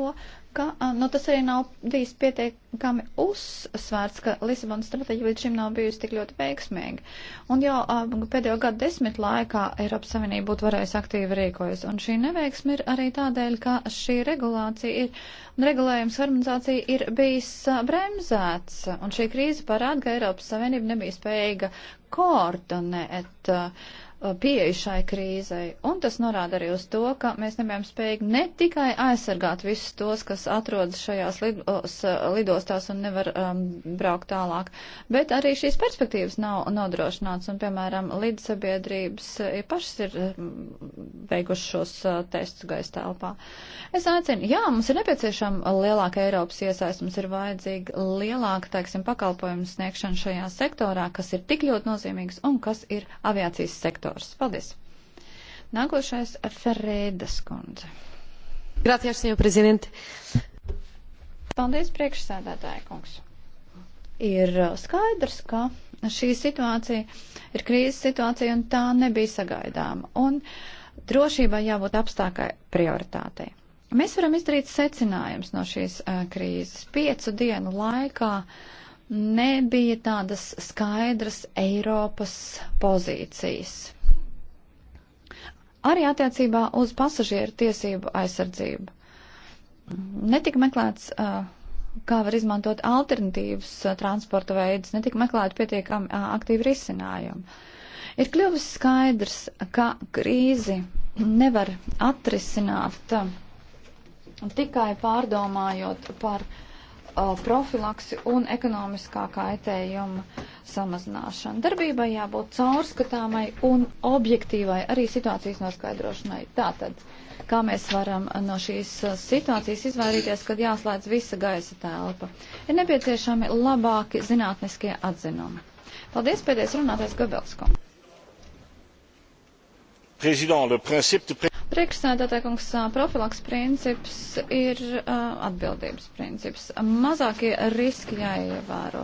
S1: ka nu, tas arī nav bijis pietiekami uzsvērts, ka Lisabonas stratēģija līdz šim nav bijusi tik ļoti veiksmīga. Un jau pēdējo gadu desmit laikā Eiropas Savienība būtu varējusi aktīvi rīkojas. Un šī neveiksme ir arī tādēļ, ka šī regulācija ir, un regulējums harmonizācija ir bijis bremzēts. Un šī krīze parāda, ka Eiropas Savienība nebija spējīga koordinēt. Uh, Uh, pieeja šai krīzei. Un tas norāda arī uz to, ka mēs nebijām spējīgi ne tikai aizsargāt visus tos, kas atrodas šajās lidos, uh, lidostās un nevar um, braukt tālāk, bet arī šīs perspektīvas nav nodrošināts. Un, piemēram, lidsabiedrības uh, ja pašas ir um, veikuši šos uh, testus gaisa telpā. Es aicinu, jā, mums ir nepieciešama lielāka Eiropas iesaist, mums ir vajadzīga lielāka, teiksim, pakalpojumu sniegšana šajā sektorā, kas ir tik ļoti nozīmīgs un kas ir aviācijas sektors sektors. Paldies! Nākošais Ferēdas kundze. Grāciešs, jau prezidenti. Paldies, priekšsēdētāja kungs. Ir uh, skaidrs, ka šī situācija ir krīzes situācija un tā nebija sagaidāma. Un drošībai jābūt apstākai prioritātei. Mēs varam izdarīt secinājums no šīs uh, krīzes. Piecu dienu laikā nebija tādas skaidras Eiropas pozīcijas arī attiecībā uz pasažieru tiesību aizsardzību. Netika meklēts, uh, kā var izmantot alternatīvas uh, transporta veidus, netika meklēt pietiekami uh, aktīvi risinājumi. Ir kļuvis skaidrs, ka krīzi nevar atrisināt tikai pārdomājot par uh, profilaksi un ekonomiskā kaitējuma samazināšanu. Darbībai jābūt caurskatāmai un objektīvai arī situācijas noskaidrošanai. Tātad, kā mēs varam no šīs situācijas izvairīties, kad jāslēdz visa gaisa telpa, ir nepieciešami labāki zinātniskie atzinumi. Paldies, pēdējais runātais Gabelskom.
S2: Prezident, le principe de
S1: Priekšsēdētājkungs profilaks princips ir uh, atbildības princips. Mazākie riski jāievēro.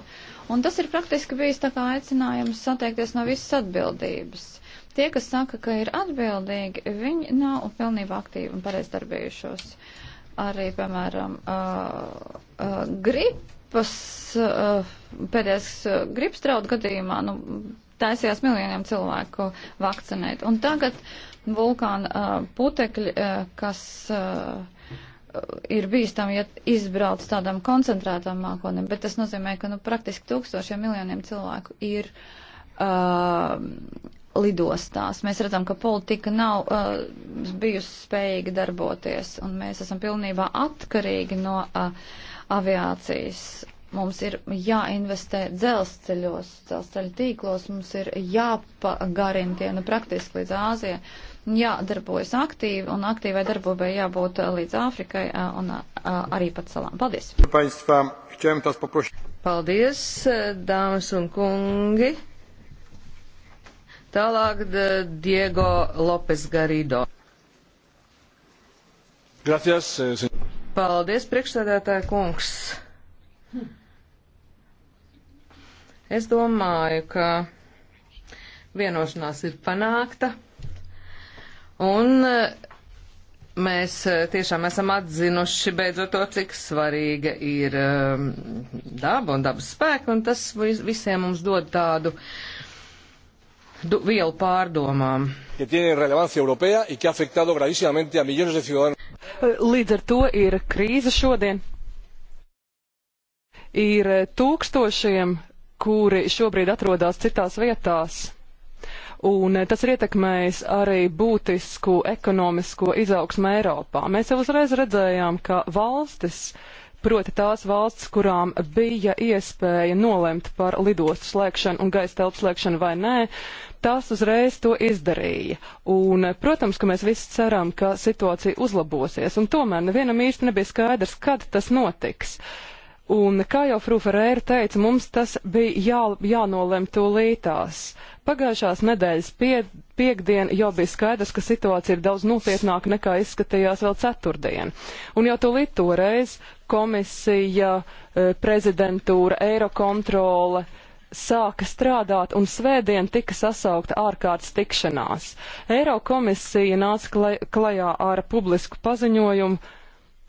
S1: Un tas ir praktiski bijis tā kā aicinājums sateikties no visas atbildības. Tie, kas saka, ka ir atbildīgi, viņi nav pilnībā aktīvi un pareiz darbējušos. Arī, piemēram, uh, uh, gripas, uh, pēdējais uh, gripas draudu gadījumā, nu, taisījās miljoniem cilvēku vakcinēt. Un tagad uh, vulkāna putekļi, kas ir bīstami, ja izbrauc tādam koncentrētam mākonim, bet tas nozīmē, ka nu, praktiski tūkstošiem miljoniem cilvēku ir uh, lidostās. Mēs redzam, ka politika nav uh, bijusi spējīga darboties, un mēs esam pilnībā atkarīgi no uh, aviācijas. Mums ir jāinvestē dzelzceļos, dzelzceļa tīklos, mums ir jāpagarina tie nu praktiski līdz Āzijai jādarbojas aktīvi, un aktīvai darbībai jābūt līdz Āfrikai un arī pat salām. Paldies! Paldies, dāmas un kungi!
S5: Tālāk Diego Lopes Garido.
S2: Gracias, eh,
S5: Paldies, priekšsēdētāja kungs! Es domāju, ka vienošanās ir panākta. Un eh, mēs eh, tiešām esam atzinuši beidzot to, cik svarīga ir eh, daba un dabas spēka, un tas visiem mums dod tādu vielu pārdomām. Līdz ar to ir krīze šodien. Ir tūkstošiem, kuri šobrīd atrodas citās vietās un eh, tas ir ietekmējis arī būtisku ekonomisko izaugsmu Eiropā. Mēs jau uzreiz redzējām, ka valstis, proti tās valsts, kurām bija iespēja nolemt par lidostu slēgšanu un gaisa telpu slēgšanu vai nē, tās uzreiz to izdarīja. Un, eh, protams, ka mēs visi ceram, ka situācija uzlabosies, un tomēr nevienam īsti nebija skaidrs, kad tas notiks. Uh, Un, kā jau Frū Ferēra teica, mums tas bija jā, jānolem tūlītās. Pagājušās nedēļas pie, piekdien jau bija skaidrs, ka situācija ir daudz nopietnāka nekā izskatījās vēl ceturtdien. Un jau tūlīt toreiz komisija, e, prezidentūra, eirokontrole sāka strādāt un svētdien tika sasaukta ārkārtas tikšanās. Eirokomisija nāca klajā ar publisku paziņojumu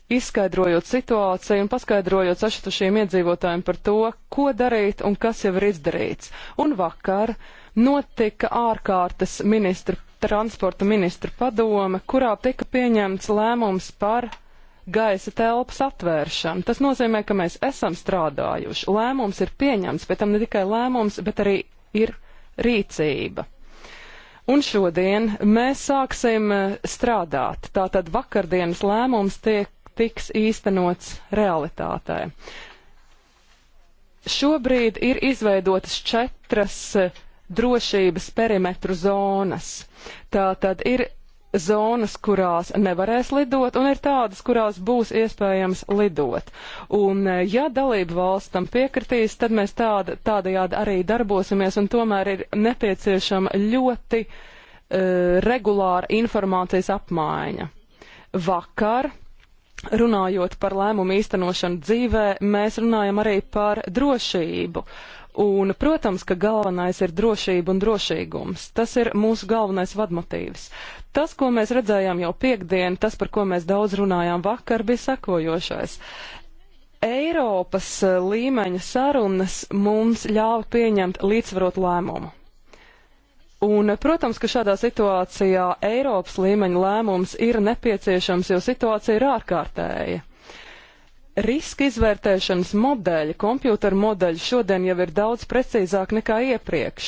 S5: izskaidrojot situāciju un paskaidrojot sašutušiem iedzīvotājiem par to, ko darīt un kas jau ir izdarīts. Un vakar notika ārkārtas ministra, transporta ministra padome, kurā tika pieņemts lēmums par gaisa telpas atvēršanu. Tas nozīmē, ka mēs esam strādājuši. Lēmums ir pieņemts, bet tam ne tikai lēmums, bet arī ir rīcība. Un šodien mēs sāksim eh, strādāt. Tātad vakardienas lēmums tiek tiks īstenots realitātē. Šobrīd ir izveidotas četras e, drošības perimetru zonas. Tā tad ir zonas, kurās nevarēs lidot, un ir tādas, kurās būs iespējams lidot. Un, e, ja dalību valsts tam piekritīs, tad mēs tāda, tādajādi arī darbosimies, un tomēr ir nepieciešama ļoti uh, regulāra informācijas apmaiņa. Vakar uh, runājot par lēmumu īstenošanu dzīvē, mēs runājam arī par drošību. Un, protams, ka galvenais ir drošība un drošīgums. Tas ir mūsu galvenais vadmotīvs. Tas, ko mēs redzējām jau piekdien, tas, par ko mēs daudz runājām vakar, bija sekojošais. Eiropas eh, līmeņa sarunas mums ļāva pieņemt līdzsvarot lēmumu. Un, protams, ka šādā situācijā Eiropas līmeņa lēmums ir nepieciešams, jo situācija ir ārkārtēja. Riska izvērtēšanas modeļi, kompjūtera modeļi šodien jau ir daudz precīzāk nekā iepriekš.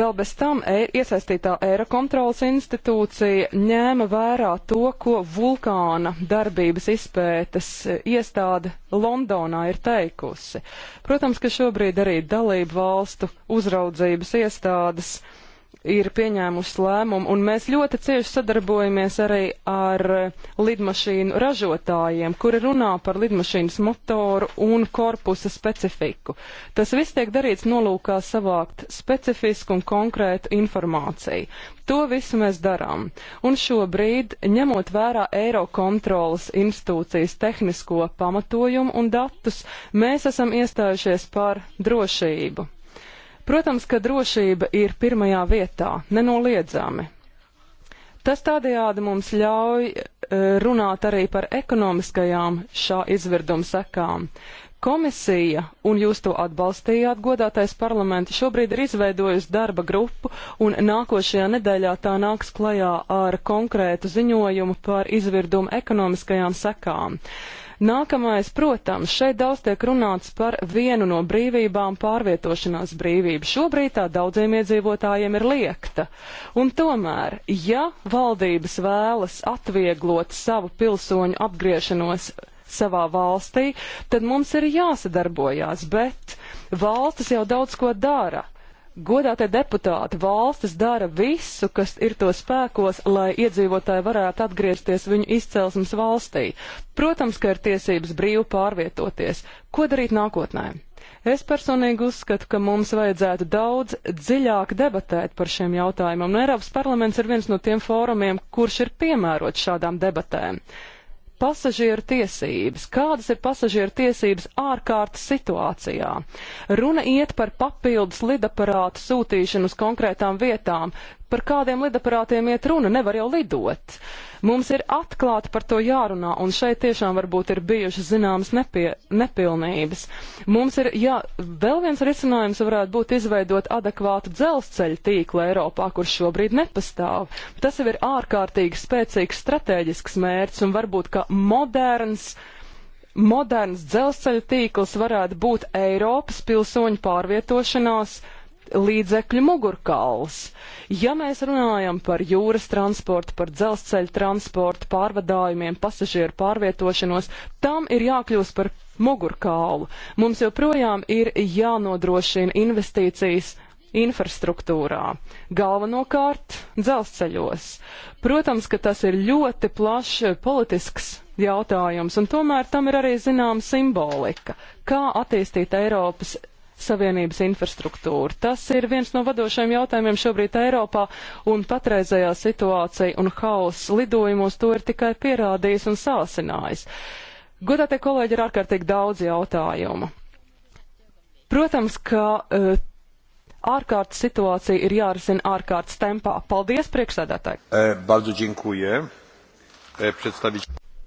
S5: Vēl bez tam e iesaistītā Eira kontrolas institūcija ņēma vērā to, ko vulkāna darbības izpētes iestāde Londonā ir teikusi. Protams, ka šobrīd arī dalību valstu uzraudzības iestādes uh, ir pieņēmusi lēmumu, un mēs ļoti cieši sadarbojamies arī ar lidmašīnu ražotājiem, kuri runā par lidmašīnas motoru un korpusa specifiku. Tas viss tiek darīts nolūkā savākt specifisku un konkrētu informāciju. To visu mēs darām. Un šobrīd, ņemot vērā Eirokontrolas institūcijas tehnisko pamatojumu un datus, mēs esam iestājušies par drošību. Protams, ka drošība ir pirmajā vietā, nenoliedzami. Tas tādējādi mums ļauj e, runāt arī par ekonomiskajām šā izvirduma sekām. Komisija, un jūs to atbalstījāt, godātais parlamenti, šobrīd ir izveidojusi darba grupu, un nākošajā nedēļā tā nāks klajā ar konkrētu ziņojumu par izvirdumu ekonomiskajām sekām. Uh, Nākamais, protams, šeit daudz tiek runāts par vienu no brīvībām pārvietošanās brīvību. Šobrīd tā daudziem iedzīvotājiem ir liekta. Un tomēr, ja valdības vēlas atvieglot savu pilsoņu apgriešanos savā valstī, tad mums ir jāsadarbojās, bet valstis jau daudz ko dara. Godātie deputāti, valstis dara visu, kas ir to spēkos, lai iedzīvotāji varētu atgriezties viņu izcelsmes valstī. Protams, ka ir tiesības brīvi pārvietoties. Ko darīt nākotnē? Es personīgi uzskatu, ka mums vajadzētu daudz dziļāk debatēt par šiem jautājumiem, un Eiropas parlaments ir viens no tiem fórumiem, kurš ir piemērots šādām debatēm pasažieru tiesības, kādas ir pasažieru tiesības ārkārtas situācijā. Runa iet par papildus lidaparātu sūtīšanu uz konkrētām vietām par kādiem lidaparātiem iet runa, nevar jau lidot. Mums ir atklāti par to jārunā, un šeit tiešām varbūt ir bijušas zināmas nepie, nepilnības. Mums ir, jā, vēl viens risinājums varētu būt izveidot adekvātu dzelzceļa tīklu Eiropā, kur šobrīd nepastāv. Tas jau ir ārkārtīgi spēcīgs strateģisks mērķis, un varbūt, ka moderns moderns dzelzceļa tīkls varētu būt Eiropas pilsoņu pārvietošanās līdzekļu mugurkauls. Ja mēs runājam par jūras transportu, par dzelzceļa transportu, pārvadājumiem, pasažieru pārvietošanos, tam ir jākļūst par mugurkaulu. Mums joprojām ir jānodrošina investīcijas infrastruktūrā, galvenokārt dzelzceļos. Protams, ka tas ir ļoti plašs politisks jautājums, un tomēr tam ir arī zināma simbolika, kā attīstīt Eiropas Savienības infrastruktūru. Tas ir viens no vadošajiem jautājumiem šobrīd Eiropā, un patreizējā situācija un haoss lidojumos to ir tikai pierādījis un sāsinājis. Godātie kolēģi, ir ārkārtīgi daudz jautājumu. Protams, ka uh, ārkārtas situācija ir jārisina ārkārtas tempā. Paldies, priekšsēdētāji! E,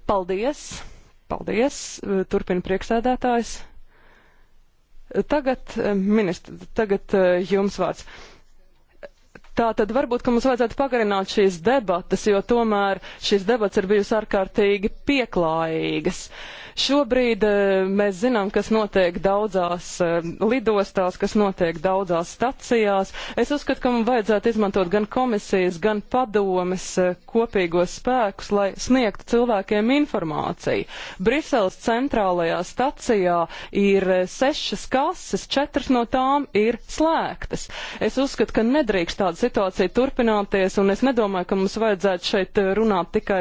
S5: Paldies! Paldies! Turpina priekšsēdētājs. Tagad, eh, ministra, tagad eh, jums vārds. Tā tad varbūt, ka mums vajadzētu pagarināt šīs debatas, jo tomēr šīs debatas ir bijusi ārkārtīgi pieklājīgas. Šobrīd e, mēs zinām, kas notiek daudzās e, lidostās, kas notiek daudzās stacijās. Es uzskatu, ka mums vajadzētu izmantot gan komisijas, gan padomes e, kopīgos spēkus, lai sniegtu cilvēkiem informāciju. Briseles centrālajā stacijā ir sešas kases, četras no tām ir slēgtas. Es uzskatu, ka nedrīkst tādas situācija turpināties, un es nedomāju, ka mums vajadzētu šeit eh, runāt tikai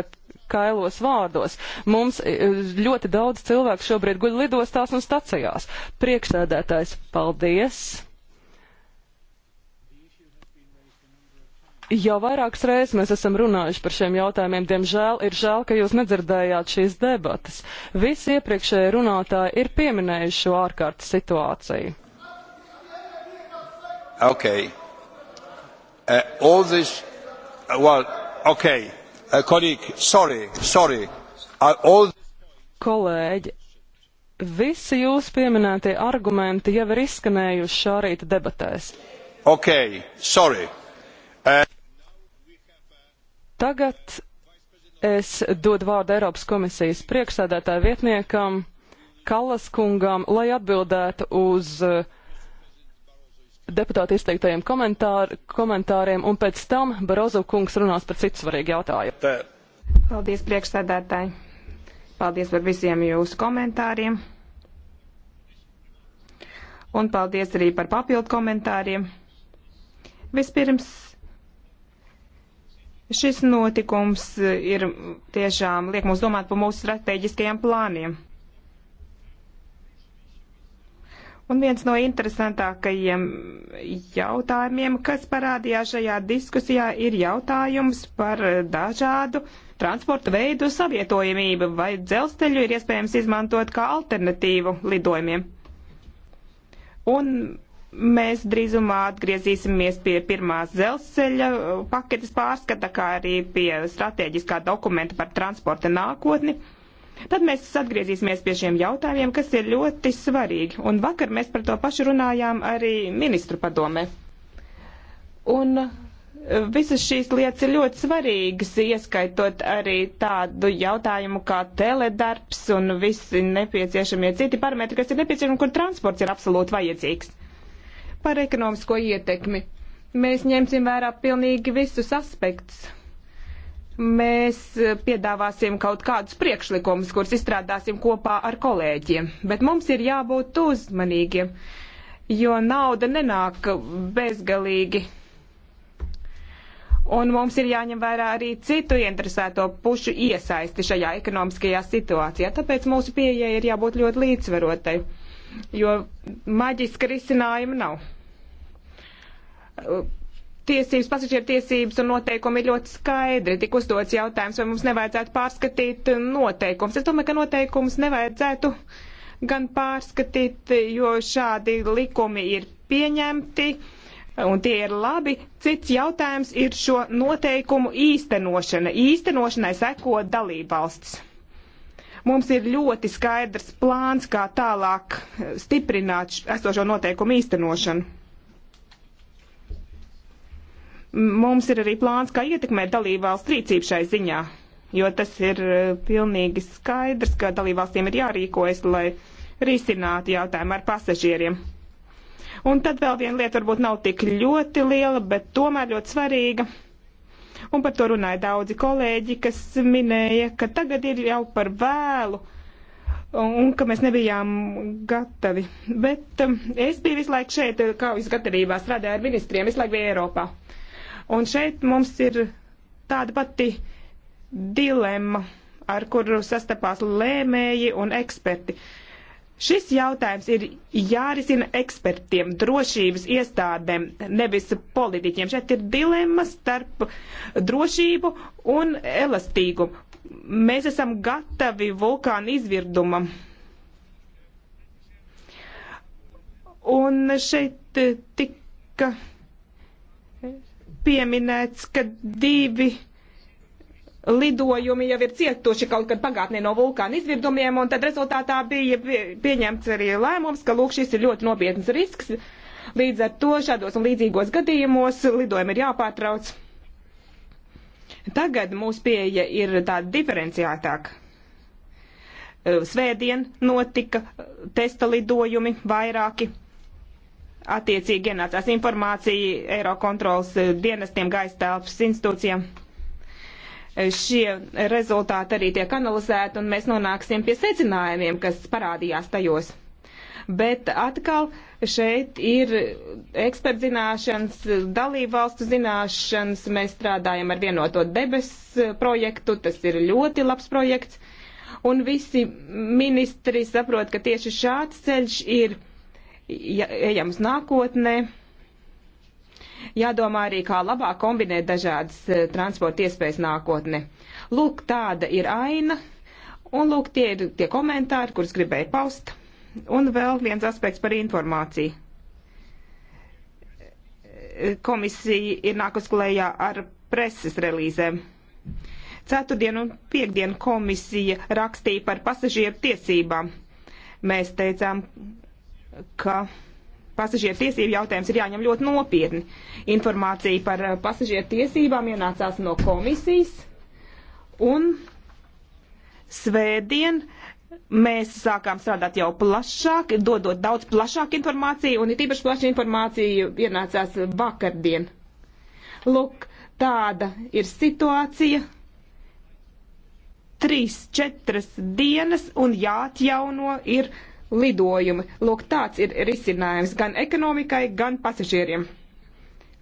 S5: kailos vārdos. Mums eh, ļoti daudz cilvēku šobrīd guļ lidostās un stacijās. Priekšsēdētājs, paldies! Jau vairākas reizes mēs esam runājuši par šiem jautājumiem. Diemžēl ir žēl, ka jūs nedzirdējāt šīs debatas. Visi iepriekšējie runātāji ir pieminējuši šo ārkārtas situāciju.
S4: Okay. Uh, all this, uh, well, okay, uh,
S2: colleague, sorry, sorry. Uh, all...
S3: Kolēģi,
S5: visi jūs pieminētie argumenti jau ir izskanējuši šā rīta debatēs.
S2: Okay, sorry. Uh...
S5: Tagad es dodu vārdu Eiropas komisijas priekšsēdētāja vietniekam Kalas kungam, lai atbildētu uz uh, deputāti izteiktajiem komentār, komentāriem, un pēc tam Barozo kungs runās par citu svarīgu jautājumu. Tā.
S4: Paldies priekšsēdētāji. Paldies par visiem jūsu komentāriem. Un paldies arī par papildu komentāriem. Vispirms, šis notikums ir tiešām liek mums domāt par mūsu strateģiskajiem plāniem. Un viens no interesantākajiem jautājumiem, kas parādījās šajā diskusijā, ir jautājums par dažādu transporta veidu savietojamību, vai dzelzceļu ir iespējams izmantot kā alternatīvu lidojumiem. Un mēs drīzumā atgriezīsimies pie pirmās dzelzceļa paketes pārskata, kā arī pie strateģiskā dokumenta par transporta nākotni. Tad mēs atgriezīsimies pie šiem jautājumiem, kas ir ļoti svarīgi. Un vakar mēs par to pašu runājām arī ministru padomē. Un e, visas šīs lietas ir ļoti svarīgas, ieskaitot arī tādu jautājumu kā teledarbs un visi nepieciešamie citi parametri, kas ir nepieciešami, kur transports ir absolūti vajadzīgs. Par ekonomisko ietekmi. Mēs ņemsim vērā pilnīgi visus aspektus mēs piedāvāsim kaut kādus priekšlikumus, kurus izstrādāsim kopā ar kolēģiem, bet mums ir jābūt uzmanīgiem, jo nauda nenāk bezgalīgi. Un mums ir jāņem vērā arī citu interesēto pušu iesaisti šajā ekonomiskajā situācijā, tāpēc mūsu pieeja ir jābūt ļoti līdzsverotai, jo maģiska risinājuma nav tiesības, pasažieru tiesības un noteikumi ir ļoti skaidri. Tik uzdots jautājums, vai mums nevajadzētu pārskatīt noteikumus. Es domāju, ka noteikumus nevajadzētu gan pārskatīt, jo šādi likumi ir pieņemti. Un tie ir labi. Cits jautājums ir šo noteikumu īstenošana. Īstenošanai seko dalībvalsts. Mums ir ļoti skaidrs plāns, kā tālāk stiprināt esošo noteikumu īstenošanu. Mums ir arī plāns, kā ietekmēt dalībvalsts rīcību šai ziņā, jo tas ir e, pilnīgi skaidrs, ka dalībvalstīm ir jārīkojas, lai risinātu jautājumu ar pasažieriem. Un tad vēl viena lieta varbūt nav tik ļoti liela, bet tomēr ļoti svarīga. Un par to runāja daudzi kolēģi, kas minēja, ka tagad ir jau par vēlu un ka mēs nebijām gatavi. Bet um, es biju visu laiku šeit, e, kā jūs gatavībā strādāju ar ministriem, visu laiku biju Eiropā. Un šeit mums ir tāda pati dilemma, ar kuru sastapās lēmēji un eksperti. Šis jautājums ir jārisina ekspertiem, drošības iestādēm, nevis politiķiem. Šeit ir dilemma starp drošību un elastīgumu. Mēs esam gatavi vulkāna izvirdumam. Un šeit tika pieminēts, ka divi lidojumi jau ir cietuši kaut kad pagātnē no vulkāna izvirdumiem, un tad rezultātā bija pieņemts arī lēmums, ka lūk, šis ir ļoti nopietns risks. Līdz ar to šādos un līdzīgos gadījumos lidojumi ir jāpārtrauc. Tagad mūsu pieeja ir tāda diferenciētāka. Svētdien notika testa lidojumi vairāki attiecīgi ienācās informācija Eirokontrols eh, dienestiem, gaisa telpas institūcijām. Eh, šie rezultāti arī tiek analizēti, un mēs nonāksim pie secinājumiem, kas parādījās tajos. Bet atkal šeit ir eksperta zināšanas, dalību valstu zināšanas. Mēs strādājam ar vienoto debes eh, projektu, tas ir ļoti labs projekts. Un visi ministri saprot, ka tieši šāds ceļš ir ja, ejam uz nākotnē. Jādomā arī, kā labāk kombinēt dažādas eh, transporta iespējas nākotnē. Lūk, tāda ir aina, un lūk, tie ir tie komentāri, kurus gribēju paust. Un vēl viens aspekts par informāciju. Komisija ir nākus klējā ar preses relīzēm. Ceturtdien un piekdien komisija rakstīja par pasažieru tiesībām. Mēs teicām, ka pasažieru tiesību jautājums ir jāņem ļoti nopietni. Informācija par eh, pasažieru tiesībām ienācās no komisijas, un svētdien mēs sākām strādāt jau plašāk, dodot daudz plašāku informāciju, un ir tīpaši plaša informācija ienācās vakardien. Lūk, tāda ir situācija. Trīs, četras dienas un jāatjauno ir lidojumi. Lūk, tāds ir risinājums gan ekonomikai, gan pasažieriem.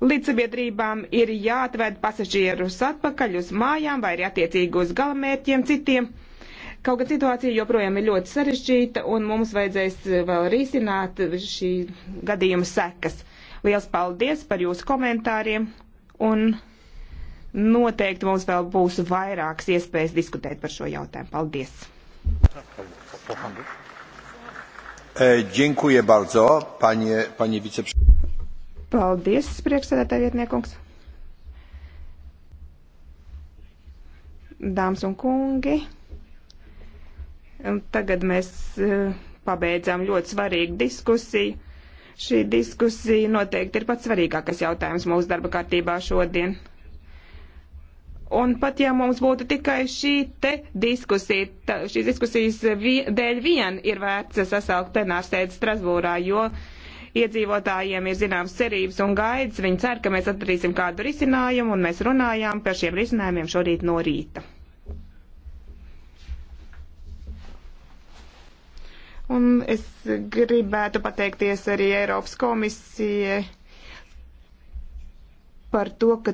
S4: Līdzsabiedrībām ir jāatved pasažierus atpakaļ uz mājām vai arī attiecīgi uz galamērķiem citiem. Kaut gan situācija joprojām ir ļoti sarežģīta un mums vajadzēs vēl risināt šī gadījuma sekas. Liels paldies par jūsu komentāriem un noteikti mums vēl būs vairākas iespējas diskutēt par šo jautājumu. Paldies!
S2: Paldies. E, dziękuję bardzo, panie, panie viceprzewodniczący.
S4: Paldies, priekšsēdētāji vietniekungs. Dāmas un kungi, tagad mēs e, pabeidzām ļoti svarīgu diskusiju. Šī diskusija noteikti ir pats svarīgākais jautājums mūsu darba kārtībā šodien. Un pat ja mums būtu tikai šī te diskusija, tā, šīs diskusijas vi, dēļ vien ir vērts sasaukt plenārsēdi Strasbūrā, jo iedzīvotājiem ir zināmas cerības un gaidas. Viņi cer, ka mēs atradīsim kādu risinājumu, un mēs runājām par šiem risinājumiem šorīt no rīta. Un es gribētu pateikties arī Eiropas komisijai par to, ka